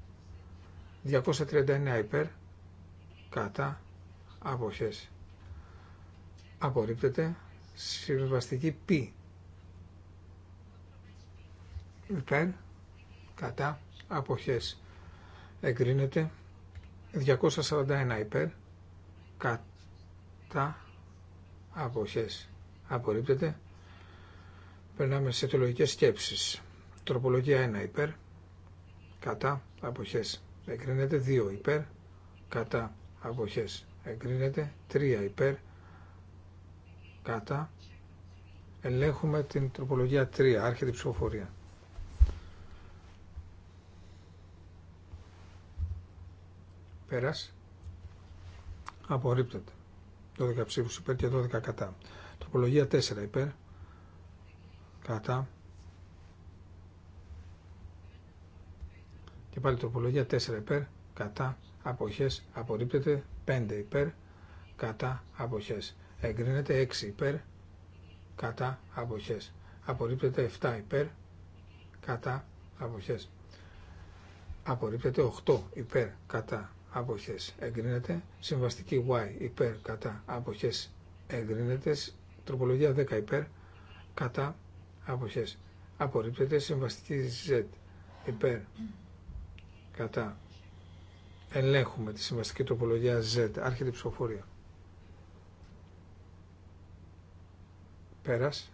239 υπέρ κατά αποχές απορρίπτεται. Συμβαστική p υπέρ κατά αποχές εγκρίνεται. 241 υπέρ κατά κατά αποχές απορρίπτεται. Περνάμε σε αιτιολογικές σκέψεις. Τροπολογία 1 υπέρ, κατά αποχές εγκρίνεται. 2 υπέρ, κατά αποχές εγκρίνεται. 3 υπέρ, κατά ελέγχουμε την τροπολογία 3, άρχεται η ψηφοφορία. Πέρας. Απορρίπτεται. 12 ψήφους υπέρ και 12 κατά. Τροπολογία 4 υπέρ, κατά. Και πάλι τροπολογία 4 υπέρ, κατά, αποχές, απορρίπτεται, 5 υπέρ, κατά, αποχές. Εγκρίνεται 6 υπέρ, κατά, αποχές. Απορρίπτεται 7 υπέρ, κατά, αποχές. Απορρίπτεται 8 υπέρ, κατά, αποχές εγκρίνεται. Συμβαστική Y υπέρ κατά αποχές εγκρίνεται. Τροπολογία 10 υπέρ κατά αποχές απορρίπτεται. Συμβαστική Z υπέρ κατά ελέγχουμε τη συμβαστική τροπολογία Z άρχεται η ψηφοφορία. Πέρας.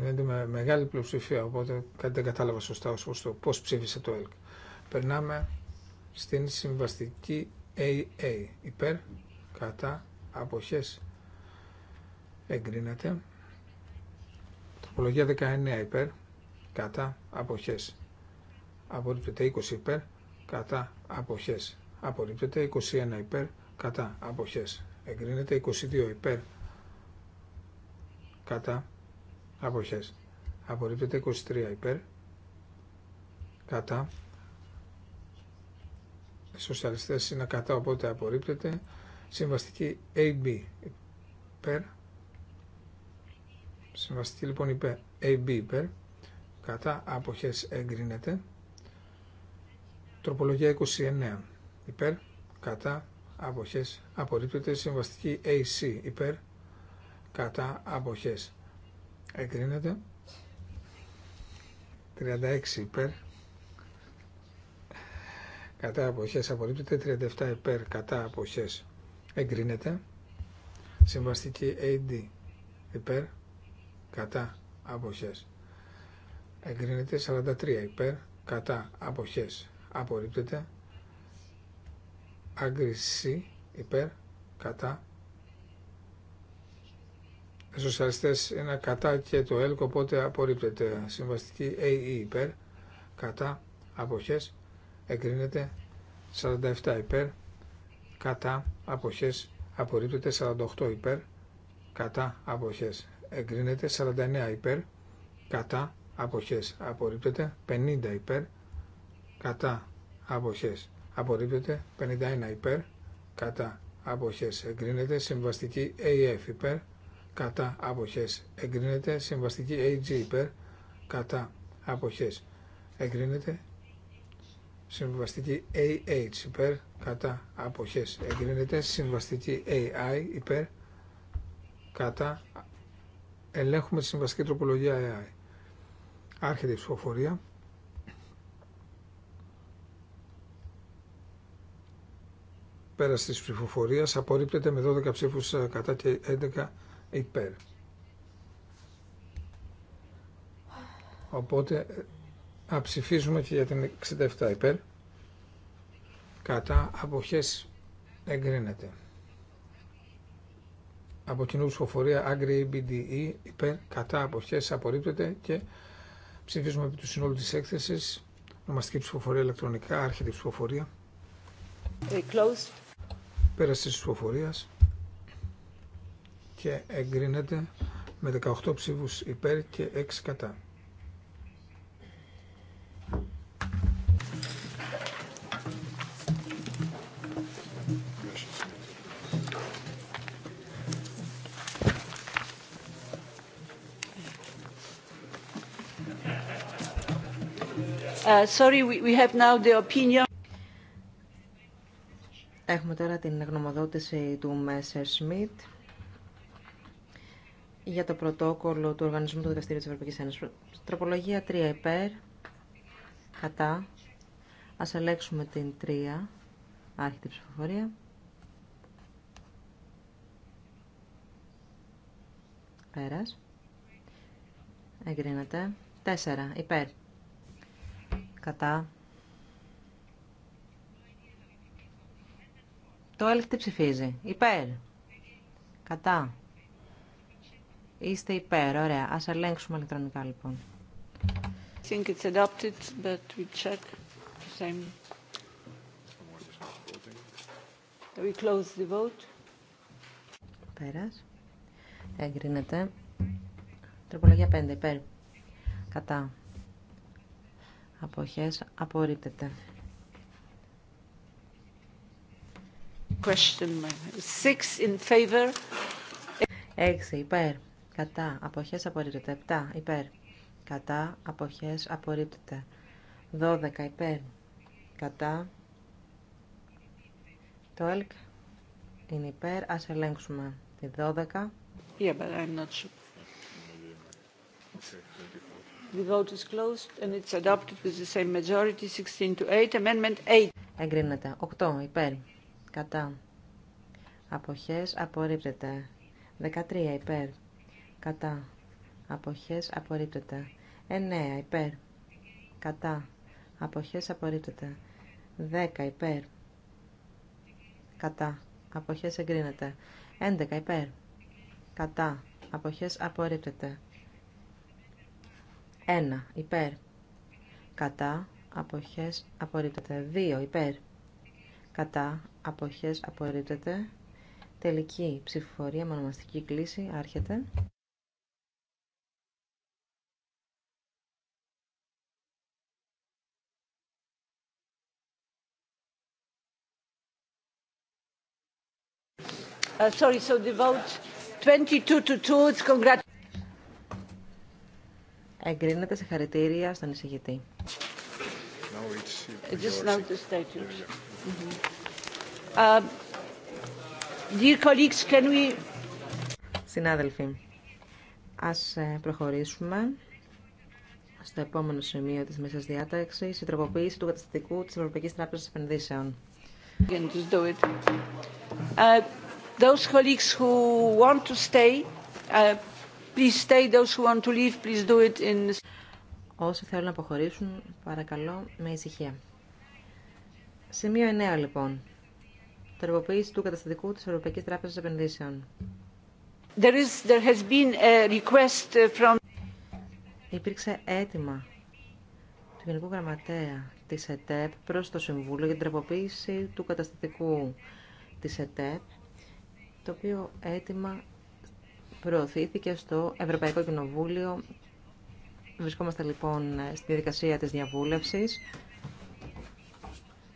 Είναι με μεγάλη πλειοψηφία, οπότε κάτι δεν κατάλαβα σωστά ως το πώς ψήφισε το ΕΛΚ. Περνάμε στην συμβαστική AA, υπέρ, κατά, αποχές, εγκρίνεται. Τροπολογία 19 υπέρ, κατά, αποχές, απορρίπτεται 20 υπέρ, κατά, αποχές, απορρίπτεται 21 υπέρ, κατά, αποχές, εγκρίνεται 22 υπέρ, κατά, αποχές απορρίπτεται 23 υπέρ κατά οι σοσιαλιστές είναι κατά οπότε απορρίπτεται συμβαστική AB υπέρ συμβαστική λοιπόν υπέρ AB υπέρ κατά αποχές εγκρίνεται τροπολογία 29 υπέρ κατά αποχές απορρίπτεται συμβαστική AC υπέρ κατά αποχές εγκρίνεται 36 υπέρ κατά αποχές απορρίπτεται 37 υπέρ κατά αποχές εγκρίνεται συμβαστική AD υπέρ κατά αποχές εγκρίνεται 43 υπέρ κατά αποχές απορρίπτεται άγκριση υπέρ κατά σοσιαλιστέ είναι κατά και το ΕΛΚ οπότε απορρίπτεται συμβαστική ΑΕ e, υπέρ κατά αποχές εγκρίνεται 47 υπέρ κατά αποχές απορρίπτεται 48 υπέρ κατά αποχές εγκρίνεται 49 υπέρ κατά αποχές απορρίπτεται 50 υπέρ κατά αποχές απορρίπτεται 51 υπέρ κατά αποχές εγκρίνεται συμβαστική AF υπέρ κατά αποχές εγκρίνεται. Συμβαστική AG υπέρ κατά αποχές εγκρίνεται. Συμβαστική AH υπέρ κατά αποχές εγκρίνεται. Συμβαστική AI υπέρ κατά ελέγχουμε τη συμβαστική τροπολογία AI. Άρχεται η ψηφοφορία. πέρασε της ψηφοφορίας απορρίπτεται με 12 ψήφους ε, κατά και 11 υπέρ. Οπότε ε, αψηφίζουμε και για την 67 υπέρ. Κατά αποχές εγκρίνεται. Από κοινού ψηφοφορία Agri BDE υπέρ κατά αποχές απορρίπτεται και ψηφίζουμε επί του συνόλου της έκθεσης νομαστική ψηφοφορία ηλεκτρονικά, η ψηφοφορία. Closed. Πέραση της ψηφοφορίας και εγκρίνεται με 18 ψήφους υπέρ και 6 κατά. Uh, Έχουμε τώρα την γνωμοδότηση του Μέσερ Σμιτ για το πρωτόκολλο του Οργανισμού του Δικαστήριου της Ευρωπαϊκής Ένωσης. Τροπολογία 3 υπέρ, κατά. Ας ελέξουμε την 3, άρχιτη ψηφοφορία. Πέρας. Εγκρίνεται. 4 υπέρ, κατά. Το έλκτη ψηφίζει. Υπέρ. Κατά. Είστε υπέρ. Ωραία. Ας ελέγξουμε ηλεκτρονικά λοιπόν. I think it's adopted, but we check the same. We close the vote. Πέρας. Εγκρίνεται. Τροπολογία 5. Υπέρ. Κατά. Αποχές. Απορρίπτεται. Question. Six in favor. Έξι Υπέρ κατά αποχές απορρίπτεται 7 υπέρ κατά αποχές απορρίπτεται 12 υπέρ κατά το ΕΛΚ είναι υπέρ ας ελέγξουμε τη 12 yeah, but I'm not sure. The vote is closed and it's adopted with the same majority, 16 to 8. Amendment 8. Εγκρίνεται. 8. Υπέρ. Κατά. Αποχές. Απορρίπτεται. 13. Υπέρ κατά, αποχές απορρίπτεται. 9 υπέρ, κατά, αποχές απορρίπτεται. 10 υπέρ, κατά, αποχές εγκρίνεται. 11 υπέρ, κατά, αποχές απορρίπτεται. 1 υπέρ, κατά, αποχές απορρίπτεται. 2 υπέρ, κατά, αποχές απορρίπτεται. Τελική ψηφοφορία μονομαστική κλίση άρχεται. Uh, sorry, so the vote 22 to 2, it's congrat... Εγκρίνεται σε χαρητήρια στον εισηγητή. Now it's, Just now the statute. uh, dear colleagues, can we... Συνάδελφοι, ας ε, προχωρήσουμε στο επόμενο σημείο της μέσας διάταξης, η τροποποίηση του καταστατικού της Ευρωπαϊκής Τράπεζας Επενδύσεων. Can just do it. Uh, Those colleagues who want to stay, uh, please stay. Those who want to leave, please do it in... Όσοι θέλουν να αποχωρήσουν, παρακαλώ, με ησυχία. Σημείο 9, λοιπόν. Τροποποίηση του καταστατικού της Ευρωπαϊκής Τράπεζας Επενδύσεων. There is, there has been a request uh, from... Υπήρξε αίτημα του Γενικού Γραμματέα της ΕΤΕΠ προς το Συμβούλιο για την τροποποίηση του καταστατικού της ΕΤΕΠ το οποίο έτοιμα προωθήθηκε στο Ευρωπαϊκό Κοινοβούλιο. Βρισκόμαστε λοιπόν στη διαδικασία της διαβούλευσης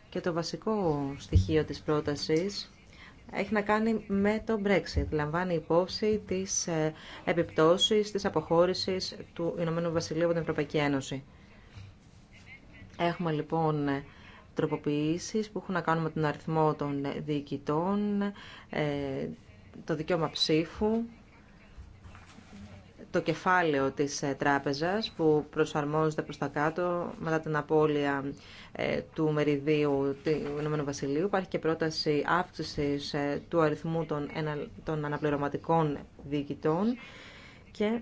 και το βασικό στοιχείο της πρότασης έχει να κάνει με το Brexit. Λαμβάνει υπόψη τις ε, επιπτώσεις της αποχώρησης του Ηνωμένου Βασιλείου από την Ευρωπαϊκή Ένωση. Έχουμε λοιπόν τροποποιήσεις που έχουν να κάνουν με τον αριθμό των διοικητών, ε, το δικαίωμα ψήφου, το κεφάλαιο της ε, τράπεζας που προσαρμόζεται προς τα κάτω μετά την απώλεια ε, του μεριδίου του Ηνωμένου Βασιλείου. Υπάρχει και πρόταση αύξησης του αριθμού των αναπληρωματικών διοικητών και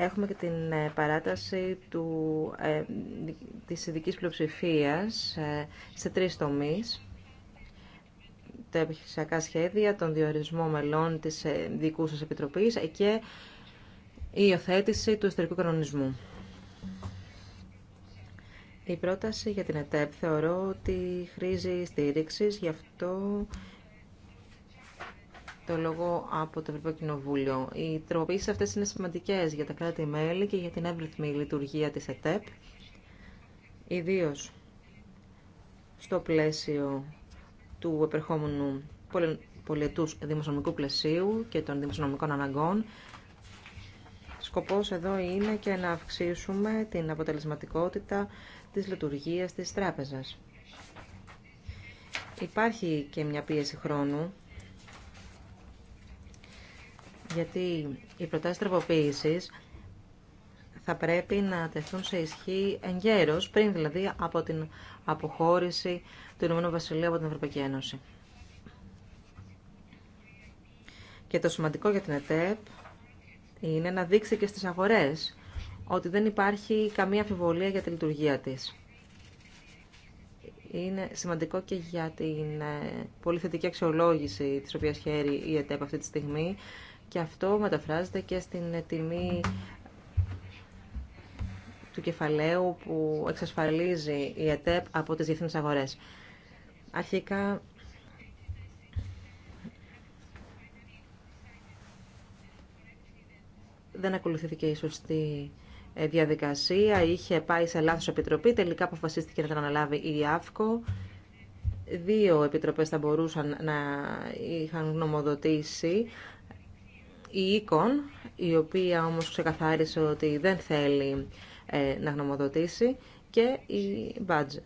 Έχουμε και την ε, παράταση του, ε, της ειδικής πλειοψηφίας ε, σε τρεις τομείς. Τα επιχειρησιακά σχέδια, τον διορισμό μελών της δικού σας επιτροπής και η υιοθέτηση του ιστορικού κανονισμού. Η πρόταση για την ΕΤΕΠ θεωρώ ότι χρήζει στήριξη, γι' αυτό το λόγο από το Ευρωπαϊκό Κοινοβούλιο. Οι τροποποιήσει αυτέ είναι σημαντικέ για τα κράτη-μέλη και για την εύρυθμη λειτουργία τη ΕΤΕΠ, ιδίω στο πλαίσιο του επερχόμενου πολιετού δημοσιονομικού πλαισίου και των δημοσιονομικών αναγκών. Σκοπός εδώ είναι και να αυξήσουμε την αποτελεσματικότητα της λειτουργίας της τράπεζας. Υπάρχει και μια πίεση χρόνου γιατί οι προτάσεις τροποποίησης θα πρέπει να τεθούν σε ισχύ εγκαίρως, πριν δηλαδή από την αποχώρηση του Ηνωμένου Βασιλείου από την Ευρωπαϊκή Ένωση. Και το σημαντικό για την ΕΤΕΠ είναι να δείξει και στις αγορές ότι δεν υπάρχει καμία αμφιβολία για τη λειτουργία της. Είναι σημαντικό και για την ε, πολύ θετική αξιολόγηση της οποίας χαίρει η ΕΤΕΠ αυτή τη στιγμή και αυτό μεταφράζεται και στην τιμή του κεφαλαίου που εξασφαλίζει η ΕΤΕΠ από τις διεθνείς αγορές. Αρχικά, δεν ακολουθήθηκε η σωστή ε, διαδικασία. Είχε πάει σε λάθος επιτροπή. Τελικά αποφασίστηκε να την αναλάβει η ΑΦΚΟ. Δύο επιτροπές θα μπορούσαν να είχαν γνωμοδοτήσει, η Econ, η οποία όμως ξεκαθάρισε ότι δεν θέλει ε, να γνωμοδοτήσει, και η Budget,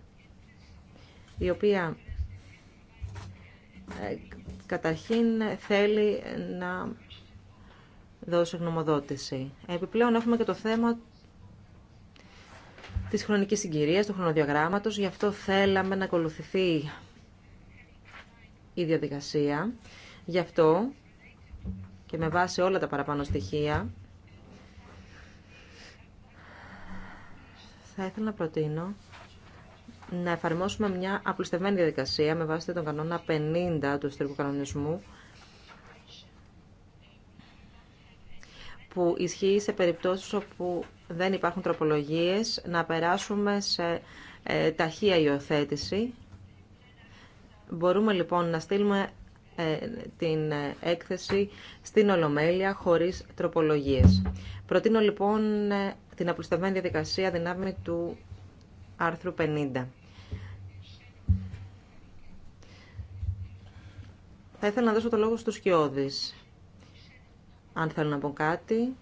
η οποία ε, καταρχήν θέλει να δώσει γνωμοδότηση. Επιπλέον έχουμε και το θέμα της χρονικής συγκυρίας, του χρονοδιαγράμματος. Γι' αυτό θέλαμε να ακολουθηθεί η διαδικασία. Γι' αυτό και με βάση όλα τα παραπάνω στοιχεία θα ήθελα να προτείνω να εφαρμόσουμε μια απλουστευμένη διαδικασία με βάση τον κανόνα 50 του ιστορικού κανονισμού που ισχύει σε περιπτώσεις όπου δεν υπάρχουν τροπολογίες να περάσουμε σε ε, ταχεία υιοθέτηση. Μπορούμε λοιπόν να στείλουμε ε, την ε, έκθεση στην Ολομέλεια χωρίς τροπολογίες. Προτείνω λοιπόν ε, την απλουστευμένη διαδικασία δυνάμει του άρθρου 50. Θα ήθελα να δώσω το λόγο στους Σκιώδης. Αν θέλουν να πω κάτι,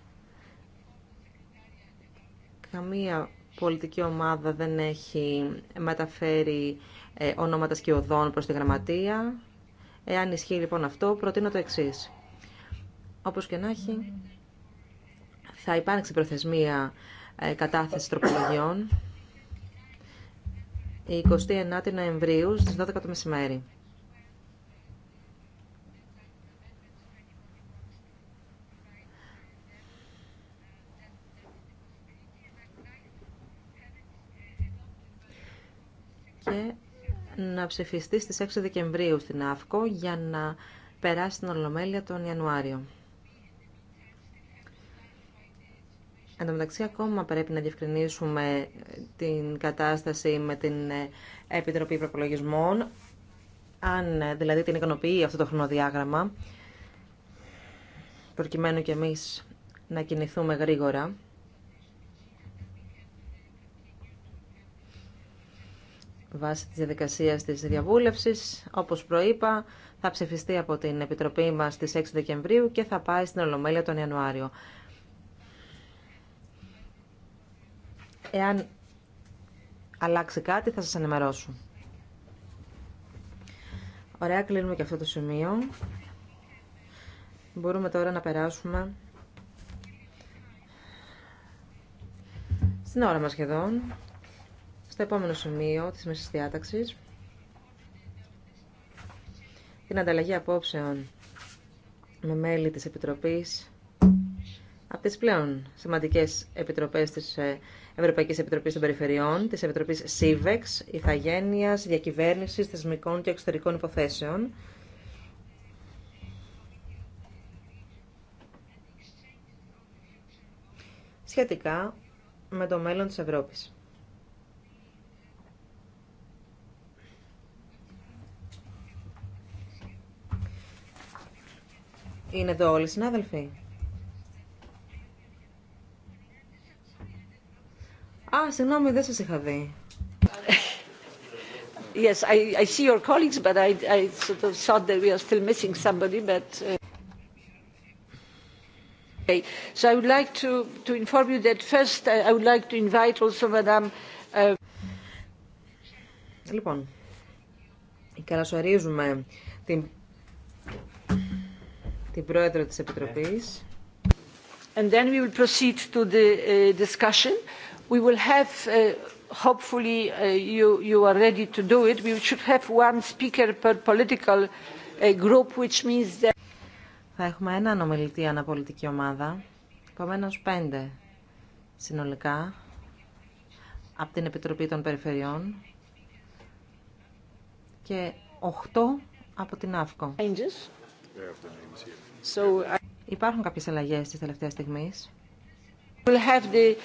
καμία πολιτική ομάδα δεν έχει μεταφέρει ονόματα σκιωδών προς τη γραμματεία. Εάν ισχύει λοιπόν αυτό, προτείνω το εξή. Όπω και να έχει, θα υπάρξει προθεσμία ε, κατάθεση τροπολογιών η 29η Νοεμβρίου στι 12 το μεσημέρι. να ψηφιστεί στις 6 Δεκεμβρίου στην ΑΦΚΟ για να περάσει την Ολομέλεια τον Ιανουάριο. Εν τω μεταξύ ακόμα πρέπει να διευκρινίσουμε την κατάσταση με την ε, Επιτροπή Προπολογισμών, αν ε, δηλαδή την ικανοποιεί αυτό το χρονοδιάγραμμα, προκειμένου και εμείς να κινηθούμε γρήγορα. βάσει της διαδικασίας της διαβούλευσης. Όπως προείπα, θα ψηφιστεί από την Επιτροπή μας στις 6 Δεκεμβρίου και θα πάει στην Ολομέλεια τον Ιανουάριο. Εάν αλλάξει κάτι, θα σας ενημερώσω. Ωραία, κλείνουμε και αυτό το σημείο. Μπορούμε τώρα να περάσουμε στην ώρα μας σχεδόν στο επόμενο σημείο της μέσης διάταξης την ανταλλαγή απόψεων με μέλη της Επιτροπής από τις πλέον σημαντικές επιτροπές της ε, Ευρωπαϊκής Επιτροπής των Περιφερειών, της Επιτροπής ΣΥΒΕΞ, Ιθαγένειας, Διακυβέρνησης, Θεσμικών και Εξωτερικών Υποθέσεων. σχετικά με το μέλλον της Ευρώπης. Είναι εδώ όλοι οι συνάδελφοι. Α, συγγνώμη, δεν σας είχα δει. Yes, I, I see your colleagues, but I, I sort of thought that we are still missing somebody, but... Okay. So I would like to, to inform you that first I would like to invite also Madame... Λοιπόν, καλωσορίζουμε την την πρόεδρο της Επιτροπής. And then we will proceed to the discussion. We will have, hopefully you, you are ready to do it, we should have one speaker per political group, which means that... Θα έχουμε έναν ομιλητή αναπολιτική ομάδα, επομένω πέντε συνολικά, από την Επιτροπή των Περιφερειών και 8 από την ΑΦΚΟ. Changes. Υπάρχουν κάποιες αλλαγές της τελευταίας στιγμής. We'll have the,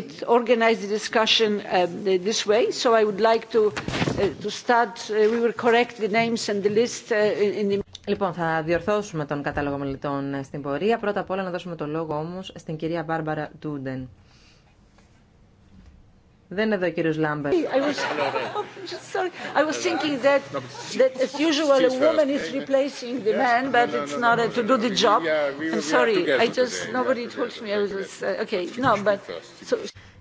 it organized the discussion um, this way, so I would like to, uh, to start, uh, we will correct the names and the list uh, in the... Λοιπόν, θα διορθώσουμε τον κατάλογο μελετών ε, στην πορεία. Πρώτα απ' όλα να δώσουμε το λόγο όμως στην κυρία Μπάρμπαρα Τούντεν. Δεν είναι εδώ ο κύριος Λάμπερ. I was thinking that, that as usual a woman is replacing the man, but it's not to do the job. I'm sorry, I just, nobody told me, I was, uh, okay, no, but... So...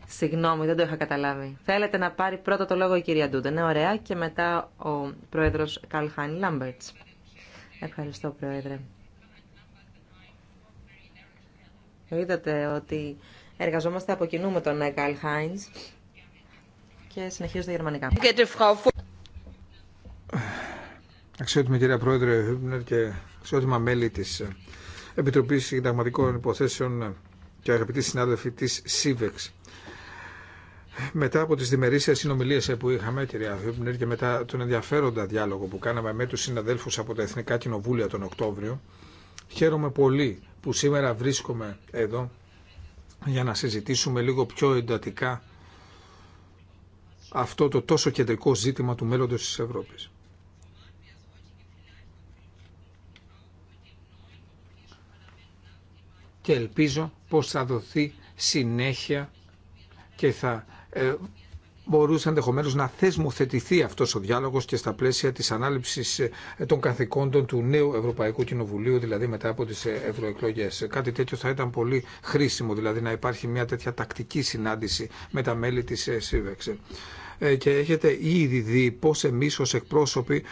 Συγγνώμη, δεν το είχα καταλάβει. Θέλετε να πάρει πρώτα το λόγο η κυρία Ντούντα. Ναι, ωραία. Και μετά ο πρόεδρος Χάιν Λάμπερτς. Ευχαριστώ, πρόεδρε. Είδατε ότι εργαζόμαστε από κοινού με τον Καλ Χάινς και συνεχίζονται γερμανικά. Αξιότιμη κυρία Πρόεδρε Χούμπνερ και αξιότιμα μέλη της Επιτροπής Συνταγματικών Υποθέσεων και αγαπητοί συνάδελφοι της ΣΥΒΕΞ. Μετά από τις διμερείς συνομιλίες που είχαμε, κυρία Χούμπνερ, και μετά τον ενδιαφέροντα διάλογο που κάναμε με τους συναδέλφους από τα Εθνικά Κοινοβούλια τον Οκτώβριο, χαίρομαι πολύ που σήμερα βρίσκομαι εδώ για να συζητήσουμε λίγο πιο εντατικά αυτό το τόσο κεντρικό ζήτημα του μέλλοντος της Ευρώπης. Και ελπίζω πως θα δοθεί συνέχεια και θα ε, μπορούσε ενδεχομένω να θεσμοθετηθεί αυτό ο διάλογο και στα πλαίσια τη ανάληψη ε, των καθηκόντων του νέου Ευρωπαϊκού Κοινοβουλίου, δηλαδή μετά από τι ε, ευρωεκλογέ. Κάτι τέτοιο θα ήταν πολύ χρήσιμο, δηλαδή να υπάρχει μια τέτοια τακτική συνάντηση με τα μέλη τη ε, ΣΥΒΕΞΕ. και έχετε ήδη δει πώ εμεί, ω εκπρόσωποι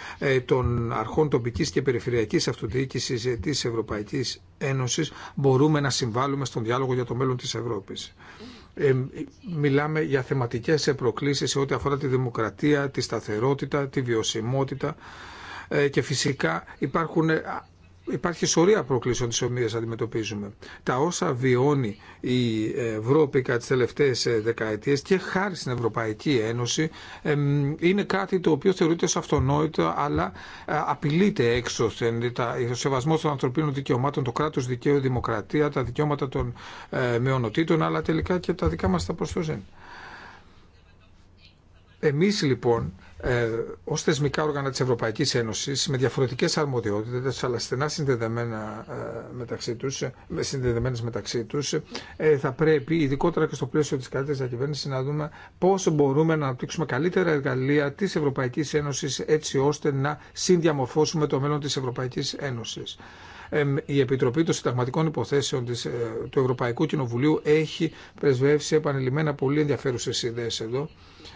των αρχών τοπική και περιφερειακή αυτοδιοίκηση τη Ευρωπαϊκή Ένωση, μπορούμε να συμβάλλουμε στον διάλογο για το μέλλον τη Ευρώπη. Ε, μιλάμε για θεματικές προκλήσεις σε ό,τι αφορά τη δημοκρατία, τη σταθερότητα, τη βιωσιμότητα ε, και φυσικά υπάρχουν υπάρχει σωρία προκλήσεων τις οποίες αντιμετωπίζουμε. Τα όσα βιώνει η Ευρώπη κατά τις τελευταίες ε, δεκαετίες και χάρη στην Ευρωπαϊκή Ένωση είναι κάτι το οποίο θεωρείται ως αυτονόητο αλλά ε, απειλείται έξω ο σεβασμό των ανθρωπίνων δικαιωμάτων, το κράτος δικαίου, η δημοκρατία, τα δικαιώματα των ε, μειονοτήτων αλλά τελικά και τα δικά μας τα προστοζέν. Εμείς λοιπόν ε, ως θεσμικά όργανα της Ευρωπαϊκής Ένωσης με διαφορετικές αρμοδιότητες αλλά στενά συνδεδεμένα, ε, μεταξύ τους, ε, συνδεδεμένες μεταξύ τους ε, θα πρέπει ειδικότερα και στο πλαίσιο της καλύτερης διακυβέρνησης να δούμε πώς μπορούμε να αναπτύξουμε καλύτερα εργαλεία της Ευρωπαϊκής Ένωσης έτσι ώστε να συνδιαμορφώσουμε το μέλλον της Ευρωπαϊκής Ένωσης η Επιτροπή των Συνταγματικών Υποθέσεων της, ε, του Ευρωπαϊκού Κοινοβουλίου έχει πρεσβεύσει επανειλημμένα πολύ ενδιαφέρουσες ιδέες εδώ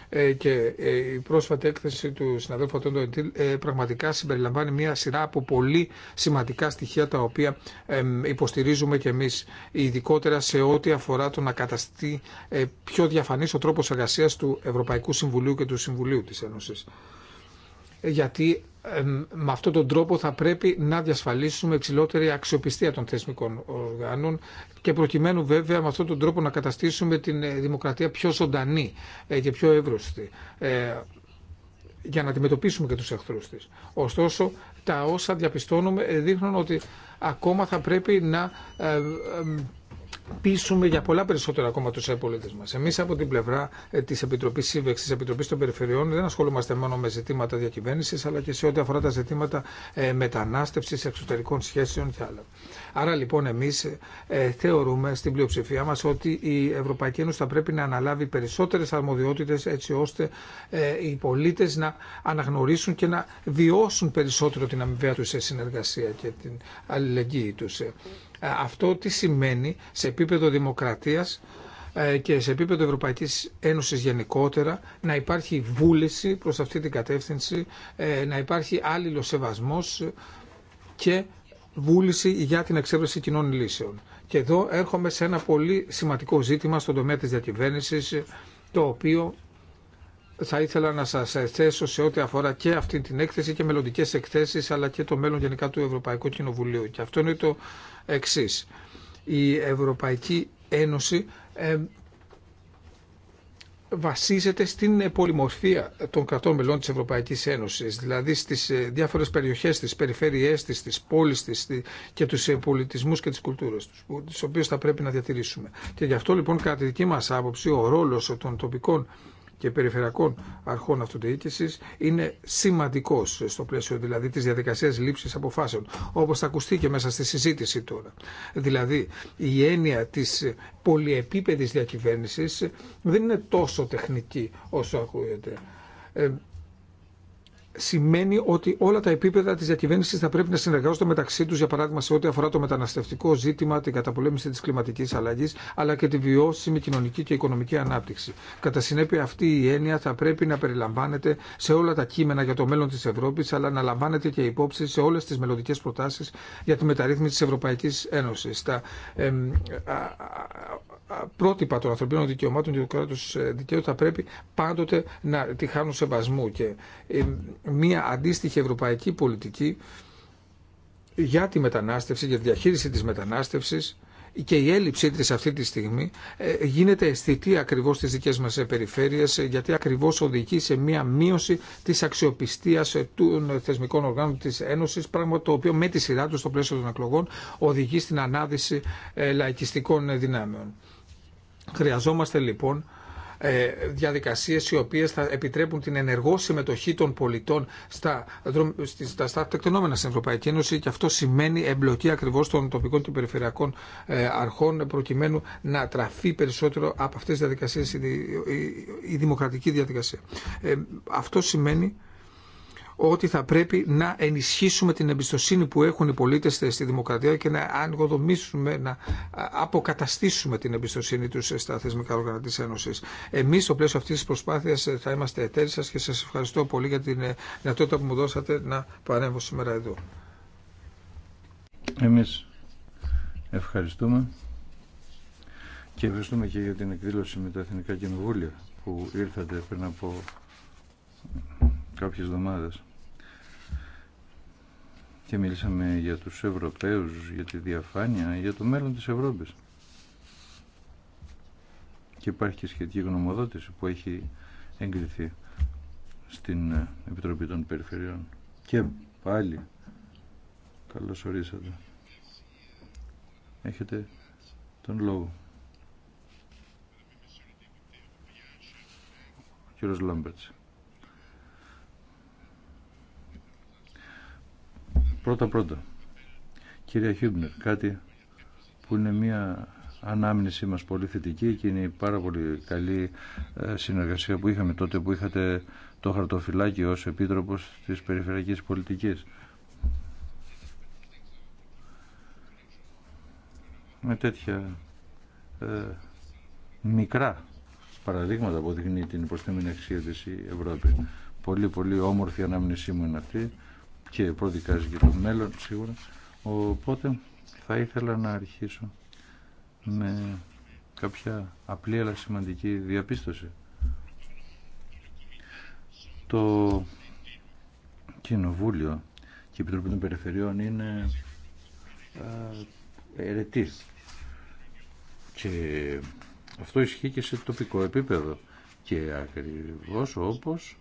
ε, και ε, η πρόσφατη έκθεση του συναδέλφου Αντωνίου Εντήλ πραγματικά συμπεριλαμβάνει μια σειρά από πολύ σημαντικά στοιχεία τα οποία υποστηρίζουμε και εμείς ειδικότερα σε ό,τι αφορά το να καταστεί πιο διαφανής ο τρόπος εργασίας του Ευρωπαϊκού Συμβουλίου και του Συμβουλίου της Ένωσης γιατί με αυτόν τον τρόπο θα πρέπει να διασφαλίσουμε υψηλότερη αξιοπιστία των θεσμικών οργάνων και προκειμένου βέβαια με αυτόν τον τρόπο να καταστήσουμε την ε, δημοκρατία πιο ζωντανή ε, και πιο εύρωστη ε, για να αντιμετωπίσουμε και τους εχθρούς της. Ωστόσο, τα όσα διαπιστώνουμε δείχνουν ότι ακόμα θα πρέπει να πείσουμε για πολλά περισσότερα ακόμα του πολίτε μα. Εμεί από την πλευρά ε, τη Επιτροπή Σύμβεξη, τη Επιτροπή των Περιφερειών, δεν ασχολούμαστε μόνο με ζητήματα διακυβέρνηση, αλλά και σε ό,τι αφορά τα ζητήματα ε, μετανάστευση, εξωτερικών σχέσεων και άλλα. Άρα λοιπόν εμεί ε, θεωρούμε στην πλειοψηφία μα ότι η Ευρωπαϊκή Ένωση θα πρέπει να αναλάβει περισσότερε αρμοδιότητε έτσι ώστε οι πολίτε να αναγνωρίσουν και να βιώσουν περισσότερο την αμοιβαία του συνεργασία και την αλληλεγγύη του. Ε, αυτό τι σημαίνει σε επίπεδο δημοκρατίας ε, και σε επίπεδο Ευρωπαϊκής Ένωσης γενικότερα να υπάρχει βούληση προς αυτή την κατεύθυνση, ε, να υπάρχει άλληλο σεβασμός και βούληση για την εξέβρεση κοινών λύσεων. Και εδώ έρχομαι σε ένα πολύ σημαντικό ζήτημα στον τομέα της διακυβέρνησης, το οποίο θα ήθελα να σας θέσω σε ό,τι αφορά και αυτή την έκθεση και μελλοντικέ εκθέσεις, αλλά και το μέλλον γενικά του Ευρωπαϊκού Κοινοβουλίου. Και αυτό είναι το εξής. Η Ευρωπαϊκή Ένωση ε, βασίζεται στην πολυμορφία των κρατών μελών της Ευρωπαϊκής Ένωσης, δηλαδή στις ε, διάφορες περιοχές της, περιφέρειές της, τις πόλεις της και τους ε, πολιτισμούς και τις κουλτούρες τους, τις οποίες θα πρέπει να διατηρήσουμε. Και γι' αυτό λοιπόν κατά τη δική μας άποψη ο ρόλος των τοπικών και περιφερειακών αρχών αυτοδιοίκηση είναι σημαντικό στο πλαίσιο δηλαδή της διαδικασίας λήψης αποφάσεων, όπως θα ακουστεί και μέσα στη συζήτηση τώρα. Δηλαδή, η έννοια της πολυεπίπεδης διακυβέρνηση δεν είναι τόσο τεχνική όσο ακούγεται. Ε, σημαίνει ότι όλα τα επίπεδα τη διακυβέρνηση θα πρέπει να συνεργάζονται μεταξύ του, για παράδειγμα, σε ό,τι αφορά το μεταναστευτικό ζήτημα, την καταπολέμηση τη κλιματική αλλαγή, αλλά και τη βιώσιμη κοινωνική και οικονομική ανάπτυξη. Κατά συνέπεια, αυτή η έννοια θα πρέπει να περιλαμβάνεται σε όλα τα κείμενα για το μέλλον τη Ευρώπη, αλλά να λαμβάνεται και υπόψη σε όλε τι μελλοντικέ προτάσει για τη μεταρρύθμιση τη Ευρωπαϊκή Ένωση πρότυπα των ανθρωπίνων δικαιωμάτων και του κράτου ε, δικαίου θα πρέπει πάντοτε να τη χάνουν σεβασμού και ε, μια αντίστοιχη ευρωπαϊκή πολιτική για τη μετανάστευση, για τη διαχείριση τη μετανάστευση και η έλλειψή τη αυτή τη στιγμή ε, γίνεται αισθητή ακριβώ στι δικέ μα περιφέρειε γιατί ακριβώ οδηγεί σε μία μείωση τη αξιοπιστία των θεσμικών οργάνων τη Ένωση, πράγμα το οποίο με τη σειρά του στο πλαίσιο των εκλογών οδηγεί στην ανάδυση λαϊκιστικών δυνάμεων. Χρειαζόμαστε λοιπόν ε, διαδικασίες οι οποίες θα επιτρέπουν την ενεργό συμμετοχή των πολιτών στα, στα, στα τεκτενόμενα στην Ευρωπαϊκή Ένωση και αυτό σημαίνει εμπλοκή ακριβώς των τοπικών και περιφερειακών ε, αρχών προκειμένου να τραφεί περισσότερο από αυτές τις διαδικασίες η, η δημοκρατική διαδικασία. Ε, αυτό σημαίνει ότι θα πρέπει να ενισχύσουμε την εμπιστοσύνη που έχουν οι πολίτες στη δημοκρατία και να ανοιγοδομήσουμε, να αποκαταστήσουμε την εμπιστοσύνη τους στα θεσμικά όργανα της Ένωσης. Εμείς στο πλαίσιο αυτής της προσπάθειας ε, θα είμαστε εταίροι σας και σας ευχαριστώ πολύ για την ε, δυνατότητα που μου δώσατε να παρέμβω σήμερα εδώ. Εμείς ευχαριστούμε και ευχαριστούμε και για την εκδήλωση με τα Εθνικά Κοινοβούλια που ήρθατε πριν από κάποιες εβδομάδες και μίλησαμε για τους Ευρωπαίους, για τη διαφάνεια, για το μέλλον της Ευρώπης. Και υπάρχει και σχετική γνωμοδότηση που έχει εγκριθεί στην Επιτροπή των Περιφερειών. Και πάλι, καλώς ορίσατε. Έχετε τον λόγο. κύριος Πρώτα πρώτα, κυρία Χιούμπνερ, κάτι που είναι μια ανάμνηση μας πολύ θετική και είναι η πάρα πολύ καλή ε, συνεργασία που είχαμε τότε που είχατε το χαρτοφυλάκι ως Επίτροπος της Περιφερειακής Πολιτικής. Με τέτοια ε, μικρά παραδείγματα που δείχνει την υποστήμενη αξία της η Ευρώπη. Πολύ πολύ όμορφη ανάμνησή μου είναι αυτή και προδικάζει και το μέλλον σίγουρα. Οπότε θα ήθελα να αρχίσω με κάποια απλή αλλά σημαντική διαπίστωση. Το Κοινοβούλιο και η Επιτροπή των Περιφερειών είναι ερετή. Και αυτό ισχύει και σε τοπικό επίπεδο. Και ακριβώς όπως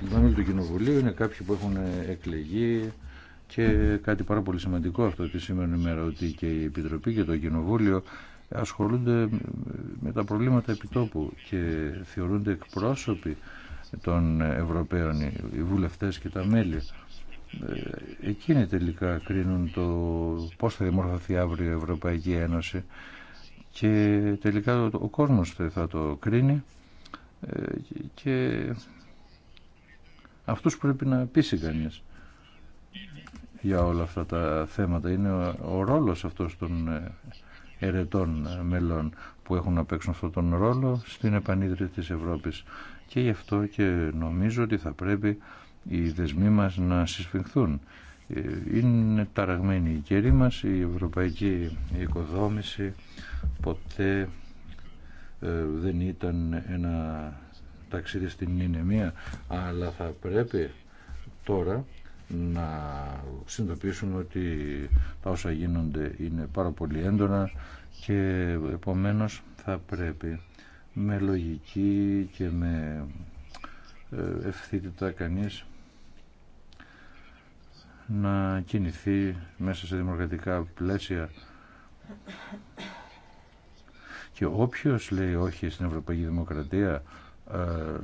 μέλη του Κοινοβουλίου είναι κάποιοι που έχουν εκλεγεί και κάτι πάρα πολύ σημαντικό αυτό τη σήμερα ημέρα ότι και η Επιτροπή και το Κοινοβούλιο ασχολούνται με τα προβλήματα επιτόπου και θεωρούνται εκπρόσωποι των Ευρωπαίων, οι βουλευτές και τα μέλη. Ε, εκείνοι τελικά κρίνουν το πώς θα δημορφωθεί αύριο η Ευρωπαϊκή Ένωση και τελικά ο κόσμος θα το κρίνει ε, και Αυτούς πρέπει να πείσει κανείς για όλα αυτά τα θέματα. Είναι ο ρόλος αυτός των ε, ερετών ε, μελών που έχουν να παίξουν αυτόν τον ρόλο στην επανίδρυση της Ευρώπης. Και γι' αυτό και νομίζω ότι θα πρέπει οι δεσμοί μας να συσφιχθούν. Ε, είναι ταραγμένη η καιρή μας, η ευρωπαϊκή οικοδόμηση ποτέ δεν ήταν ένα ταξίδι στην Νινεμία, αλλά θα πρέπει τώρα να συνειδητοποιήσουμε ότι τα όσα γίνονται είναι πάρα πολύ έντονα και επομένως θα πρέπει με λογική και με ε, ευθύτητα κανείς να κινηθεί μέσα σε δημοκρατικά πλαίσια και όποιος λέει όχι στην Ευρωπαϊκή Δημοκρατία ε,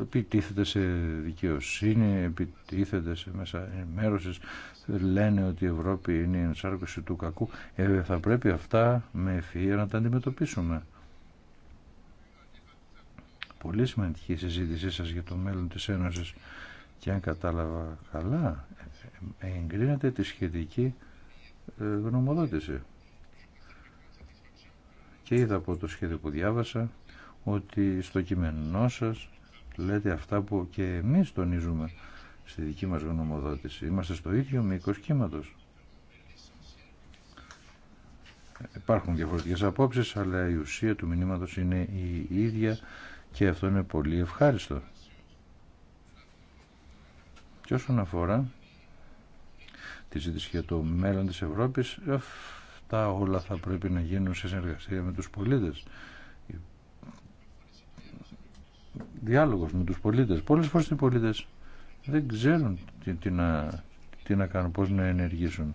επιτίθεται σε δικαιοσύνη, επιτίθεται σε μέσα ενημέρωση, λένε ότι η Ευρώπη είναι η ενσάρκωση του κακού. Ε, θα πρέπει αυτά με ευφυΐα να τα αντιμετωπίσουμε. Πολύ σημαντική η συζήτησή σας για το μέλλον της Ένωσης και αν κατάλαβα καλά ε, εγκρίνεται τη σχετική ε, γνωμοδότηση. Και είδα από το σχέδιο που διάβασα ότι στο κείμενό σας λέτε αυτά που και εμείς τονίζουμε στη δική μας γνωμοδότηση. Είμαστε στο ίδιο μήκος κύματος. Υπάρχουν διαφορετικές απόψεις, αλλά η ουσία του μηνύματος είναι η ίδια και αυτό είναι πολύ ευχάριστο. Και όσον αφορά τη ζήτηση για το μέλλον της Ευρώπης, αυτά όλα θα πρέπει να γίνουν σε συνεργασία με τους πολίτες διάλογος με τους πολίτες. Πολλές φορές οι πολίτες δεν ξέρουν τι, να, τι να κάνουν, πώς να ενεργήσουν.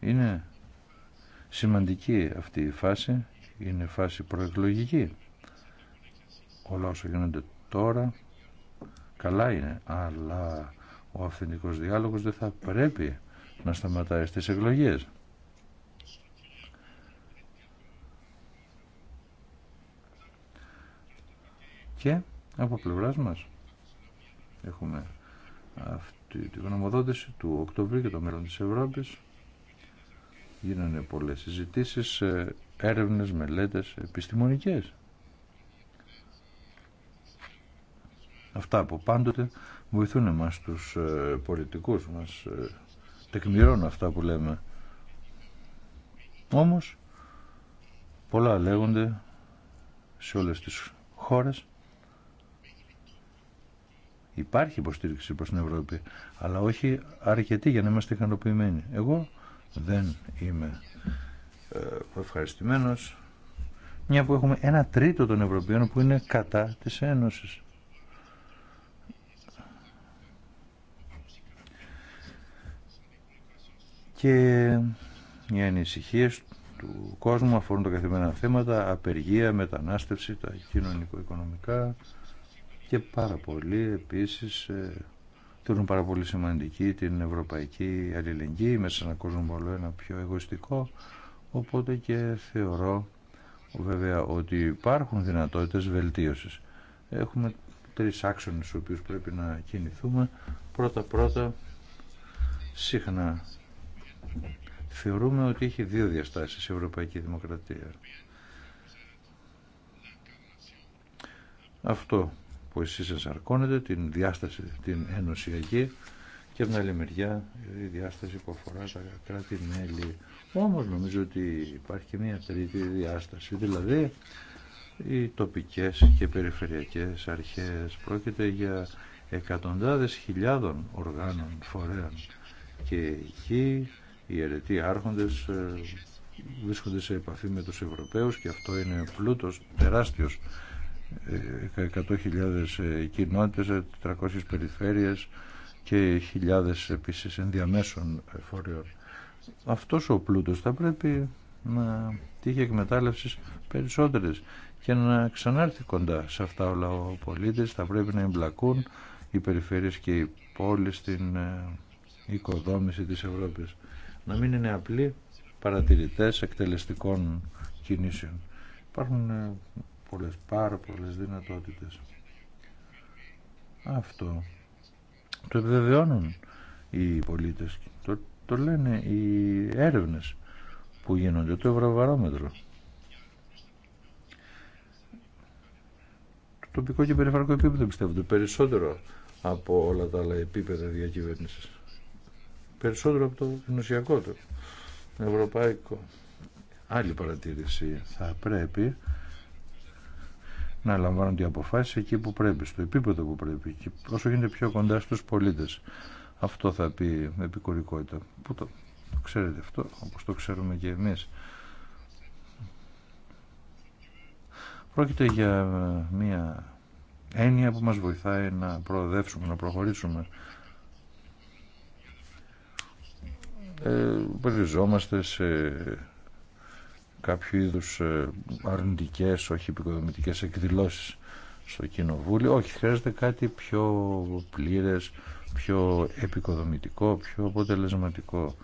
Είναι σημαντική αυτή η φάση, είναι φάση προεκλογική. Όλα όσα γίνονται τώρα καλά είναι, αλλά ο αυθεντικός διάλογος δεν θα πρέπει να σταματάει στις εκλογές. Και από πλευρά μα έχουμε αυτή τη γνωμοδότηση του Οκτωβρίου και το μέλλον τη Ευρώπη Γίνανε πολλέ συζητήσει, ε, έρευνες, μελέτες, επιστημονικές. Αυτά από πάντοτε βοηθούν εμάς τους ε, πολιτικούς μας, ε, τεκμηρώνουν αυτά που λέμε. Όμως, πολλά λέγονται σε όλες τις χώρες Υπάρχει υποστήριξη προς την Ευρώπη, αλλά όχι αρκετή για να είμαστε ικανοποιημένοι. Εγώ δεν είμαι ε, ευχαριστημένο. μια που έχουμε ένα τρίτο των Ευρωπαίων που είναι κατά της Ένωσης. Και οι ανησυχίε του κόσμου αφορούν τα καθημερινά θέματα, απεργία, μετανάστευση, τα κοινωνικο-οικονομικά, και πάρα πολύ επίσης θεωρούν πάρα πολύ σημαντική την ευρωπαϊκή αλληλεγγύη μέσα σε ένα κόσμο όλο ένα πιο εγωιστικό οπότε και θεωρώ βέβαια ότι υπάρχουν δυνατότητες βελτίωσης. Έχουμε τρεις άξονες στους οποίους πρέπει να κινηθούμε. Πρώτα πρώτα συχνά θεωρούμε ότι έχει δύο διαστάσεις η Ευρωπαϊκή Δημοκρατία. Αυτό που εσείς ενσαρκώνετε, την διάσταση την ενωσιακή και από την άλλη μεριά η διάσταση που αφορά τα κράτη-μέλη. Όμως νομίζω ότι υπάρχει και μια τρίτη διάσταση, δηλαδή οι τοπικές και περιφερειακές αρχές. Πρόκειται για εκατοντάδες χιλιάδων οργάνων φορέων και εκεί οι αιρετοί άρχοντες ε, βρίσκονται σε επαφή με τους Ευρωπαίους και αυτό είναι πλούτος τεράστιος 100.000 ε, κοινότητες, 300 περιφέρειες και χιλιάδες επίσης ενδιαμέσων φορέων. Αυτός ο πλούτος θα πρέπει να τύχει εκμετάλλευσης περισσότερες και να ξανάρθει κοντά σε αυτά όλα ο πολίτης. Θα πρέπει να εμπλακούν οι περιφέρειες και οι πόλεις στην ε, οικοδόμηση της Ευρώπης. Να μην είναι απλοί παρατηρητές εκτελεστικών κινήσεων. Υπάρχουν ε, πολλές, πάρα πολλές δυνατότητες. Αυτό το επιβεβαιώνουν οι πολίτες. Το, το λένε οι έρευνες που γίνονται, το ευρωβαρόμετρο. Το τοπικό και περιφερειακό επίπεδο πιστεύονται περισσότερο από όλα τα άλλα επίπεδα διακυβέρνησης. Περισσότερο από το γνωσιακό το ευρωπαϊκό. Άλλη παρατήρηση θα πρέπει να λαμβάνονται οι αποφάσεις εκεί που πρέπει, στο επίπεδο που πρέπει, και όσο γίνεται πιο κοντά στους πολίτες. Αυτό θα πει επικουρικότητα. Πού το, το ξέρετε αυτό, όπω το ξέρουμε και εμείς. Πρόκειται για ε, μία έννοια που μας βοηθάει να προοδεύσουμε, να προχωρήσουμε. Ε, σε κάποιο είδους ε, αρνητικές, όχι επικοδομητικές εκδηλώσεις στο Κοινοβούλιο. Όχι, χρειάζεται κάτι πιο πλήρες, πιο επικοδομητικό, πιο αποτελεσματικό.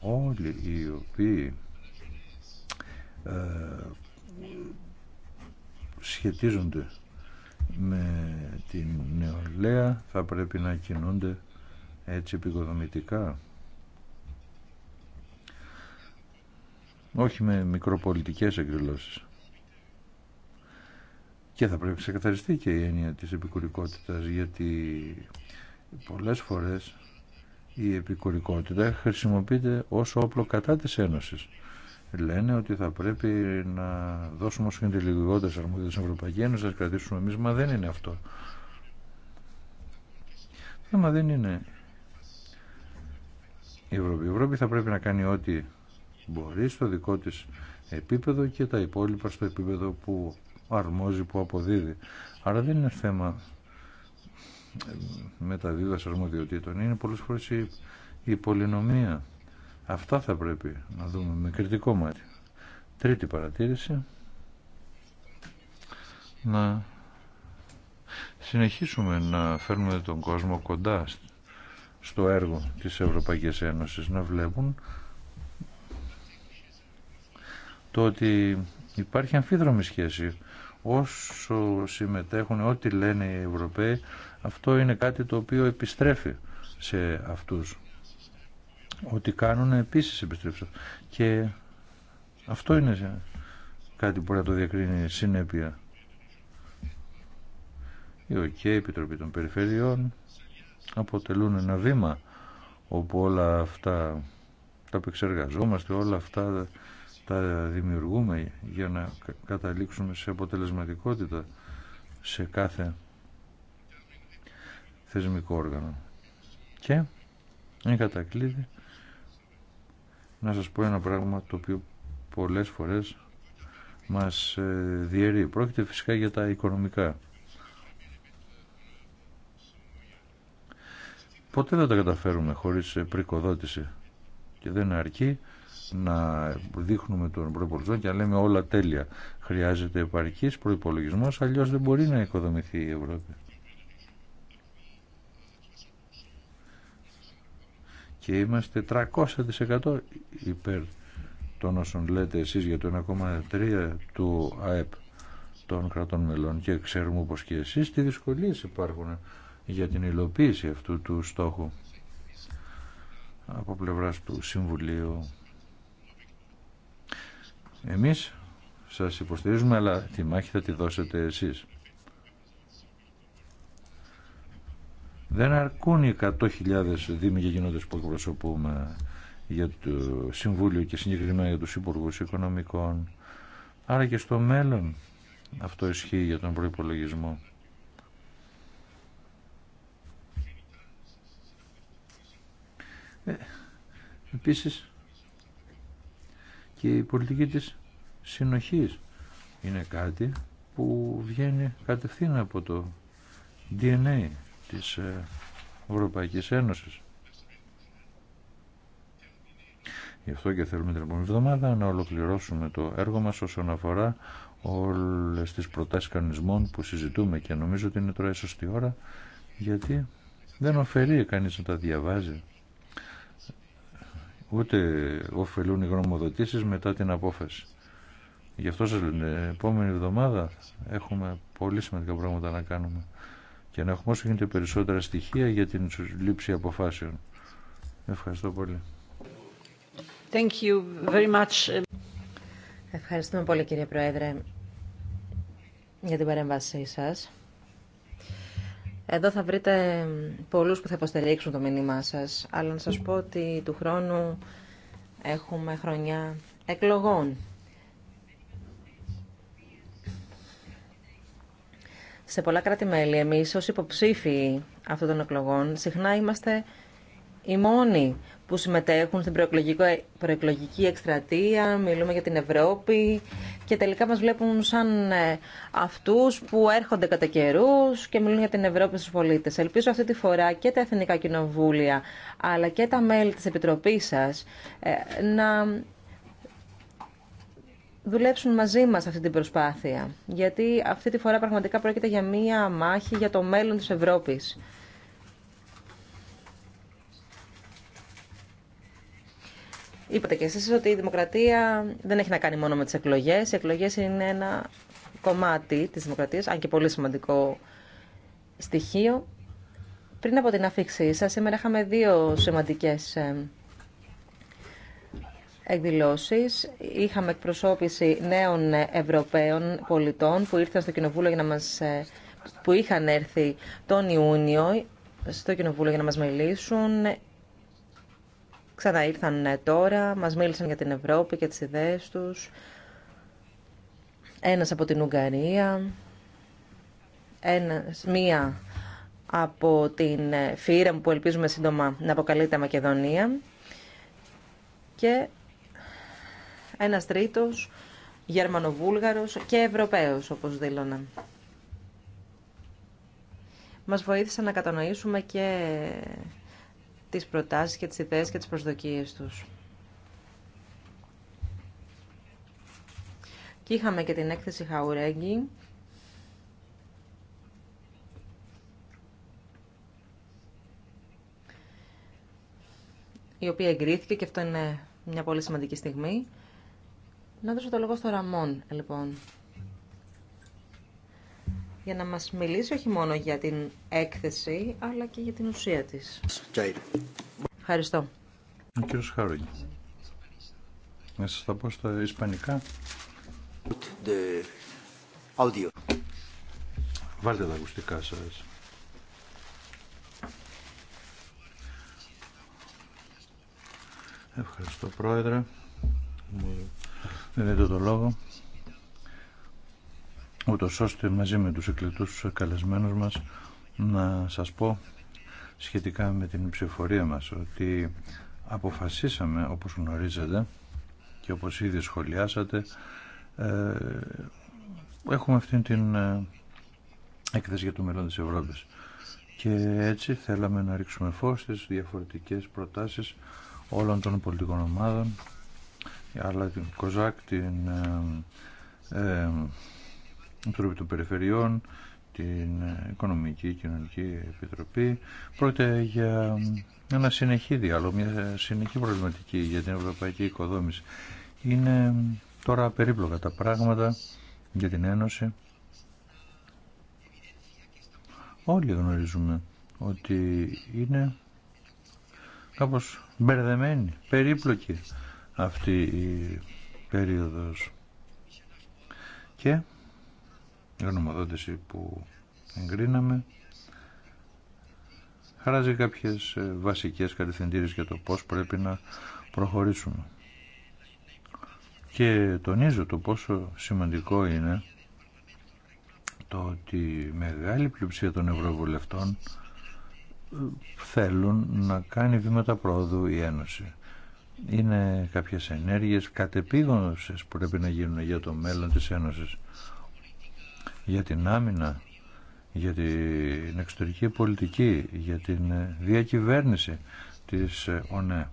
Όλοι οι οποίοι ε, σχετίζονται με την νεολαία θα πρέπει να κινούνται έτσι επικοδομητικά όχι με μικροπολιτικές εκδηλώσεις. Και θα πρέπει να ξεκαθαριστεί και η έννοια της επικουρικότητας, γιατί πολλές φορές η επικουρικότητα χρησιμοποιείται ως όπλο κατά της Ένωσης. Λένε ότι θα πρέπει να δώσουμε όσο είναι λιγότερες αρμόδιες στην Ευρωπαϊκή Ένωση, να κρατήσουμε εμείς, μα δεν είναι αυτό. Θέμα δεν είναι η Ευρώπη. Η Ευρώπη θα πρέπει να κάνει ό,τι μπορεί στο δικό της επίπεδο και τα υπόλοιπα στο επίπεδο που αρμόζει, που αποδίδει. Άρα δεν είναι θέμα ε, μεταδίδας αρμοδιοτήτων, είναι πολλές φορές η, η πολυνομία. Αυτά θα πρέπει να δούμε με κριτικό μάτι. Τρίτη παρατήρηση, να συνεχίσουμε να φέρνουμε τον κόσμο κοντά στο έργο της Ευρωπαϊκής Ένωσης, να βλέπουν το ότι υπάρχει αμφίδρομη σχέση. Όσο συμμετέχουν, ό,τι λένε οι Ευρωπαίοι, αυτό είναι κάτι το οποίο επιστρέφει σε αυτούς. Ό,τι κάνουν επίσης επιστρέψουν. Και αυτό είναι κάτι που μπορεί να το διακρίνει συνέπεια. Η ΟΚΕ, η Επιτροπή των Περιφερειών αποτελούν ένα βήμα όπου όλα αυτά τα επεξεργαζόμαστε, όλα αυτά τα δημιουργούμε για να καταλήξουμε σε αποτελεσματικότητα σε κάθε θεσμικό όργανο. Και, εν κατακλείδη, να σας πω ένα πράγμα το οποίο πολλές φορές μας ε, διαιρεί. Πρόκειται φυσικά για τα οικονομικά. Ποτέ δεν τα καταφέρουμε χωρίς ε, πρικοδότηση και δεν αρκεί να δείχνουμε τον προπολογισμό και να λέμε όλα τέλεια. Χρειάζεται επαρκή προπολογισμό. Αλλιώ δεν μπορεί να οικοδομηθεί η Ευρώπη. Και είμαστε 300% υπέρ των όσων λέτε εσείς για το 1,3 του ΑΕΠ των κρατών μελών και ξέρουμε όπως και εσείς τι δυσκολίες υπάρχουν για την υλοποίηση αυτού του στόχου από πλευράς του Συμβουλίου εμείς σας υποστηρίζουμε, αλλά τη μάχη θα τη δώσετε εσείς. Δεν αρκούν οι 100.000 δήμοι και που εκπροσωπούμε για το Συμβούλιο και συγκεκριμένα για τους υπουργού Οικονομικών. Άρα και στο μέλλον αυτό ισχύει για τον προϋπολογισμό. Ε, επίσης, η πολιτική της συνοχής είναι κάτι που βγαίνει κατευθείαν από το DNA της ε, Ευρωπαϊκής Ένωσης. Γι' αυτό και θέλουμε την επόμενη εβδομάδα να ολοκληρώσουμε το έργο μας όσον αφορά όλες τις προτάσεις κανονισμών που συζητούμε και νομίζω ότι είναι τώρα η σωστή ώρα γιατί δεν ωφελεί κανείς να τα διαβάζει ούτε ωφελούν οι γνωμοδοτήσεις μετά την απόφαση. Γι' αυτό σας λένε, επόμενη εβδομάδα έχουμε πολύ σημαντικά πράγματα να κάνουμε και να έχουμε όσο γίνεται περισσότερα στοιχεία για την λήψη αποφάσεων. Ευχαριστώ πολύ. Thank you very much. Ευχαριστούμε πολύ κύριε Πρόεδρε για την παρέμβασή σας. Εδώ θα βρείτε πολλούς που θα υποστηρίξουν το μήνυμά σας, αλλά να σας πω ότι του χρόνου έχουμε χρονιά εκλογών. Σε πολλά κράτη-μέλη, εμείς ως υποψήφοι αυτών των εκλογών, συχνά είμαστε οι μόνοι που συμμετέχουν στην προεκλογική εκστρατεία, μιλούμε για την Ευρώπη και τελικά μας βλέπουν σαν ε, αυτούς που έρχονται κατά καιρού και μιλούν για την Ευρώπη στους πολίτες. Ελπίζω αυτή τη φορά και τα Εθνικά Κοινοβούλια αλλά και τα μέλη της Επιτροπής σας ε, να δουλέψουν μαζί μας αυτή την προσπάθεια. Γιατί αυτή τη φορά πραγματικά πρόκειται για μία μάχη για το μέλλον της Ευρώπης. Είπατε και εσείς ότι η δημοκρατία δεν έχει να κάνει μόνο με τις εκλογές. Οι εκλογές είναι ένα κομμάτι της δημοκρατίας, αν και πολύ σημαντικό στοιχείο. Πριν από την αφήξή σας, σήμερα είχαμε δύο σημαντικές ε, εκδηλώσεις. Είχαμε εκπροσώπηση νέων Ευρωπαίων πολιτών που ήρθαν στο Κοινοβούλιο για να μας ε, που είχαν έρθει τον Ιούνιο στο Κοινοβούλιο για να μας μιλήσουν ξαναήρθαν ναι, τώρα, μας μίλησαν για την Ευρώπη και τις ιδέες τους. Ένας από την Ουγγαρία, ένας, μία από την ε, φύρα που ελπίζουμε σύντομα να αποκαλείται Μακεδονία και ένας τρίτος Γερμανοβούλγαρος και Ευρωπαίος όπως δήλωνα. Μας βοήθησαν να κατανοήσουμε και τις προτάσεις και τις ιδέες και τις προσδοκίες τους. Και είχαμε και την έκθεση Χαουρέγγι. η οποία εγκρίθηκε και αυτό είναι μια πολύ σημαντική στιγμή. Να δώσω το λόγο στο Ραμόν, λοιπόν για να μας μιλήσει όχι μόνο για την έκθεση, αλλά και για την ουσία της. Ευχαριστώ. Ο κύριος Χαρούγι. Να σας τα πω στα ισπανικά. The audio. Βάλτε τα ακουστικά σας. Ευχαριστώ πρόεδρε. Μου δίνετε το λόγο ούτως ώστε μαζί με τους εκλεκτούς καλεσμένους μας να σας πω σχετικά με την ψηφορία μας ότι αποφασίσαμε όπως γνωρίζετε και όπως ήδη σχολιάσατε ε, έχουμε αυτήν την ε, έκθεση για το μέλλον της Ευρώπης και έτσι θέλαμε να ρίξουμε φως στις διαφορετικές προτάσεις όλων των πολιτικών ομάδων αλλά την ΚΟΖΑΚ, την ε, ε Επιτροπή των Περιφερειών, την Οικονομική Κοινωνική Επιτροπή. Πρόκειται για ένα συνεχή διάλογο, μια συνεχή προβληματική για την ευρωπαϊκή οικοδόμηση. Είναι τώρα περίπλοκα τα πράγματα για την Ένωση. Όλοι γνωρίζουμε ότι είναι κάπως μπερδεμένη, περίπλοκη αυτή η περίοδος. Και η γνωμοδότηση που εγκρίναμε χαράζει κάποιες ε, βασικές κατευθυντήρες για το πώς πρέπει να προχωρήσουμε. Και τονίζω το πόσο σημαντικό είναι το ότι μεγάλη πλειοψηφία των Ευρωβουλευτών ε, θέλουν να κάνει βήματα πρόοδου η Ένωση. Είναι κάποιες ενέργειες κατεπίγονωσες που πρέπει να γίνουν για το μέλλον της Ένωσης για την άμυνα, για την εξωτερική πολιτική, για την διακυβέρνηση της ε, ΟΝΕ,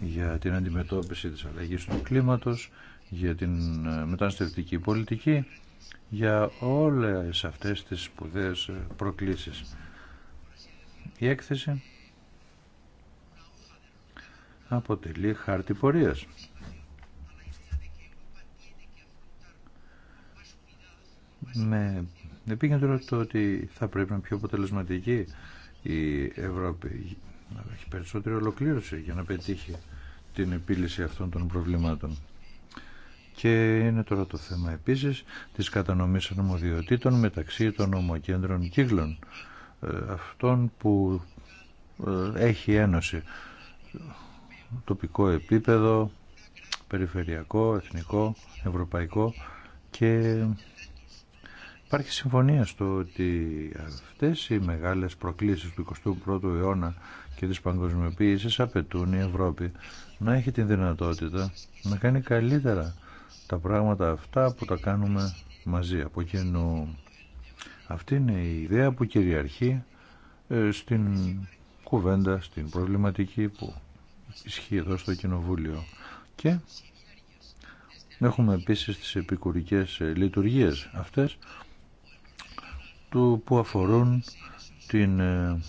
για την αντιμετώπιση της αλλαγής του κλίματος, για την ε, μεταναστευτική πολιτική, για όλες αυτές τις σπουδαίες ε, προκλήσεις. Η έκθεση αποτελεί χάρτη πορείας. με τώρα ναι. το ότι θα πρέπει να είναι πιο αποτελεσματική η Ευρώπη να έχει περισσότερη ολοκλήρωση για να πετύχει την επίλυση αυτών των προβλημάτων. Και είναι τώρα το θέμα επίσης της κατανομής ανομοδιοτήτων μεταξύ των ομοκέντρων κύκλων ε, αυτών που ε, έχει ένωση τοπικό επίπεδο, περιφερειακό, εθνικό, ευρωπαϊκό και Υπάρχει συμφωνία στο ότι αυτές οι μεγάλες προκλήσεις του 21ου αιώνα και της παγκοσμιοποίηση απαιτούν η Ευρώπη να έχει την δυνατότητα να κάνει καλύτερα τα πράγματα αυτά που τα κάνουμε μαζί από κοινού. Αυτή είναι η ιδέα που κυριαρχεί ε, στην κουβέντα, στην προβληματική που ισχύει εδώ στο Κοινοβούλιο. Και έχουμε επίσης τις επικουρικές ε, λειτουργίες αυτές του που αφορούν την, ε,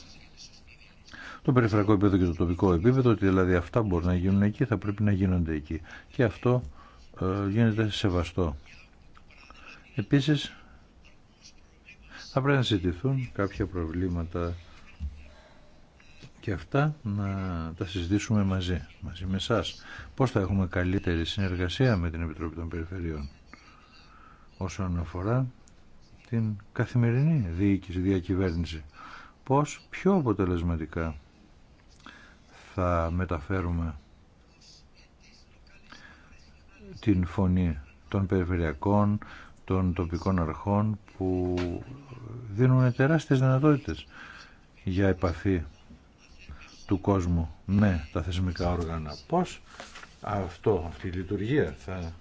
το περιφερειακό επίπεδο και το τοπικό επίπεδο, ότι δηλαδή αυτά μπορούν να γίνουν εκεί, θα πρέπει να γίνονται εκεί. Και αυτό ε, γίνεται σεβαστό. Επίσης, θα πρέπει να συζητηθούν κάποια προβλήματα και αυτά να τα συζητήσουμε μαζί, μαζί με εσά. Πώς θα έχουμε καλύτερη συνεργασία με την Επιτροπή των Περιφερειών όσον αφορά την καθημερινή διοίκηση, διακυβέρνηση. Πώς πιο αποτελεσματικά θα μεταφέρουμε την φωνή των περιφερειακών, των τοπικών αρχών που δίνουν τεράστιες δυνατότητες για επαφή του κόσμου με τα θεσμικά όργανα. Πώς αυτό, αυτή η λειτουργία θα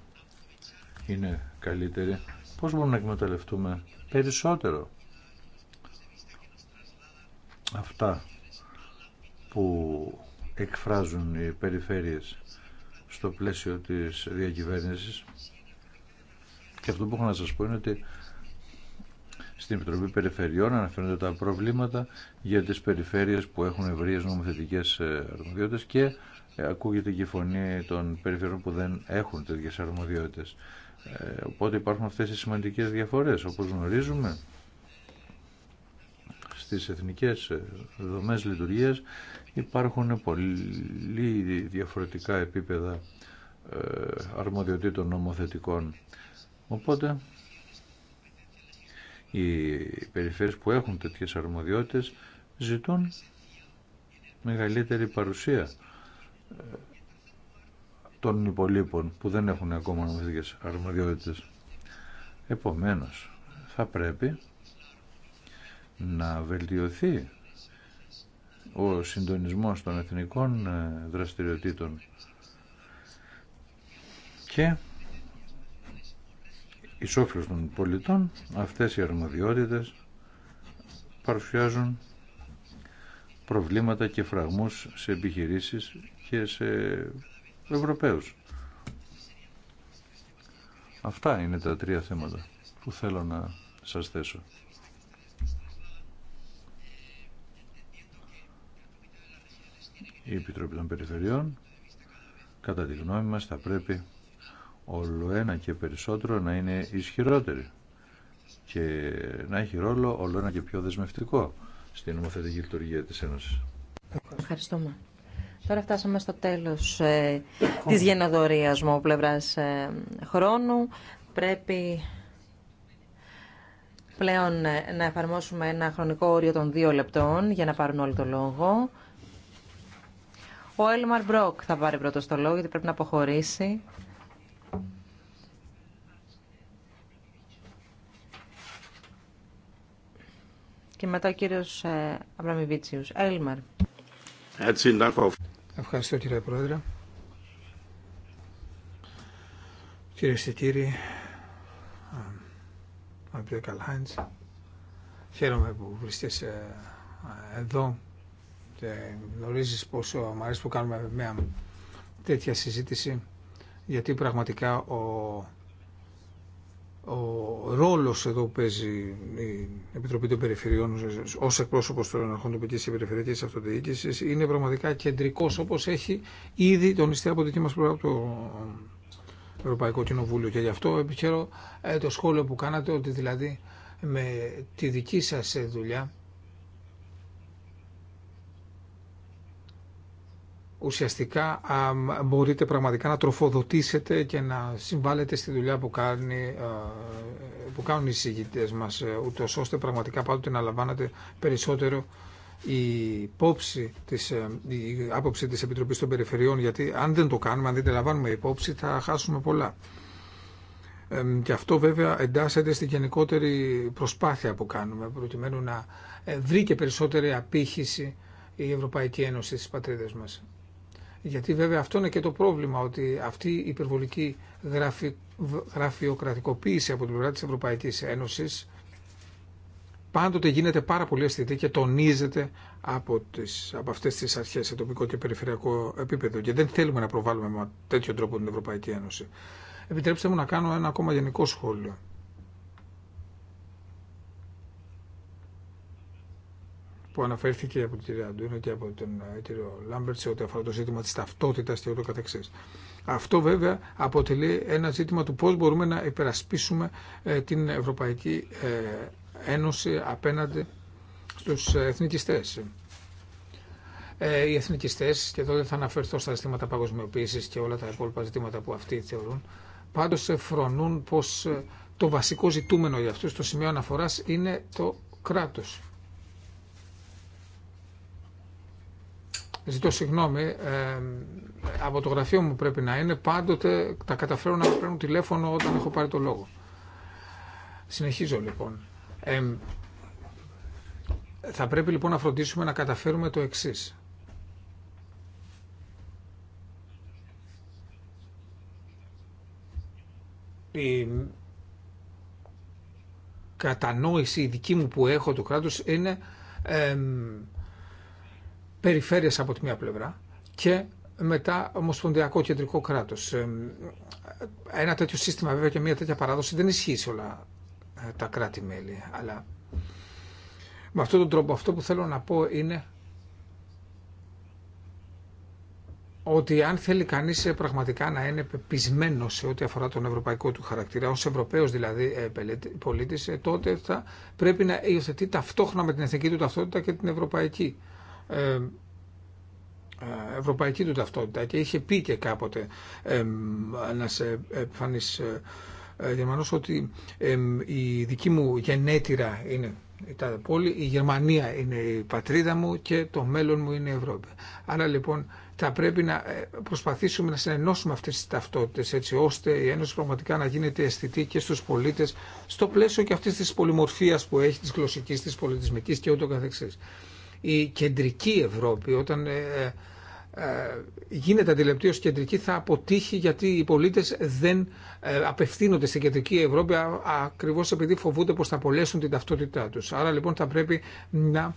είναι καλύτερη. Πώς μπορούμε να εκμεταλλευτούμε περισσότερο. Αυτά που εκφράζουν οι περιφέρειες στο πλαίσιο της διακυβέρνησης και αυτό που έχω να σας πω είναι ότι στην Επιτροπή Περιφερειών αναφέρονται τα προβλήματα για τις περιφέρειες που έχουν ευρείες νομοθετικές ε, αρμοδιότητες και ε, ακούγεται και η φωνή των περιφερειών που δεν έχουν τέτοιες αρμοδιότητες. Ε, οπότε υπάρχουν αυτές οι σημαντικές διαφορές όπως γνωρίζουμε στις εθνικές ε, δομές λειτουργίας υπάρχουν πολύ διαφορετικά επίπεδα ε, αρμοδιοτήτων νομοθετικών. Οπότε οι περιφέρειες που έχουν τέτοιες αρμοδιότητες ζητούν μεγαλύτερη παρουσία των υπολείπων που δεν έχουν ακόμα νομοθετικές αρμοδιότητες. Επομένως, θα πρέπει να βελτιωθεί ο συντονισμός των εθνικών ε, δραστηριοτήτων και ισόφιλος των πολιτών αυτές οι αρμοδιότητες παρουσιάζουν προβλήματα και φραγμούς σε επιχειρήσεις και σε Ευρωπαίους. Αυτά είναι τα τρία θέματα που θέλω να σας θέσω. Η Επιτροπή των Περιφερειών, κατά τη γνώμη μας, θα πρέπει όλο ένα και περισσότερο να είναι ισχυρότερη και να έχει ρόλο όλο ένα και πιο δεσμευτικό στην νομοθετική λειτουργία της Ένωσης. Ευχαριστούμε. Τώρα φτάσαμε στο τέλος ε, της γεναδορίας μου πλευράς ε, χρόνου. Πρέπει πλέον ε, να εφαρμόσουμε ένα χρονικό όριο των δύο λεπτών για να πάρουν όλοι το λόγο. Ο Έλμαρ Μπρόκ θα πάρει πρώτος το λόγο γιατί πρέπει να αποχωρήσει. Και μετά ο κύριος ε, Αμπραμιβίτσιους. Έλμαρ. Ευχαριστώ κύριε Πρόεδρε. Κυρίε και κύριοι, αγαπητέ Καλχάιντς, χαίρομαι που βρίσκεσαι ε, εδώ και γνωρίζεις πόσο μου αρέσει που κάνουμε μια τέτοια συζήτηση γιατί πραγματικά ο ο ρόλος εδώ που παίζει η Επιτροπή των Περιφερειών ως εκπρόσωπος των αρχών τοπικής και περιφερειακής αυτοδιοίκησης είναι πραγματικά κεντρικός όπως έχει ήδη τονιστεί από δική μας πλευρά το Ευρωπαϊκό Κοινοβούλιο και γι' αυτό επιχαίρω ε, το σχόλιο που κάνατε ότι δηλαδή με τη δική σας δουλειά ουσιαστικά μπορείτε πραγματικά να τροφοδοτήσετε και να συμβάλλετε στη δουλειά που, που κάνουν οι συγγητές μας, ε, ούτω ώστε πραγματικά πάντοτε να λαμβάνετε περισσότερο η υπόψη της, ε, η άποψη της Επιτροπής των Περιφερειών γιατί αν δεν το κάνουμε, αν δεν τη λαμβάνουμε υπόψη θα χάσουμε πολλά. Ε, και αυτό βέβαια εντάσσεται στη γενικότερη προσπάθεια που κάνουμε προκειμένου να ε, βρει και περισσότερη απήχηση η Ευρωπαϊκή Ένωση στις πατρίδες μας. Γιατί βέβαια αυτό είναι και το πρόβλημα, ότι αυτή η υπερβολική γραφει... γραφειοκρατικοποίηση από την πλευρά της Ευρωπαϊκής Ένωσης πάντοτε γίνεται πάρα πολύ αισθητή και τονίζεται από, τις, από αυτές τις αρχές σε τοπικό και περιφερειακό επίπεδο και δεν θέλουμε να προβάλλουμε με τέτοιο τρόπο την Ευρωπαϊκή Ένωση. Επιτρέψτε μου να κάνω ένα ακόμα γενικό σχόλιο. που αναφέρθηκε από την κυρία Αντούνα και από τον ε, κύριο Λάμπερτ σε ό,τι αφορά το ζήτημα τη ταυτότητα και ούτω καθεξή. Αυτό βέβαια αποτελεί ένα ζήτημα του πώ μπορούμε να υπερασπίσουμε ε, την Ευρωπαϊκή ε, Ένωση απέναντι στου εθνικιστέ. Οι εθνικιστέ, και εδώ δεν θα αναφερθώ στα ζητήματα παγκοσμιοποίηση και όλα τα υπόλοιπα ζητήματα που αυτοί θεωρούν, πάντω φρονούν πω το βασικό ζητούμενο για αυτού, το σημείο αναφορά, είναι το κράτο. Ζητώ συγγνώμη, από το γραφείο μου πρέπει να είναι. Πάντοτε τα καταφέρω να παίρνω τηλέφωνο όταν έχω πάρει το λόγο. Συνεχίζω λοιπόν. Ε, θα πρέπει λοιπόν να φροντίσουμε να καταφέρουμε το εξής. Η κατανόηση η δική μου που έχω του κράτους είναι περιφέρειες από τη μία πλευρά και μετά ομοσπονδιακό κεντρικό κράτος. Ε, ένα τέτοιο σύστημα βέβαια και μια τέτοια παράδοση δεν ισχύει σε όλα ε, τα κράτη-μέλη. Αλλά με αυτόν τον τρόπο αυτό που θέλω να πω είναι ότι αν θέλει κανείς ε, πραγματικά να είναι πεπισμένο σε ό,τι αφορά τον ευρωπαϊκό του χαρακτήρα, ως Ευρωπαίος δηλαδή πολίτης, τότε θα πρέπει να υιοθετεί ταυτόχρονα με την εθνική του ταυτότητα και την ευρωπαϊκή ευρωπαϊκή του ταυτότητα και είχε πει και κάποτε ένας ε, επιφανής ε, ε, Γερμανός ότι η δική μου γενέτειρα είναι η τάδε πόλη, η Γερμανία είναι η πατρίδα μου και το μέλλον μου είναι η Ευρώπη. Άρα λοιπόν θα πρέπει να προσπαθήσουμε να συνενώσουμε αυτές τις ταυτότητες έτσι ώστε η Ένωση πραγματικά να γίνεται αισθητή και στους πολίτες στο πλαίσιο και αυτής της πολυμορφίας που έχει της γλωσσικής, της πολιτισμικής και ούτω καθεξής η κεντρική Ευρώπη όταν ε, ε, ε, γίνεται αντιληπτή ως κεντρική θα αποτύχει γιατί οι πολίτες δεν απευθύνονται στην κεντρική Ευρώπη ακριβώς επειδή φοβούνται πως θα απολέσουν την ταυτότητά τους. Άρα λοιπόν θα πρέπει να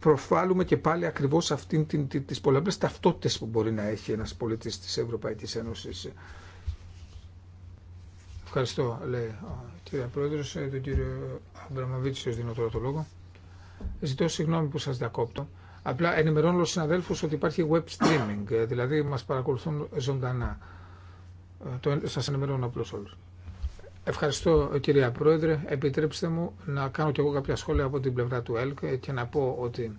προφάλουμε και πάλι ακριβώς αυτήν την, τις πολλαπλές ταυτότητες που μπορεί να έχει ένας πολίτης της Ευρωπαϊκής Ένωσης. Ευχαριστώ, λέει κύριο Πρόεδρο, ε, τον κύριο Αμπραμαβίτσιο, δίνω τώρα το λόγο. Ζητώ συγγνώμη που σα διακόπτω. Απλά ενημερώνω του συναδέλφου ότι υπάρχει web streaming, ε, δηλαδή μα παρακολουθούν ζωντανά. Ε, σα ενημερώνω απλώ όλου. Ευχαριστώ κυρία Πρόεδρε. Επιτρέψτε μου να κάνω και εγώ κάποια σχόλια από την πλευρά του ΕΛΚ και να πω ότι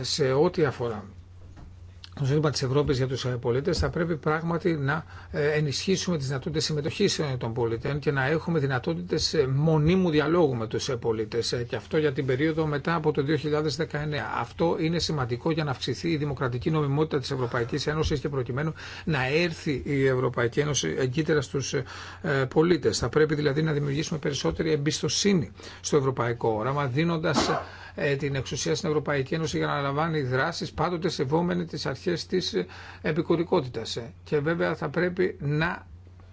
σε ό,τι αφορά σύμπαν τη Ευρώπη για του ε, πολίτε, θα πρέπει πράγματι να ε, ενισχύσουμε τι δυνατότητε συμμετοχή ε, των πολιτών και να έχουμε δυνατότητε μονίμου διαλόγου με του πολίτε. Και αυτό για την περίοδο μετά από το 2019. Αυτό είναι σημαντικό για να αυξηθεί η δημοκρατική νομιμότητα τη Ευρωπαϊκή Ένωση και προκειμένου να έρθει η Ευρωπαϊκή Ένωση εγκύτερα στου πολίτε. Θα πρέπει δηλαδή να δημιουργήσουμε περισσότερη εμπιστοσύνη στο ευρωπαϊκό όραμα, δίνοντα ε, την εξουσία στην Ευρωπαϊκή Ένωση για να λαμβάνει δράσεις πάντοτε σεβόμενη τις αρχές της επικουρικότητας. Ε, και βέβαια θα πρέπει να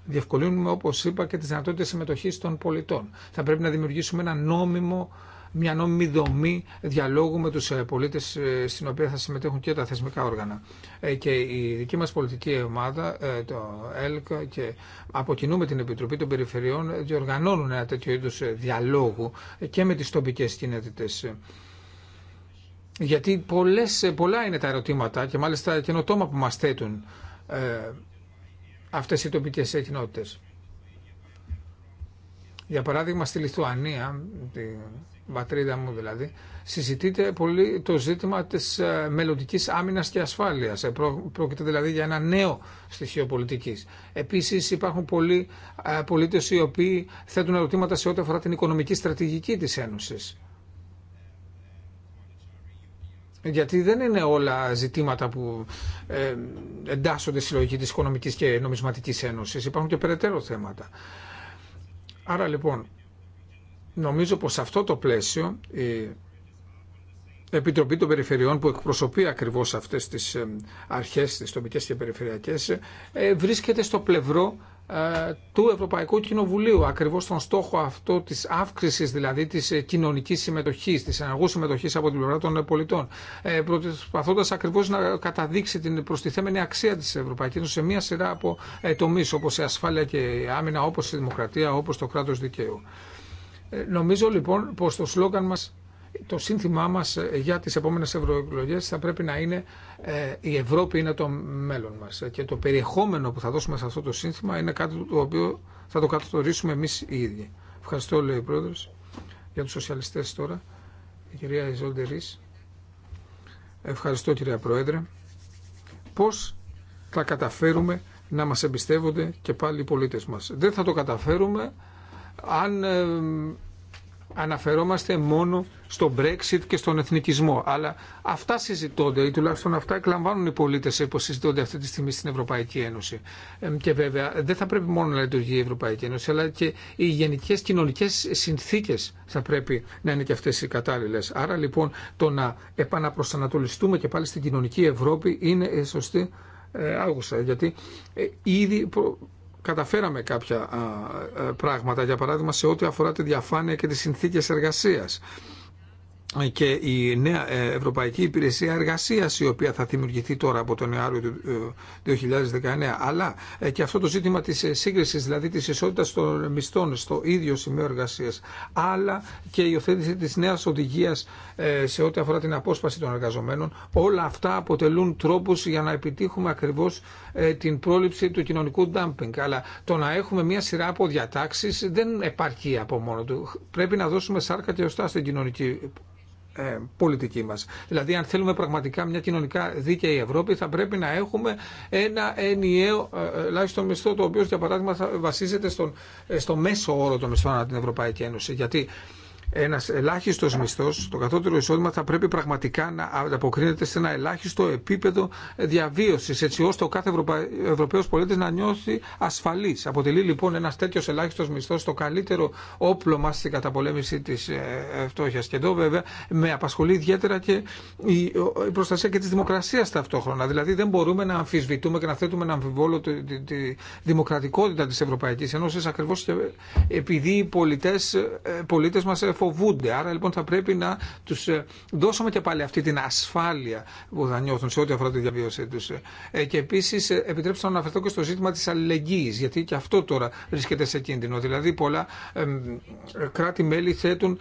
διευκολύνουμε όπως είπα και τις δυνατότητες συμμετοχής των πολιτών. Θα πρέπει να δημιουργήσουμε ένα νόμιμο μια νόμιμη δομή διαλόγου με τους ε, πολίτες ε, στην οποία θα συμμετέχουν και τα θεσμικά όργανα. Ε, και η δική μας πολιτική ομάδα, το ΕΛΚ και από κοινού με την Επιτροπή των Περιφερειών διοργανώνουν ένα τέτοιο είδους διαλόγου και με τις τοπικές κοινότητες. Γιατί πολλές, πολλά είναι τα ερωτήματα και μάλιστα καινοτόμα που μας θέτουν ε, αυτές οι τοπικές κοινότητες. Για παράδειγμα στη Λιθουανία, πατρίδα μου δηλαδή, συζητείται πολύ το ζήτημα της ε, μελλοντική άμυνας και ασφάλειας. Ε, πρόκειται δηλαδή για ένα νέο στοιχείο πολιτικής. Επίσης υπάρχουν πολλοί ε, πολίτες οι οποίοι θέτουν ερωτήματα σε ό,τι αφορά την οικονομική στρατηγική της Ένωσης. Γιατί δεν είναι όλα ζητήματα που εντάσσονται στη λογική της Οικονομικής και Νομισματικής Ένωσης. Υπάρχουν και περαιτέρω θέματα. Άρα λοιπόν, νομίζω πως σε αυτό το πλαίσιο η Επιτροπή των Περιφερειών που εκπροσωπεί ακριβώς αυτές τις ε, αρχές, τις τοπικές και περιφερειακές, ε, βρίσκεται στο πλευρό ε, του Ευρωπαϊκού Κοινοβουλίου ακριβώς στον στόχο αυτό της αύξησης δηλαδή της κοινωνικής συμμετοχής της αναγού συμμετοχής από την πλευρά των πολιτών προσπαθώντας ακριβώς να καταδείξει την προστιθέμενη αξία της Ευρωπαϊκής Ένωσης σε μια σειρά από τομείς όπως η ασφάλεια και η άμυνα όπως η δημοκρατία όπως το κράτος δικαίου. Ε, νομίζω λοιπόν πως το σλόγγαν μας, το σύνθημά μας ε, για τις επόμενες ευρωεκλογέ θα πρέπει να είναι ε, «Η Ευρώπη είναι το μέλλον μας». Και το περιεχόμενο που θα δώσουμε σε αυτό το σύνθημα είναι κάτι το οποίο θα το καθορίσουμε εμείς οι ίδιοι. Ευχαριστώ, λέει ο Πρόεδρος, για τους σοσιαλιστές τώρα, η κυρία Ιζόντερης. Ευχαριστώ, κυρία Πρόεδρε. Πώς θα καταφέρουμε να μας εμπιστεύονται και πάλι οι πολίτες μας. Δεν θα το καταφέρουμε αν ε, αναφερόμαστε μόνο στο Brexit και στον εθνικισμό. Αλλά αυτά συζητώνται ή τουλάχιστον αυτά εκλαμβάνουν οι πολίτε που συζητώνται αυτή τη στιγμή στην Ευρωπαϊκή Ένωση. Ε, και βέβαια δεν θα πρέπει μόνο να λειτουργεί η Ευρωπαϊκή Ένωση, αλλά και οι γενικέ κοινωνικέ συνθήκε θα πρέπει να είναι και αυτέ οι κατάλληλε. Άρα λοιπόν το να επαναπροσανατολιστούμε και πάλι στην κοινωνική Ευρώπη είναι σωστή ε, άγουσα. Γιατί ήδη καταφέραμε κάποια ε, πράγματα, για παράδειγμα σε ό,τι αφορά τη διαφάνεια και τις συνθήκες εργασίας και η νέα ε, Ευρωπαϊκή Υπηρεσία Εργασία, η οποία θα δημιουργηθεί τώρα από τον Ιανουάριο του 2019, ε, αλλά ε, και αυτό το ζήτημα τη σύγκριση, δηλαδή τη ισότητα των μισθών στο ίδιο σημείο εργασία, αλλά και η υιοθέτηση τη νέα οδηγία σε ό,τι αφορά την απόσπαση των εργαζομένων, όλα αυτά αποτελούν τρόπου για να επιτύχουμε ακριβώ την πρόληψη του κοινωνικού ντάμπινγκ. Αλλά το να έχουμε μία σειρά από διατάξει δεν επαρκεί από μόνο του. Πρέπει να δώσουμε σάρκα και ωστά στην κοινωνική ε, πολιτική μας. Δηλαδή αν θέλουμε πραγματικά μια κοινωνικά δίκαιη Ευρώπη θα πρέπει να έχουμε ένα ενιαίο ε, ελάχιστο μισθό το οποίο για παράδειγμα θα βασίζεται στον, ε, στο μέσο όρο των μισθών ανά την Ευρωπαϊκή Ένωση. Γιατί ένα ελάχιστο μισθό, το κατώτερο εισόδημα θα πρέπει πραγματικά να ανταποκρίνεται σε ένα ελάχιστο επίπεδο διαβίωση, έτσι ώστε ο κάθε Ευρωπα... Ευρωπαίο πολίτη να νιώθει ασφαλή. Αποτελεί λοιπόν ένα τέτοιο ελάχιστο μισθό το καλύτερο όπλο μα στην καταπολέμηση τη ε, φτώχεια. Και εδώ βέβαια με απασχολεί ιδιαίτερα και η προστασία και τη δημοκρασία ταυτόχρονα. Δηλαδή δεν μπορούμε να αμφισβητούμε και να θέτουμε ένα αμφιβόλο τη, δημοκρατικότητα τη Ευρωπαϊκή Ένωση ακριβώ επειδή οι ε, πολίτε μα. Ε, φοβούνται. Άρα λοιπόν θα πρέπει να του ε, δώσουμε και πάλι αυτή την ασφάλεια που θα νιώθουν σε ό,τι αφορά τη διαβίωσή του. Ε, και επίση ε, επιτρέψτε να αναφερθώ και στο ζήτημα τη αλληλεγγύη, γιατί και αυτό τώρα βρίσκεται σε κίνδυνο. Δηλαδή πολλά κράτη-μέλη θέτουν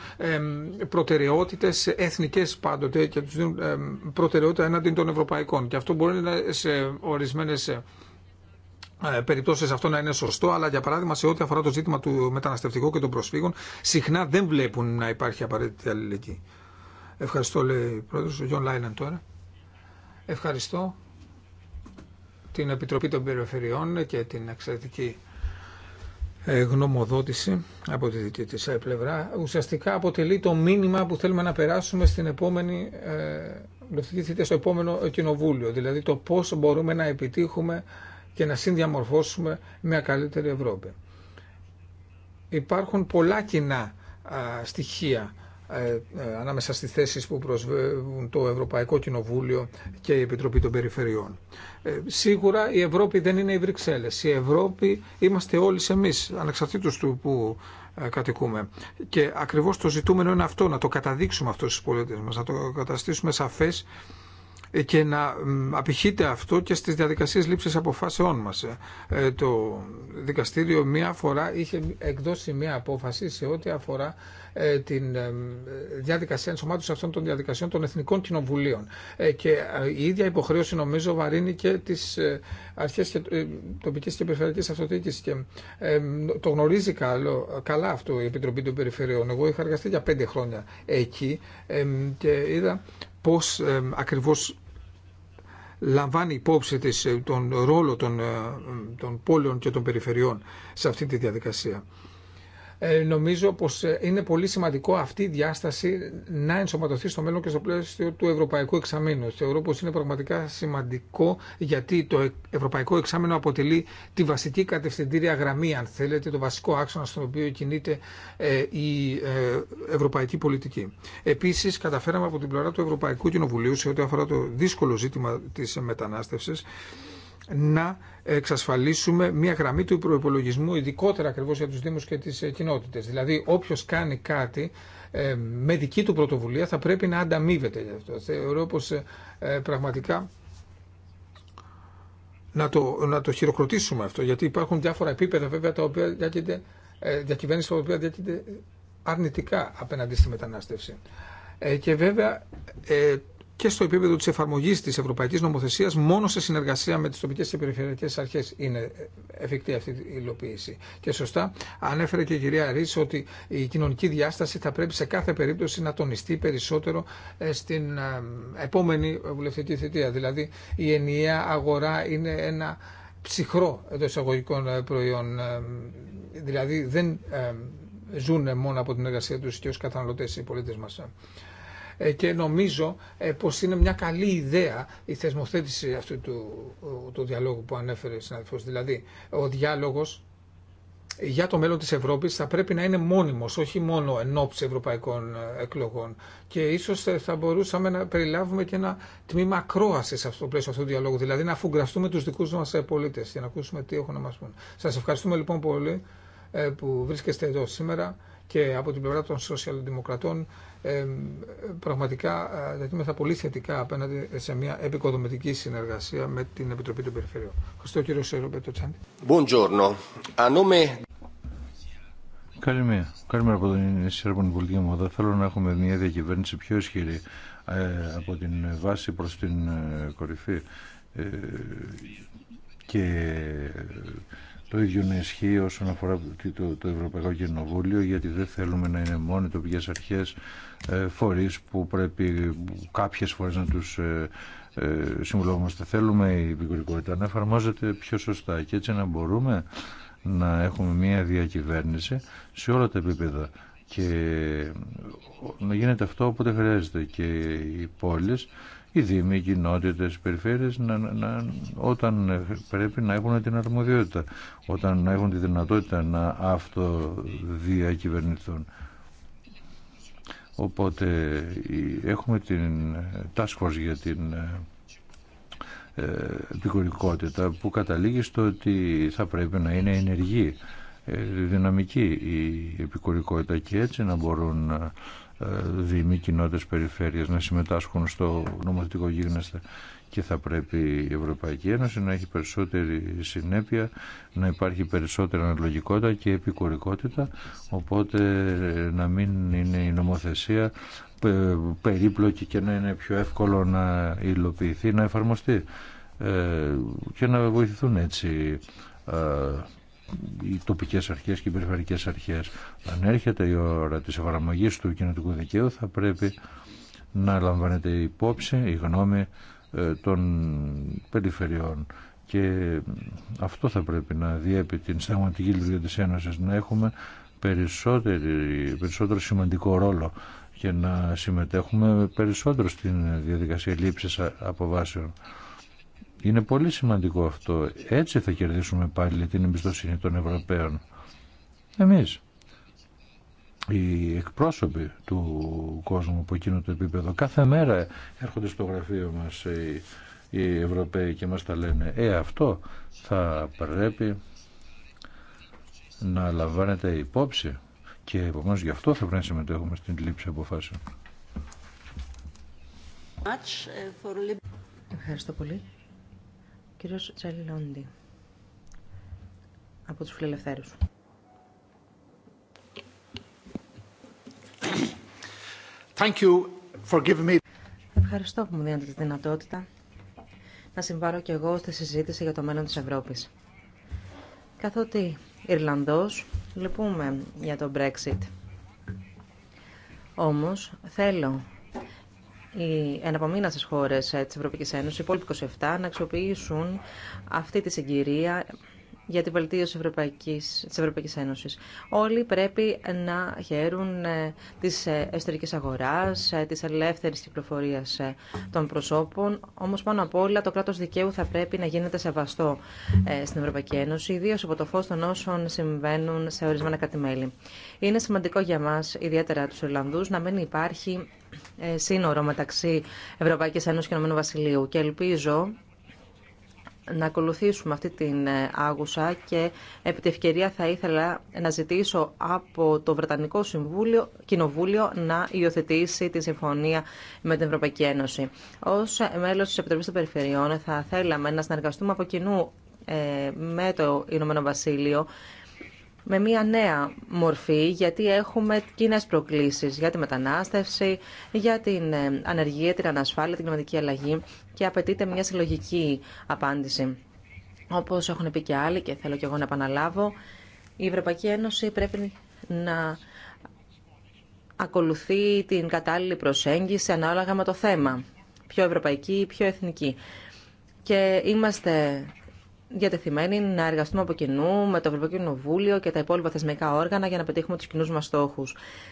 προτεραιότητε εθνικέ πάντοτε και του δίνουν προτεραιότητα έναντι των ευρωπαϊκών. Και αυτό μπορεί να είναι σε ορισμένε ε, περιπτώσει αυτό να είναι σωστό, αλλά για παράδειγμα σε ό,τι αφορά το ζήτημα του μεταναστευτικού και των προσφύγων, συχνά δεν βλέπουν να υπάρχει απαραίτητη αλληλεγγύη. Ευχαριστώ, λέει πρόεδρο, ο Γιον Λάιλεν τώρα. Ευχαριστώ την Επιτροπή των Περιφερειών και την εξαιρετική ε, γνωμοδότηση από τη δική της ε, πλευρά. Ουσιαστικά αποτελεί το μήνυμα που θέλουμε να περάσουμε στην επόμενη ε, στο επόμενο κοινοβούλιο, δηλαδή το πώς μπορούμε να επιτύχουμε και να συνδιαμορφώσουμε μια καλύτερη Ευρώπη. Υπάρχουν πολλά κοινά στοιχεία ε, ε, ανάμεσα στις θέσεις που προσβεύουν το Ευρωπαϊκό Κοινοβούλιο και η Επιτροπή των Περιφερειών. Ε, σίγουρα η Ευρώπη δεν είναι η Βρυξέλλες. Η Ευρώπη είμαστε όλοι εμείς, ανεξαρτήτως του που κατοικούμε. Και ακριβώς το ζητούμενο είναι αυτό, να το καταδείξουμε αυτό στους πολίτες μας, να το καταστήσουμε σαφές και να απηχείται αυτό και στις διαδικασίες λήψης αποφάσεών μας. Ε, το δικαστήριο μία φορά είχε εκδώσει μία απόφαση σε ό,τι αφορά ε, την ε, διαδικασία ενσωμάτωση αυτών των διαδικασιών των Εθνικών Κοινοβουλίων. Και η ίδια υποχρέωση νομίζω βαρύνει και τις αρχές και τοπικής και περιφερειακής αυτοδιοίκηση. το γνωρίζει καλά αυτό η Επιτροπή των Περιφερειών. Εγώ είχα εργαστεί για πέντε χρόνια εκεί και είδα πώς ακριβώς λαμβάνει υπόψη της ε, τον ρόλο των, ε, των πόλεων και των περιφερειών σε αυτή τη διαδικασία. Ε, νομίζω πως ε, είναι πολύ σημαντικό αυτή η διάσταση να ενσωματωθεί στο μέλλον και στο πλαίσιο του Ευρωπαϊκού Εξαμήνου. Θεωρώ πως είναι πραγματικά σημαντικό γιατί το ε, Ευρωπαϊκό Εξάμεινο αποτελεί τη βασική κατευθυντήρια γραμμή, αν θέλετε, το βασικό άξονα στον οποίο κινείται η ευρωπαϊκή πολιτική. Επίσης, καταφέραμε από την πλευρά του Ευρωπαϊκού Κοινοβουλίου σε ό,τι αφορά το δύσκολο ζήτημα της μετανάστευσης να εξασφαλίσουμε μια γραμμή του προπολογισμού, ειδικότερα ακριβώ για του Δήμου και τι ε, κοινότητε. Δηλαδή, όποιο κάνει κάτι ε, με δική του πρωτοβουλία θα πρέπει να ανταμείβεται γι' αυτό. Θεωρώ πω ε, πραγματικά να το, να το χειροκροτήσουμε αυτό, γιατί υπάρχουν διάφορα επίπεδα βέβαια τα οποία διακυβέρνηση τα οποία διακείται αρνητικά απέναντι στη μετανάστευση. και βέβαια και στο επίπεδο της εφαρμογή της ευρωπαϊκής νομοθεσίας μόνο σε συνεργασία με τις τοπικές και περιφερειακές αρχές είναι εφικτή αυτή η υλοποίηση. Και σωστά ανέφερε και η κυρία Ρή ότι η κοινωνική διάσταση θα πρέπει σε κάθε περίπτωση να τονιστεί περισσότερο ε, στην ε, επόμενη βουλευτική θητεία. Δηλαδή η ενιαία αγορά είναι ένα ψυχρό εντό εισαγωγικών ε, προϊόν. Δηλαδή δεν ζουν μόνο από την εργασία τους και ως καταναλωτές οι πολίτε μα. Ε, και νομίζω ε, πως είναι μια καλή ιδέα η θεσμοθέτηση αυτού του, του διαλόγου που ανέφερε η συνάδελφος. Δηλαδή, ο διάλογος για το μέλλον της Ευρώπης θα πρέπει να είναι μόνιμος, όχι μόνο εν ώψη ευρωπαϊκών ε, εκλογών. Και ίσως θα μπορούσαμε να περιλάβουμε και ένα τμήμα ακρόαση σε αυτό το πλαίσιο αυτού του διαλόγου, δηλαδή να αφουγκραστούμε τους δικούς μας πολίτες για να ακούσουμε τι έχουν να μας πούν. Σας ευχαριστούμε λοιπόν πολύ που βρίσκεστε εδώ σήμερα και από την πλευρά των σοσιαλδημοκρατών πραγματικά ε, δεχτούμεθα πολύ θετικά απέναντι σε μια επικοδομητική συνεργασία με την Επιτροπή των Περιφερειών. Ευχαριστώ κύριο Σεροπέτο Τσάντη. Καλημέρα. Καλημέρα από την Σέρβον Πολιτική Ομάδα. Θέλω να έχουμε μια διακυβέρνηση πιο ισχυρή ε, από την βάση προς την ε, κορυφή. και το ίδιο να ισχύει όσον αφορά το, το Ευρωπαϊκό Κοινοβούλιο, γιατί δεν θέλουμε να είναι μόνο τοπικέ αρχέ ε, φορεί που πρέπει κάποιε φορέ να του ε, ε, συμβουλευόμαστε. Θέλουμε η επικουρικότητα να εφαρμόζεται πιο σωστά και έτσι να μπορούμε να έχουμε μια διακυβέρνηση σε όλα τα επίπεδα και να γίνεται αυτό όποτε χρειάζεται και οι πόλεις οι δήμοι, οι κοινότητε, οι περιφέρειες να, όταν πρέπει να έχουν την αρμοδιότητα, όταν να έχουν τη δυνατότητα να αυτοδιακυβερνηθούν. Οπότε έχουμε την task για την ε, επικουρικότητα που καταλήγει στο ότι θα πρέπει να είναι ενεργή, ε, δυναμική η επικουρικότητα και έτσι να μπορούν ε, δήμοι, κοινότητε, περιφέρειες να συμμετάσχουν στο νομοθετικό γίγνεσθε και θα πρέπει η Ευρωπαϊκή Ένωση να έχει περισσότερη συνέπεια, να υπάρχει περισσότερη αναλογικότητα και επικουρικότητα, οπότε ε, να μην είναι η νομοθεσία ε, περίπλοκη και να είναι πιο εύκολο να υλοποιηθεί, να εφαρμοστεί και να βοηθηθούν έτσι οι τοπικές αρχές και οι περιφερειακές αρχές. Αν έρχεται η ώρα της εφαρμογής του κοινωτικού δικαίου θα πρέπει να λαμβάνεται υπόψη η γνώμη ε, των περιφερειών και αυτό θα πρέπει να διέπει την σταγματική λειτουργία της Ένωσης να έχουμε περισσότερο σημαντικό ρόλο και να συμμετέχουμε περισσότερο στην διαδικασία λήψης αποβάσεων. Είναι πολύ σημαντικό αυτό. Έτσι θα κερδίσουμε πάλι την εμπιστοσύνη των Ευρωπαίων. Εμείς, οι εκπρόσωποι του κόσμου από εκείνο το επίπεδο, κάθε μέρα έρχονται στο γραφείο μας οι, Ευρωπαίοι και μας τα λένε. Ε, αυτό θα πρέπει να λαμβάνετε υπόψη και επομένω γι' αυτό θα πρέπει να συμμετέχουμε στην λήψη αποφάσεων. Ευχαριστώ πολύ κύριος Τσαλιλόντι από τους φιλελευθέρους. Thank you for giving me... Ευχαριστώ που μου δίνετε τη δυνατότητα να συμβάρω και εγώ στη συζήτηση για το μέλλον της Ευρώπης. Καθότι Ιρλανδός, λυπούμε για το Brexit. Όμως θέλω οι εναπομείνασε χώρε ε, τη Ευρωπαϊκή Ένωση, οι υπόλοιποι 27, να αξιοποιήσουν αυτή τη συγκυρία για τη βελτίωση τη Ευρωπαϊκή Ένωση. Όλοι πρέπει να χαίρουν ε, τη ε, εσωτερική αγορά, τη ελεύθερη κυκλοφορία των προσώπων, όμω πάνω απ' όλα το κράτο δικαίου θα πρέπει να γίνεται σεβαστό στην Ευρωπαϊκή Ένωση, ιδίω από το φω των όσων συμβαίνουν σε ορισμένα κατημέλη. Είναι σημαντικό για μα, ιδιαίτερα του Ιρλανδού, να μην υπάρχει ε, σύνορο μεταξύ Ευρωπαϊκής Ένωσης και Ηνωμένου Βασιλείου και ελπίζω να ακολουθήσουμε αυτή την ε, άγουσα και επί τη ευκαιρία θα ήθελα να ζητήσω από το Βρετανικό Συμβούλιο, Κοινοβούλιο να υιοθετήσει τη συμφωνία με την Ευρωπαϊκή Ένωση. Ως μέλος της Επιτροπής των Περιφερειών θα θέλαμε να συνεργαστούμε από κοινού ε, με το Ηνωμένο Βασίλειο με μια νέα μορφή, γιατί έχουμε κοινέ προκλήσεις για τη μετανάστευση, για την ε, ανεργία, την ανασφάλεια, την κλιματική αλλαγή και απαιτείται μια συλλογική απάντηση. Όπως έχουν πει και άλλοι και θέλω και εγώ να επαναλάβω, η Ευρωπαϊκή Ένωση πρέπει να ακολουθεί την κατάλληλη προσέγγιση ανάλογα με το θέμα. Πιο ευρωπαϊκή, πιο εθνική. Και είμαστε διατεθειμένοι να εργαστούμε από κοινού με το Ευρωπαϊκό Κοινοβούλιο και τα υπόλοιπα θεσμικά όργανα για να πετύχουμε τους κοινού μα στόχου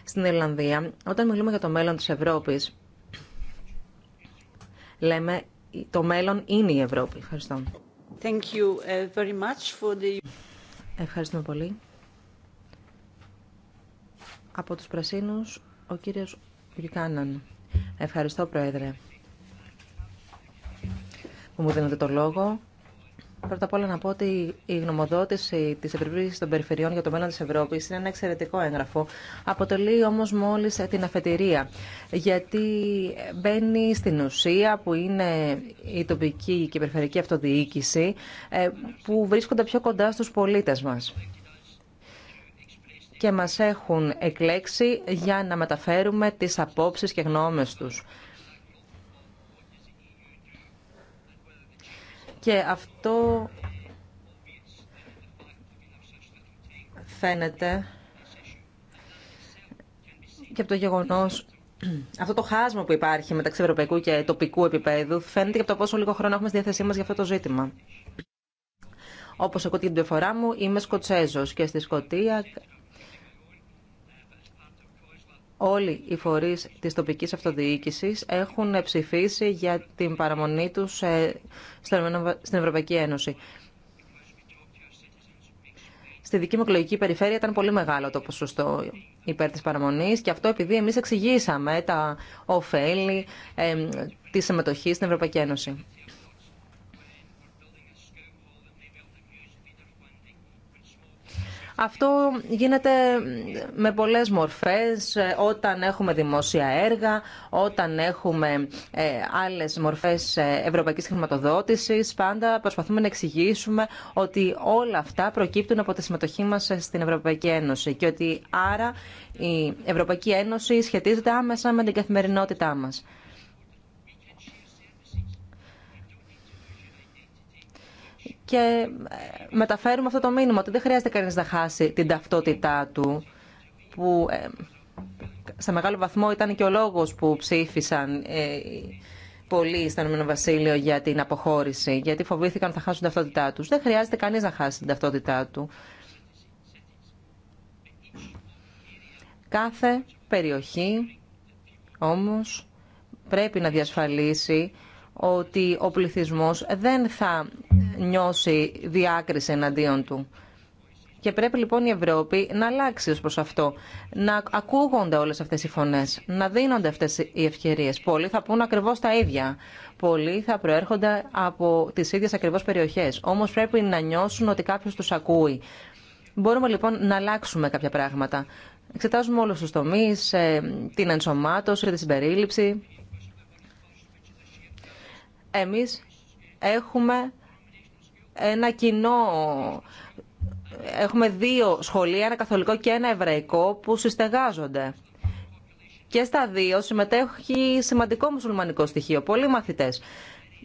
Στην Ιρλανδία, όταν μιλούμε για το μέλλον της Ευρώπης, λέμε το μέλλον είναι η Ευρώπη. Ευχαριστώ. Thank you uh, very much for the... Ευχαριστούμε πολύ. Από τους Πρασίνους, ο κύριος Γιουκάναν. Ευχαριστώ, Πρόεδρε. Που μου δίνετε το λόγο. Πρώτα απ' όλα να πω ότι η γνωμοδότηση τη Επιτροπή των Περιφερειών για το μέλλον τη Ευρώπη είναι ένα εξαιρετικό έγγραφο. Αποτελεί όμω μόλι την αφετηρία, γιατί μπαίνει στην ουσία που είναι η τοπική και η περιφερειακή αυτοδιοίκηση, ε, που βρίσκονται πιο κοντά στου πολίτε μα και μας έχουν εκλέξει για να μεταφέρουμε τις απόψεις και γνώμες τους. Και αυτό φαίνεται και από το γεγονός αυτό το χάσμα που υπάρχει μεταξύ ευρωπαϊκού και τοπικού επίπεδου φαίνεται και από το πόσο λίγο χρόνο έχουμε στη διάθεσή μα για αυτό το ζήτημα. Όπω ακούτε την πληροφορά μου, είμαι Σκοτσέζο και στη Σκοτία όλοι οι φορεί τη τοπική αυτοδιοίκησης έχουν ψηφίσει για την παραμονή τους ε, στην Ευρωπαϊκή Ένωση. Στη δική μου εκλογική περιφέρεια ήταν πολύ μεγάλο το ποσοστό υπέρ της παραμονής και αυτό επειδή εμείς εξηγήσαμε τα ωφέλη ε, της συμμετοχής στην Ευρωπαϊκή Ένωση. Αυτό γίνεται με πολλές μορφές, ε, όταν έχουμε δημόσια έργα, όταν έχουμε ε, άλλες μορφές ε, ευρωπαϊκής χρηματοδότησης. Πάντα προσπαθούμε να εξηγήσουμε ότι όλα αυτά προκύπτουν από τη συμμετοχή μας στην Ευρωπαϊκή Ένωση και ότι άρα η Ευρωπαϊκή Ένωση σχετίζεται άμεσα με την καθημερινότητά μας. και ε, μεταφέρουμε αυτό το μήνυμα ότι δεν χρειάζεται κανείς να χάσει την ταυτότητά του που ε, σε μεγάλο βαθμό ήταν και ο λόγος που ψήφισαν ε, πολλοί στον Ηνωμένο Βασίλειο για την αποχώρηση, γιατί φοβήθηκαν ότι θα χάσουν την ταυτότητά τους. Δεν χρειάζεται κανείς να χάσει την ταυτότητά του. Κάθε περιοχή όμως πρέπει να διασφαλίσει ότι ο πληθυσμός δεν θα νιώσει διάκριση εναντίον του. Και πρέπει λοιπόν η Ευρώπη να αλλάξει ως προς αυτό, να ακούγονται όλες αυτές οι φωνές, να δίνονται αυτές οι ευκαιρίες. Πολλοί θα πούν ακριβώς τα ίδια, πολλοί θα προέρχονται από τις ίδιες ακριβώς περιοχές, όμως πρέπει να νιώσουν ότι κάποιος τους ακούει. Μπορούμε λοιπόν να αλλάξουμε κάποια πράγματα. Εξετάζουμε όλους τους τομείς, ε, την ενσωμάτωση, τη συμπερίληψη, εμείς έχουμε ένα κοινό έχουμε δύο σχολεία, ένα καθολικό και ένα εβραϊκό, που συστεγάζονται. Και στα δύο συμμετέχει σημαντικό μουσουλμανικό στοιχείο, πολλοί μαθητές.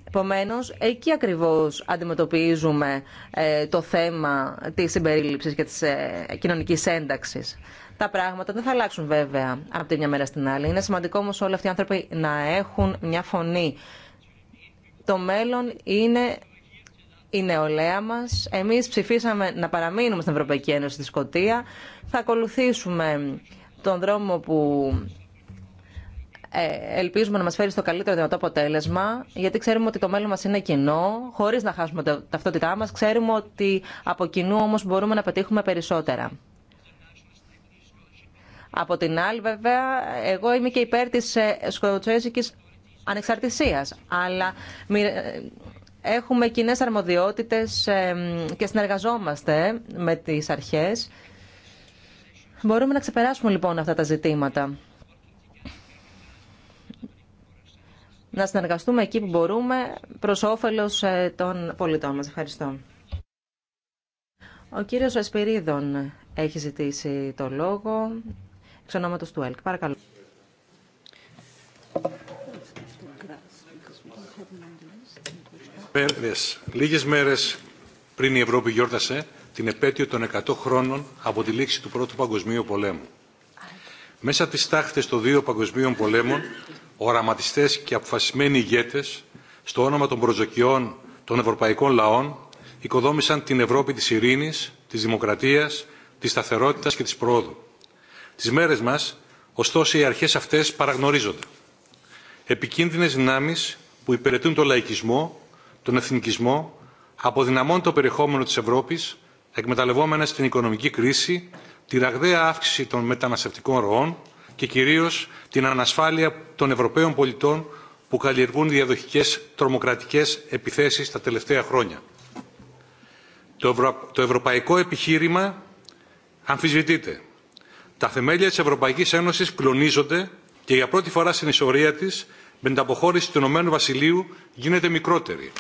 Επομένω, εκεί ακριβώς αντιμετωπίζουμε ε, το θέμα της συμπερίληψης και της ε, κοινωνικής ένταξης. Τα πράγματα δεν θα αλλάξουν βέβαια από τη μια μέρα στην άλλη. Είναι σημαντικό όμως όλοι αυτοί οι άνθρωποι να έχουν μια φωνή το μέλλον είναι η νεολαία μας. Εμείς ψηφίσαμε να παραμείνουμε στην Ευρωπαϊκή Ένωση στη Σκωτία. Θα ακολουθήσουμε τον δρόμο που ε, ελπίζουμε να μας φέρει στο καλύτερο δυνατό αποτέλεσμα, γιατί ξέρουμε ότι το μέλλον μας είναι κοινό, χωρίς να χάσουμε τα ταυτότητά μας, ξέρουμε ότι από κοινού όμως μπορούμε να πετύχουμε περισσότερα. Από την άλλη βέβαια, εγώ είμαι και υπέρ τη ε, σκοτσέζικης ανεξαρτησίας, αλλά ε, έχουμε κοινέ αρμοδιότητες και συνεργαζόμαστε με τις αρχές. Μπορούμε να ξεπεράσουμε λοιπόν αυτά τα ζητήματα. Να συνεργαστούμε εκεί που μπορούμε προς όφελος ε, των πολιτών μας. Ευχαριστώ. Ο κύριος Εσπυρίδων έχει ζητήσει το λόγο εξ ονόματος του ΕΛΚ. Παρακαλώ. Λίγε λίγες μέρες πριν η Ευρώπη γιόρτασε την επέτειο των 100 χρόνων από τη λήξη του Πρώτου Παγκοσμίου Πολέμου. Μέσα από τις τάχτες των δύο παγκοσμίων πολέμων, οραματιστές και αποφασισμένοι ηγέτες, στο όνομα των προσδοκιών των ευρωπαϊκών λαών, οικοδόμησαν την Ευρώπη της ειρήνης, της δημοκρατίας, της σταθερότητας και της προόδου. Τις μέρες μας, ωστόσο, οι αρχές αυτές παραγνωρίζονται. Επικίνδυνες δυνάμεις που υπηρετούν τον λαϊκισμό τον εθνικισμό, αποδυναμώνει το περιεχόμενο της Ευρώπης, εκμεταλλευόμενα στην οικονομική κρίση, τη ραγδαία αύξηση των μεταναστευτικών ροών και κυρίως την ανασφάλεια των Ευρωπαίων πολιτών που καλλιεργούν διαδοχικές τρομοκρατικές επιθέσεις τα τελευταία χρόνια. Το, το ευρωπαϊκό επιχείρημα αμφισβητείται. Τα θεμέλια της Ευρωπαϊκής Ένωσης κλονίζονται και για πρώτη φορά στην ιστορία της με την αποχώρηση του Ηνωμένου Βασιλείου γίνεται μικρότερη.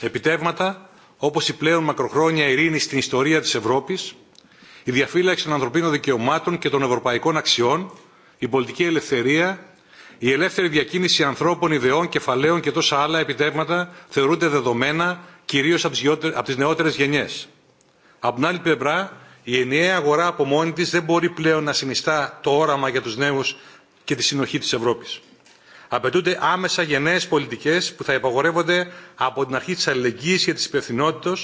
Επιτεύγματα όπως η πλέον μακροχρόνια ειρήνη στην ιστορία της Ευρώπης, η διαφύλαξη των ανθρωπίνων δικαιωμάτων και των ευρωπαϊκών αξιών, η πολιτική ελευθερία, η ελεύθερη διακίνηση ανθρώπων, ιδεών, κεφαλαίων και τόσα άλλα επιτεύγματα θεωρούνται δεδομένα κυρίως από τις νεότερες γενιές. Από την άλλη πλευρά, η ενιαία αγορά από μόνη της δεν μπορεί πλέον να συνιστά το όραμα για τους νέους και τη συνοχή της Ευρώπης. Απαιτούνται άμεσα γενναίε πολιτικέ που θα υπαγορεύονται από την αρχή τη αλληλεγγύη και τη υπευθυνότητα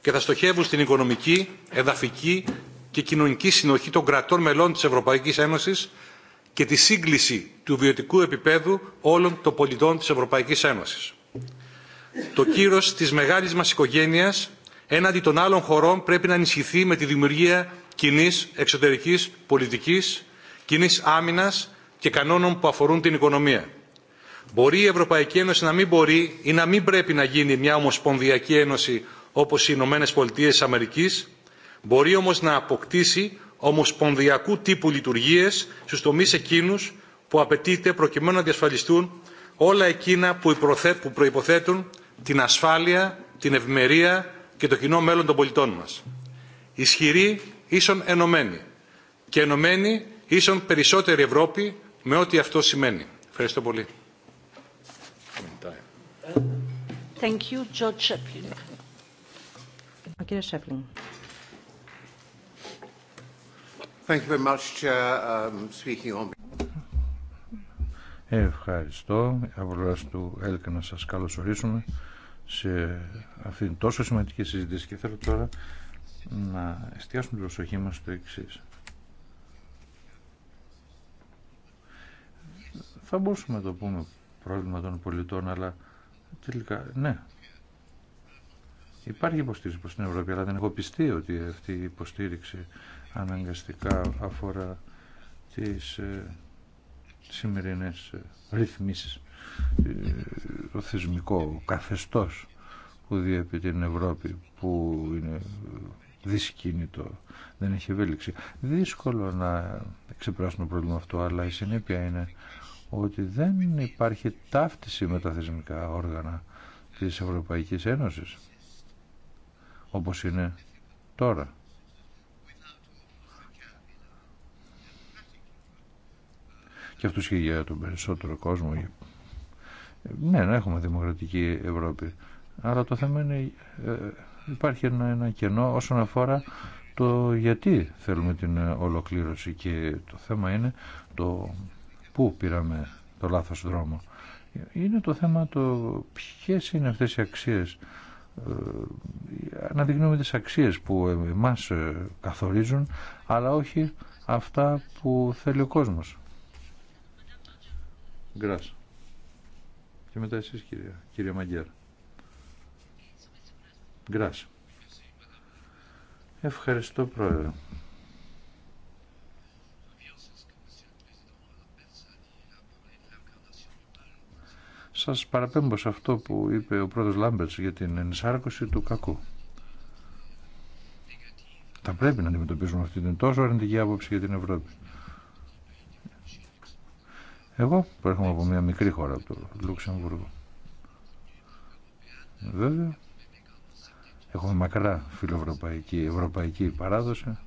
και θα στοχεύουν στην οικονομική, εδαφική και κοινωνική συνοχή των κρατών μελών της Ευρωπαϊκή Ένωση και τη σύγκληση του βιωτικού επίπεδου όλων των πολιτών τη Ευρωπαϊκή Ένωση. Το κύρος της μεγάλη μα οικογένεια έναντι των άλλων χωρών πρέπει να ενισχυθεί με τη δημιουργία κοινή εξωτερική πολιτική, κοινή άμυνα και κανόνων που αφορούν την οικονομία. Μπορεί η Ευρωπαϊκή Ένωση να μην μπορεί ή να μην πρέπει να γίνει μια ομοσπονδιακή ένωση όπως οι Ηνωμένε Πολιτείε της Αμερικής, μπορεί όμως να αποκτήσει ομοσπονδιακού τύπου λειτουργίες στους τομείς εκείνους που απαιτείται προκειμένου να διασφαλιστούν όλα εκείνα που προϋποθέτουν την ασφάλεια, την ευημερία και το κοινό μέλλον των πολιτών μας. Ισχυρή ίσον ενωμένη και ενωμένη ίσον περισσότερη Ευρώπη με ό,τι αυτό σημαίνει. Ευχαριστώ πολύ. Ευχαριστώ, you, George um, Ευχαριστώ. του Έλκα να σας καλωσορίσουμε σε αυτήν την τόσο σημαντική συζήτηση και θέλω τώρα να εστιάσουμε την προσοχή μας στο εξή. Θα μπορούσαμε να το πούμε πρόβλημα των πολιτών, αλλά τελικά, ναι. Υπάρχει υποστήριξη προς την Ευρώπη, αλλά δεν έχω πιστεί ότι αυτή η υποστήριξη αναγκαστικά αφορά τις ε, σημερινές ε, ρυθμίσεις, το ε, θεσμικό καθεστώς που διέπει την Ευρώπη, που είναι δυσκίνητο, δεν έχει ευέλιξη. Δύσκολο να ξεπεράσουμε το πρόβλημα αυτό, αλλά η συνέπεια είναι ότι δεν υπάρχει ταύτιση με τα θεσμικά όργανα της Ευρωπαϊκής Ένωσης όπως είναι τώρα. Και αυτούς και για τον περισσότερο κόσμο. Ναι, να έχουμε δημοκρατική Ευρώπη. Αλλά το θέμα είναι ε, υπάρχει ένα, ένα κενό όσον αφορά το γιατί θέλουμε την ολοκλήρωση και το θέμα είναι το πού πήραμε το λάθος δρόμο. Είναι το θέμα το ποιες είναι αυτές οι αξίες. Ε, αναδεικνύουμε τις αξίες που εμάς ε, καθορίζουν, αλλά όχι αυτά που θέλει ο κόσμος. Γκράς. Και μετά εσείς κύρια κυρία Μαγκέρ. Ευχαριστώ πρόεδρε. Σας παραπέμπω σε αυτό που είπε ο πρώτος Λάμπερτς για την ενσάρκωση του κακού. Θα πρέπει να αντιμετωπίσουμε αυτή την τόσο αρνητική άποψη για την Ευρώπη. Εγώ προέρχομαι από μια μικρή χώρα, από το Λουξεμβούργο. Βέβαια, έχουμε μακρά φιλοευρωπαϊκή, ευρωπαϊκή παράδοση.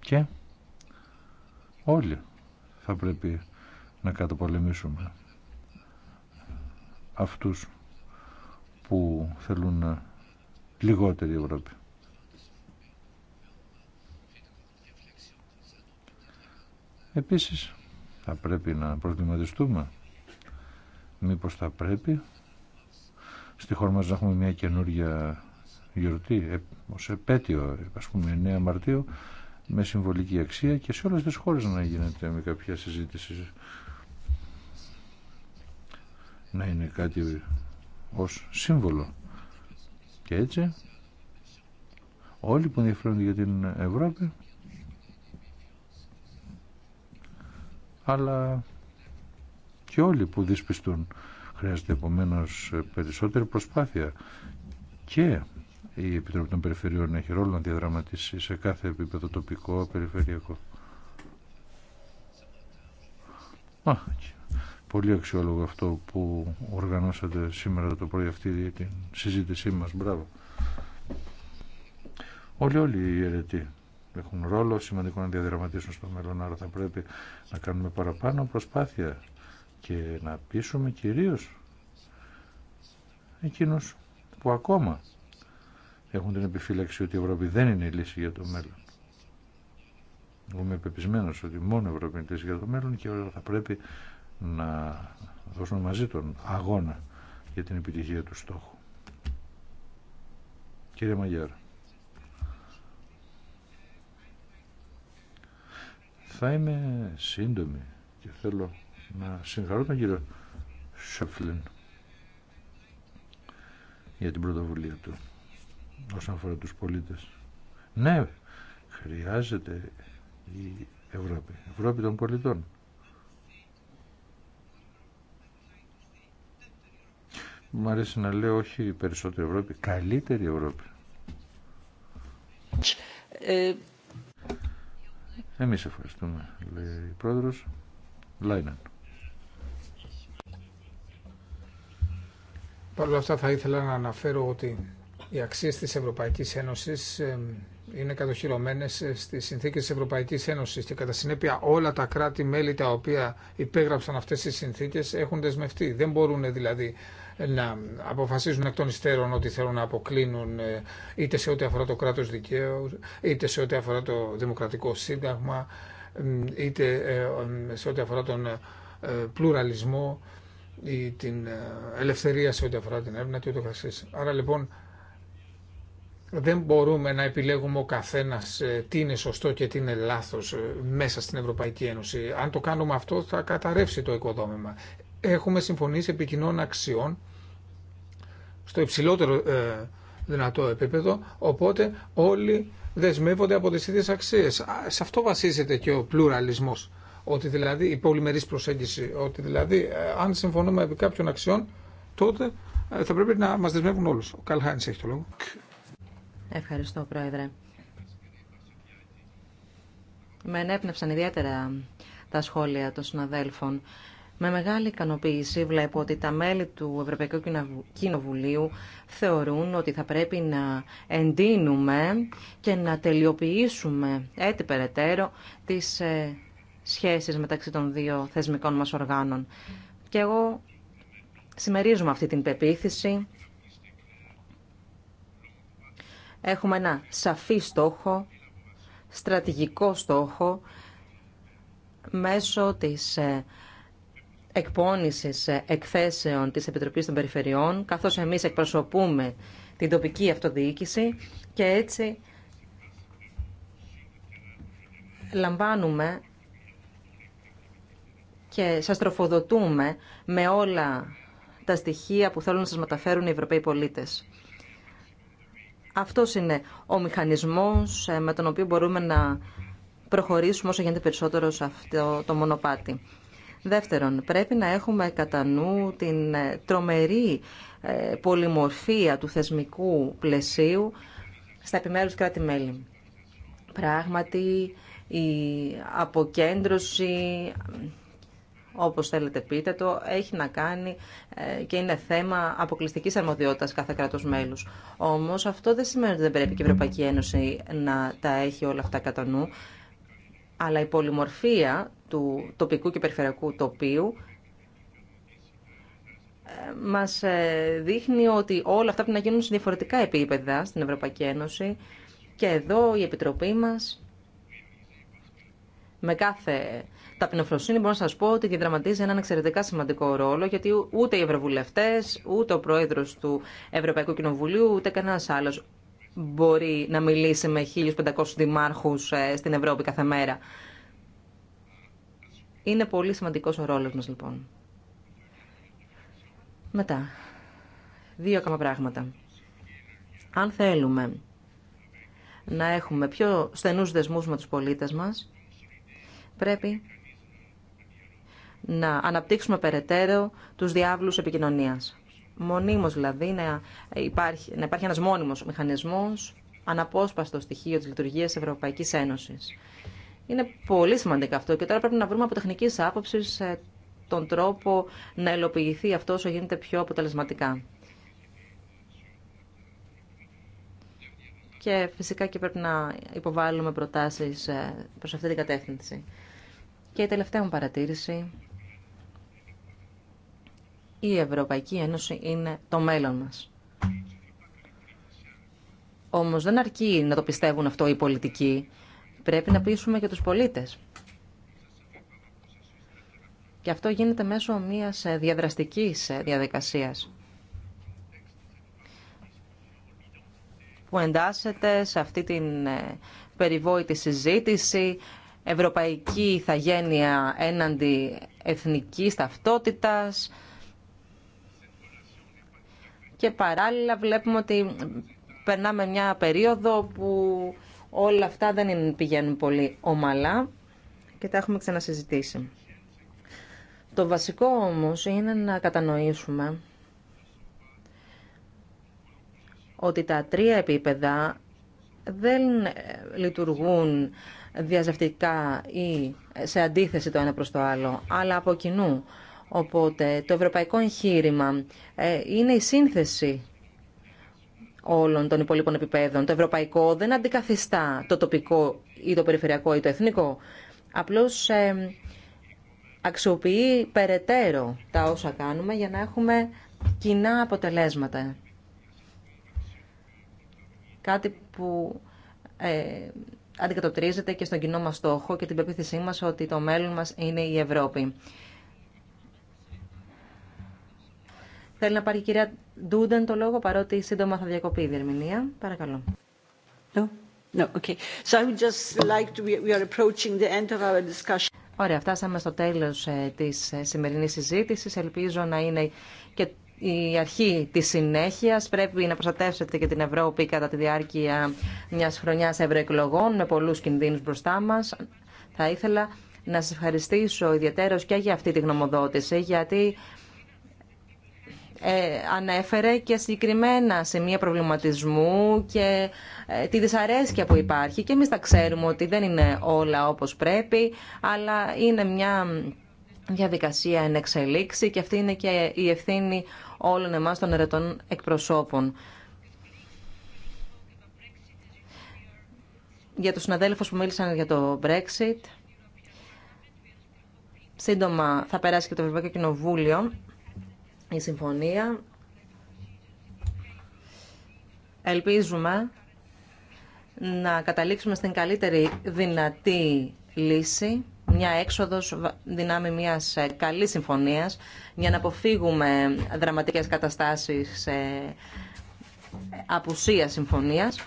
Και όλοι θα πρέπει να καταπολεμήσουμε αυτούς που θέλουν λιγότερη Ευρώπη. Επίσης, θα πρέπει να προβληματιστούμε μήπως θα πρέπει στη χώρα μας να έχουμε μια καινούργια γιορτή ε, ως επέτειο, ας πούμε 9 Μαρτίου με συμβολική αξία και σε όλες τις χώρες να γίνεται με κάποια συζήτηση να είναι κάτι ως σύμβολο και έτσι όλοι που ενδιαφέρονται για την Ευρώπη αλλά και όλοι που δυσπιστούν χρειάζεται επομένως περισσότερη προσπάθεια και η Επιτροπή των Περιφερειών έχει ρόλο να διαδραματίσει σε κάθε επίπεδο τοπικό, περιφερειακό. Α, πολύ αξιόλογο αυτό που οργανώσατε σήμερα το πρωί αυτή την συζήτησή μας. Μπράβο. Όλοι όλοι οι αιρετοί έχουν ρόλο σημαντικό να διαδραματίσουν στο μέλλον, άρα θα πρέπει να κάνουμε παραπάνω προσπάθεια και να πείσουμε κυρίως εκείνους που ακόμα έχουν την επιφύλαξη ότι η Ευρώπη δεν είναι η λύση για το μέλλον. Εγώ είμαι πεπισμένο ότι μόνο η Ευρώπη είναι η λύση για το μέλλον και θα πρέπει να δώσουμε μαζί τον αγώνα για την επιτυχία του στόχου. Κύριε Μαγιάρα. Θα είμαι σύντομη και θέλω να συγχαρώ τον κύριο Σεφλίν για την πρωτοβουλία του όσον αφορά τους πολίτες. Ναι, χρειάζεται η Ευρώπη, Ευρώπη των πολιτών. Μου αρέσει να λέω όχι περισσότερη Ευρώπη, καλύτερη Ευρώπη. Ε... Εμείς ευχαριστούμε, λέει η πρόεδρος. Λάιναν. Παρ' όλα αυτά θα ήθελα να αναφέρω ότι οι αξίε τη Ευρωπαϊκή Ένωση είναι κατοχυρωμένε ε, στι συνθήκε της Ευρωπαϊκής Ένωσης και κατά συνέπεια όλα τα κράτη-μέλη τα οποία υπέγραψαν αυτέ τι συνθήκε, έχουν δεσμευτεί. Δεν μπορούν ε, δηλαδή να αποφασίζουν εκ των υστέρων ότι θέλουν να αποκλίνουν ε, είτε σε ό,τι αφορά το κράτο δικαίου, είτε σε ό,τι αφορά το δημοκρατικό σύνταγμα, είτε σε ό,τι αφορά τον πλουραλισμό ή την ελευθερία σε ό,τι αφορά την έρευνα και ούτω Άρα λοιπόν δεν μπορούμε να επιλέγουμε ο καθένας ε, τι είναι σωστό και τι είναι λάθος ε, μέσα στην Ευρωπαϊκή Ένωση. Αν το κάνουμε αυτό θα καταρρεύσει το οικοδόμημα. Έχουμε συμφωνήσει επί κοινών αξιών στο υψηλότερο ε, δυνατό επίπεδο, οπότε όλοι δεσμεύονται από τις ίδιες αξίες. Σε αυτό βασίζεται και ο πλουραλισμός, ότι δηλαδή η πολυμερής προσέγγιση, ότι δηλαδή αν συμφωνούμε επί κάποιων αξιών, τότε θα πρέπει να μας δεσμεύουν όλους. Ο Καλχάνης έχει το λόγο. Ευχαριστώ, Πρόεδρε. Με ενέπνευσαν ιδιαίτερα τα σχόλια των συναδέλφων. Με μεγάλη ικανοποίηση βλέπω ότι τα μέλη του Ευρωπαϊκού Κοινοβουλίου θεωρούν ότι θα πρέπει να εντείνουμε και να τελειοποιήσουμε έτσι περαιτέρω τις ε, σχέσεις μεταξύ των δύο θεσμικών μας οργάνων. Και εγώ συμμερίζομαι αυτή την πεποίθηση Έχουμε ένα σαφή στόχο, στρατηγικό στόχο, μέσω της ε, εκπόνησης ε, εκθέσεων της Επιτροπής των Περιφερειών, καθώς εμείς εκπροσωπούμε την τοπική αυτοδιοίκηση και έτσι λαμβάνουμε και σας τροφοδοτούμε με όλα τα στοιχεία που θέλουν να σας μεταφέρουν οι Ευρωπαίοι πολίτες. Αυτό είναι ο μηχανισμός ε, με τον οποίο μπορούμε να προχωρήσουμε όσο γίνεται περισσότερο σε αυτό το μονοπάτι. Δεύτερον, πρέπει να έχουμε κατά νου την ε, τρομερή ε, πολυμορφία του θεσμικού πλαισίου στα επιμέρους κράτη-μέλη. Πράγματι, η αποκέντρωση, όπως θέλετε πείτε το, έχει να κάνει ε, και είναι θέμα αποκλειστικής αρμοδιότητας κάθε κράτος μέλους. Όμως αυτό δεν σημαίνει ότι δεν πρέπει και η Ευρωπαϊκή Ένωση να τα έχει όλα αυτά κατά νου, αλλά η πολυμορφία του τοπικού και περιφερειακού τοπίου ε, μας ε, δείχνει ότι όλα αυτά πρέπει να γίνουν σε διαφορετικά επίπεδα στην Ευρωπαϊκή Ένωση και εδώ η Επιτροπή μας με κάθε τα ταπεινοφροσύνη μπορώ να σα πω ότι διαδραματίζει έναν εξαιρετικά σημαντικό ρόλο, γιατί ούτε οι ευρωβουλευτέ, ούτε ο πρόεδρο του Ευρωπαϊκού Κοινοβουλίου, ούτε κανένα άλλο μπορεί να μιλήσει με 1.500 δημάρχου ε, στην Ευρώπη κάθε μέρα. Είναι πολύ σημαντικός ο ρόλος μας λοιπόν. Μετά, δύο ακόμα πράγματα. Αν θέλουμε να έχουμε πιο στενούς δεσμούς με τους πολίτες μας, πρέπει να αναπτύξουμε περαιτέρω τους διάβλους επικοινωνίας. Μονίμως δηλαδή να υπάρχει, να υπάρχει ένας μόνιμος μηχανισμός, αναπόσπαστο στοιχείο της λειτουργίας της Ευρωπαϊκής Ένωσης. Είναι πολύ σημαντικό αυτό και τώρα πρέπει να βρούμε από τεχνική άποψη ε, τον τρόπο να ελοποιηθεί αυτό όσο γίνεται πιο αποτελεσματικά. Και φυσικά και πρέπει να υποβάλουμε προτάσεις ε, προς αυτή την κατεύθυνση. Και η τελευταία μου παρατήρηση η Ευρωπαϊκή Ένωση είναι το μέλλον μας. Όμως δεν αρκεί να το πιστεύουν αυτό οι πολιτικοί. Πρέπει να πείσουμε και τους πολίτες. Και αυτό γίνεται μέσω μιας διαδραστικής διαδικασίας. Που εντάσσεται σε αυτή την ε, περιβόητη συζήτηση ευρωπαϊκή ηθαγένεια έναντι εθνικής ταυτότητας, και παράλληλα βλέπουμε ότι περνάμε μια περίοδο που όλα αυτά δεν πηγαίνουν πολύ ομαλά και τα έχουμε ξανασυζητήσει. Το βασικό όμως είναι να κατανοήσουμε ότι τα τρία επίπεδα δεν ε, λειτουργούν διαζευτικά ή σε αντίθεση το ένα προς το άλλο, αλλά από κοινού. Οπότε το ευρωπαϊκό εγχείρημα ε, είναι η σύνθεση όλων των υπόλοιπων επιπέδων. Το ευρωπαϊκό δεν αντικαθιστά το τοπικό ή το περιφερειακό ή το εθνικό. Απλώς ε, αξιοποιεί περαιτέρω τα όσα κάνουμε για να έχουμε κοινά αποτελέσματα. Κάτι που ε, αντικατοπτρίζεται και στον κοινό μας στόχο και την πεποίθησή μας ότι το μέλλον μας είναι η Ευρώπη. Θέλει να πάρει η κυρία Ντούντεν το λόγο, παρότι σύντομα θα διακοπεί η διερμηνία. Παρακαλώ. No. No, okay. So I just like to we are approaching the end of our discussion. Ωραία, φτάσαμε στο τέλος ε, της ε, σημερινής συζήτησης. Ελπίζω να είναι και η αρχή της συνέχειας. Πρέπει να προστατεύσετε και την Ευρώπη κατά τη διάρκεια μιας χρονιάς ευρωεκλογών με πολλούς κινδύνους μπροστά μας. Θα ήθελα να σας ευχαριστήσω ιδιαίτερως και για αυτή τη γνωμοδότηση, γιατί ε, ανέφερε και συγκεκριμένα σημεία προβληματισμού και ε, τη δυσαρέσκεια που υπάρχει. Και εμείς τα ξέρουμε ότι δεν είναι όλα όπως πρέπει, αλλά είναι μια διαδικασία εν εξελίξη και αυτή είναι και η ευθύνη όλων εμάς των ερετών εκπροσώπων. Για τους συναδέλφους που μίλησαν για το Brexit, σύντομα θα περάσει και το Ευρωπαϊκό Κοινοβούλιο η συμφωνία. Ελπίζουμε να καταλήξουμε στην καλύτερη δυνατή λύση, μια έξοδος δυνάμει μιας ε, καλής συμφωνίας, για να αποφύγουμε δραματικές καταστάσεις ε, απουσία συμφωνίας.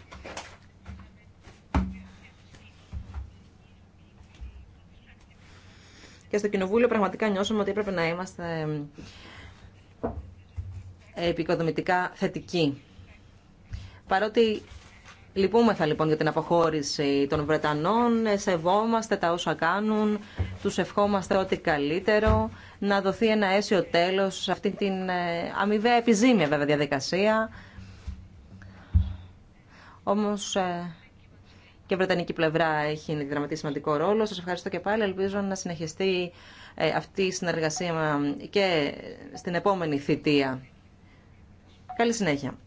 Και στο Κοινοβούλιο πραγματικά νιώσαμε ότι έπρεπε να είμαστε επικοδομητικά θετική. Παρότι λυπούμεθα λοιπόν για την αποχώρηση των Βρετανών, σεβόμαστε τα όσα κάνουν, τους ευχόμαστε ό,τι καλύτερο, να δοθεί ένα αίσιο τέλος σε αυτή την ε, αμοιβαία επιζήμια βέβαια διαδικασία. Όμως ε, και η Βρετανική πλευρά έχει δραματίσει σημαντικό ρόλο. Σας ευχαριστώ και πάλι. Ελπίζω να συνεχιστεί ε, αυτή η συνεργασία και στην επόμενη θητεία. Καλή συνέχεια.